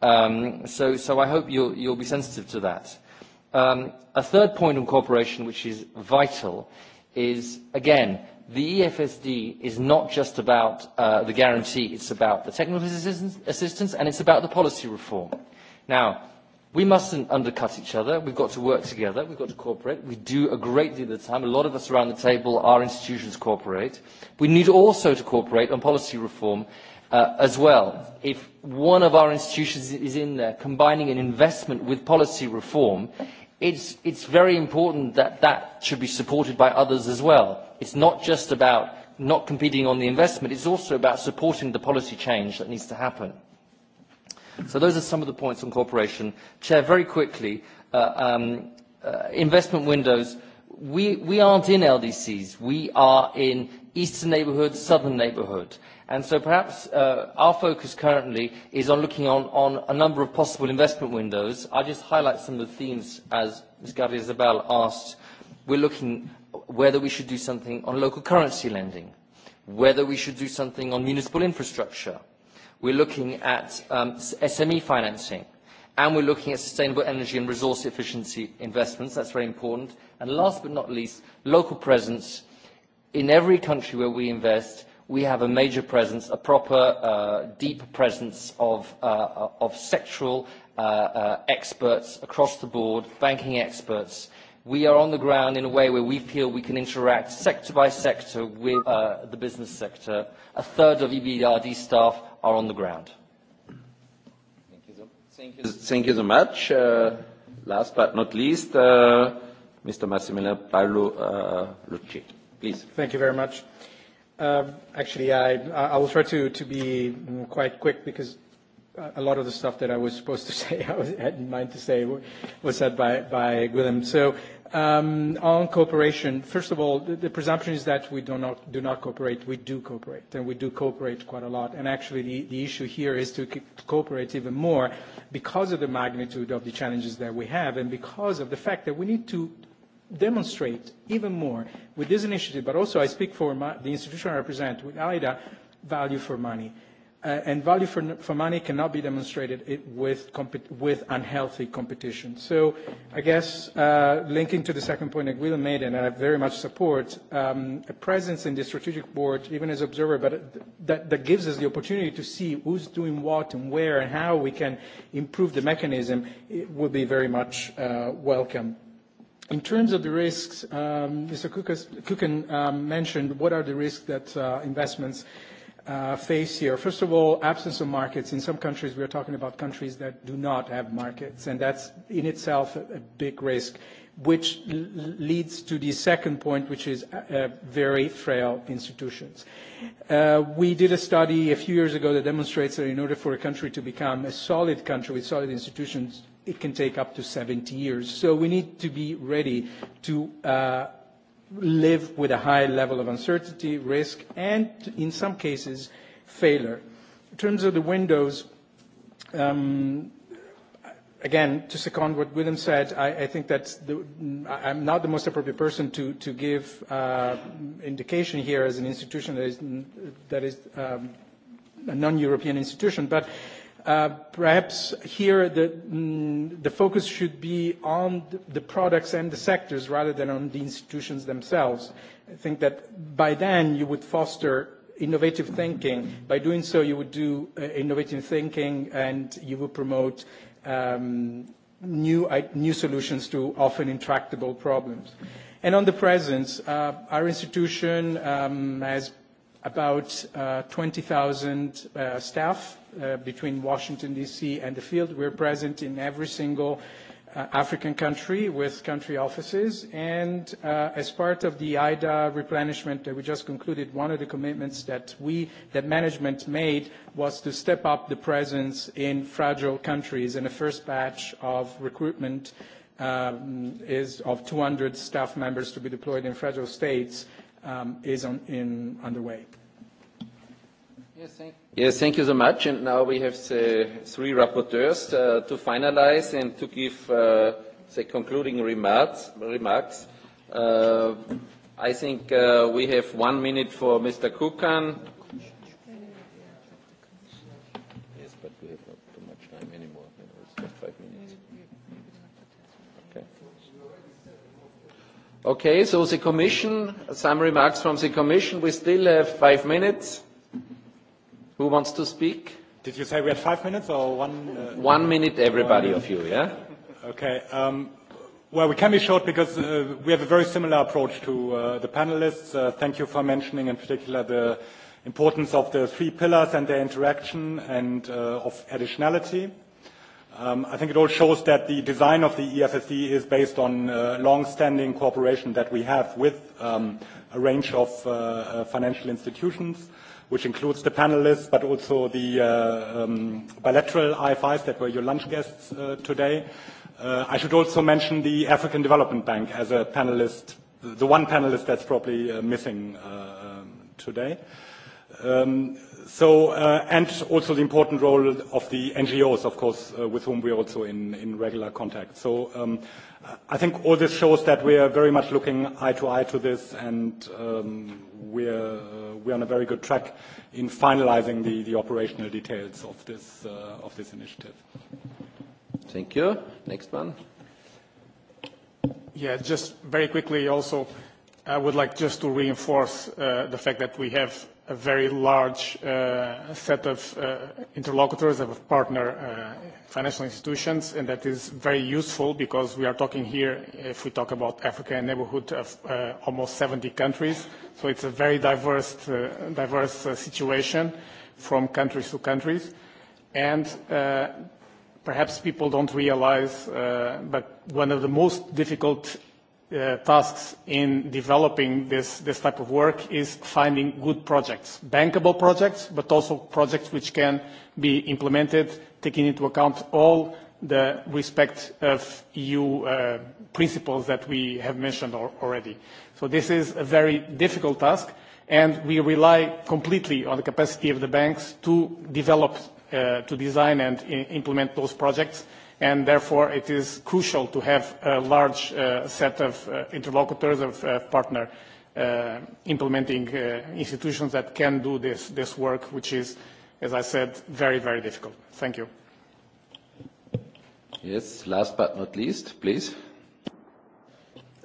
Um, so, so I hope you'll, you'll be sensitive to that. Um, a third point on cooperation, which is vital, is, again, the EFSD is not just about uh, the guarantee. It's about the technical assistance, assistance, and it's about the policy reform. Now, We mustn't undercut each other. We've got to work together. We've got to cooperate. We do a great deal of the time. A lot of us around the table, our institutions cooperate. We need also to cooperate on policy reform uh, as well. If one of our institutions is in there combining an investment with policy reform, it's, it's very important that that should be supported by others as well. It's not just about not competing on the investment. It's also about supporting the policy change that needs to happen. So those are some of the points on cooperation. Chair, very quickly, uh, um, uh, investment windows. We, we aren't in LDCs. We are in eastern neighbourhood, southern neighbourhood. And so perhaps uh, our focus currently is on looking on, on a number of possible investment windows. I'll just highlight some of the themes as Ms. Gabriel Isabel asked. We're looking whether we should do something on local currency lending, whether we should do something on municipal infrastructure, We're looking at um, SME financing, and we're looking at sustainable energy and resource efficiency investments. That's very important. And last but not least, local presence. In every country where we invest, we have a major presence, a proper, uh, deep presence of, uh, of sectoral uh, uh, experts across the board, banking experts. We are on the ground in a way where we feel we can interact sector by sector with uh, the business sector. A third of EBRD staff are on the ground. Thank you so, thank you, thank you so much. Uh, last but not least, uh, Mr. Massimiliano Paolo uh, Lucci. Please. Thank you very much. Um, actually, I, I will try to, to be mm, quite quick because a lot of the stuff that I was supposed to [LAUGHS] say, I was, had in mind to say, was said by, by Gwilym. So Um, on cooperation, first of all, the, the presumption is that we do not, do not cooperate. We do cooperate, and we do cooperate quite a lot. And actually, the, the issue here is to cooperate even more because of the magnitude of the challenges that we have and because of the fact that we need to demonstrate even more with this initiative, but also I speak for the institution I represent, with AIDA, value for money Uh, and value for, for money cannot be demonstrated with, with unhealthy competition. So I guess uh, linking to the second point that Guido made, and I very much support, um, a presence in the strategic board, even as observer, but that, that gives us the opportunity to see who's doing what and where and how we can improve the mechanism, it would be very much uh, welcome. In terms of the risks, um, Mr. Kukas, Kukan um, mentioned what are the risks that uh, investments Uh, face here. First of all, absence of markets. In some countries, we are talking about countries that do not have markets, and that's in itself a, big risk, which leads to the second point, which is uh, uh, very frail institutions. we did a study a few years ago that demonstrates that in order for a country to become a solid country with solid institutions, it can take up to 70 years. So we need to be ready to live with a high level of uncertainty, risk, and in some cases, failure. In terms of the windows, um, again, to second what William said, I, I think that I'm not the most appropriate person to, to give uh, indication here as an institution that is, that is um, a non-European institution, but Uh, perhaps here the, mm, the focus should be on the products and the sectors rather than on the institutions themselves. I think that by then you would foster innovative thinking. By doing so, you would do uh, innovative thinking and you would promote um, new, uh, new solutions to often intractable problems. And on the presence, our institution um, has about 20,000 staff Uh, between Washington, D.C. and the field. We're present in every single uh, African country with country offices. And uh, as part of the IDA replenishment that we just concluded, one of the commitments that we, that management made was to step up the presence in fragile countries. And the first batch of recruitment um, is of 200 staff members to be deployed in fragile states um, is on, in, underway. Yes, thank you. Yes, thank you so much. And now we have the three rapporteurs uh, to finalize and to give uh, the concluding remarks. remarks. Uh, I think we have one minute for Mr. Kukan. Yes, but we have not too much time anymore. just minutes. Okay. Okay, so the Commission, some remarks from the Commission. We still have five minutes. Who wants to speak? Did you say we had five minutes or one? Uh, one minute, everybody one minute. of you, yeah? Okay. Um, well, we can be short because uh, we have a very similar approach to uh, the panelists. Uh, thank you for mentioning in particular the importance of the three pillars and their interaction and uh, of additionality. Um, I think it all shows that the design of the EFSD is based on uh, long-standing cooperation that we have with um, a range of uh, uh financial institutions which includes the panelists, but also the uh, um, bilateral IFIs that were your lunch guests uh, today. Uh, I should also mention the African Development Bank as a panelist, the one panelist that's probably uh, missing um, today. Um, so, uh, and also the important role of the NGOs, of course, uh, with whom we are also in, in regular contact. So um, I think all this shows that we are very much looking eye to eye to this, and um, are uh, we're on a very good track in finalizing the, the operational details of this, uh, of this initiative. Thank you. Next one. Yeah, just very quickly also, I would like just to reinforce uh, the fact that we have a very large uh, set of uh, interlocutors, of partner uh, financial institutions, and that is very useful because we are talking here, if we talk about Africa, a neighborhood of uh, almost 70 countries. So it's a very diverse, uh, diverse uh, situation from countries to countries. And perhaps people don't realize, but one of the most difficult Uh, tasks in developing this, this type of work is finding good projects, bankable projects, but also projects which can be implemented, taking into account all the respect of EU uh, principles that we have mentioned already. So this is a very difficult task, and we rely completely on the capacity of the banks to develop, uh, to design and implement those projects and therefore it is crucial to have a large uh, set of uh, interlocutors of uh, partner implementing institutions that can do this this work which is as i said very very difficult thank you yes last but not least please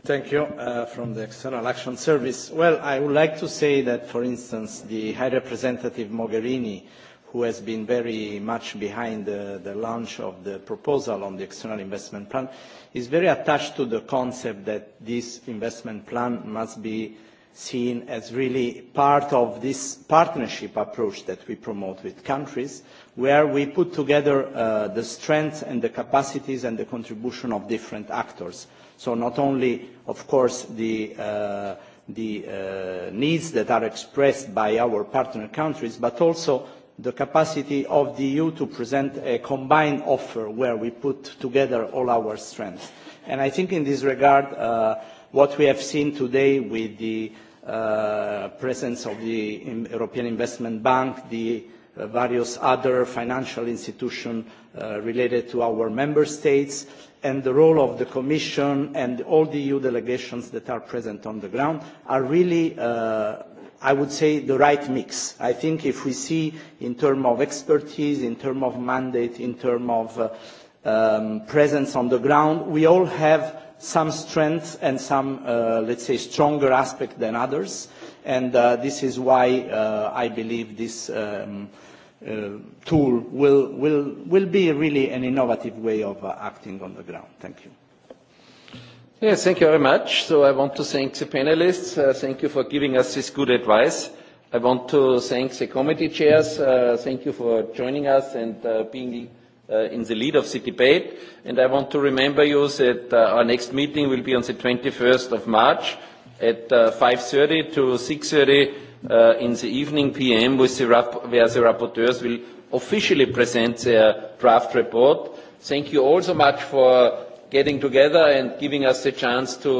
thank you uh, from the external action service well i would like to say that for instance the high representative mogherini who has been very much behind the, the launch of the proposal on the external investment plan, is very attached to the concept that this investment plan must be seen as really part of this partnership approach that we promote with countries, where we put together uh, the strengths and the capacities and the contribution of different actors. So not only, of course, the, uh, the uh, needs that are expressed by our partner countries, but also the capacity of the EU to present a combined offer where we put together all our strengths. And I think in this regard, uh, what we have seen today with the uh, presence of the European Investment Bank, the uh, various other financial institutions related to our member states, and the role of the Commission and all the EU delegations that are present on the ground are really i would say, the right mix. I think if we see in terms of expertise, in terms of mandate, in terms of uh, um, presence on the ground, we all have some strengths and some, uh, let's say, stronger aspect than others. And uh, this is why I believe this um, tool will, will, will be really an innovative way of acting on the ground. Thank you. Yes, thank you very much. So I want to thank the panelists. Uh, thank you for giving us this good advice. I want to thank the committee chairs. Uh, thank you for joining us and uh, being uh, in the lead of the debate. And I want to remember you that our next meeting will be on the 21st of March at uh, 5.30 to 6.30 uh, in the evening PM with the rap where the rapporteurs will officially present their draft report. Thank you all so much for getting together and giving us the chance to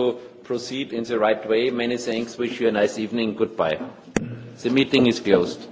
proceed in the right way. Many thanks. Wish you a nice evening. Goodbye. The meeting is closed.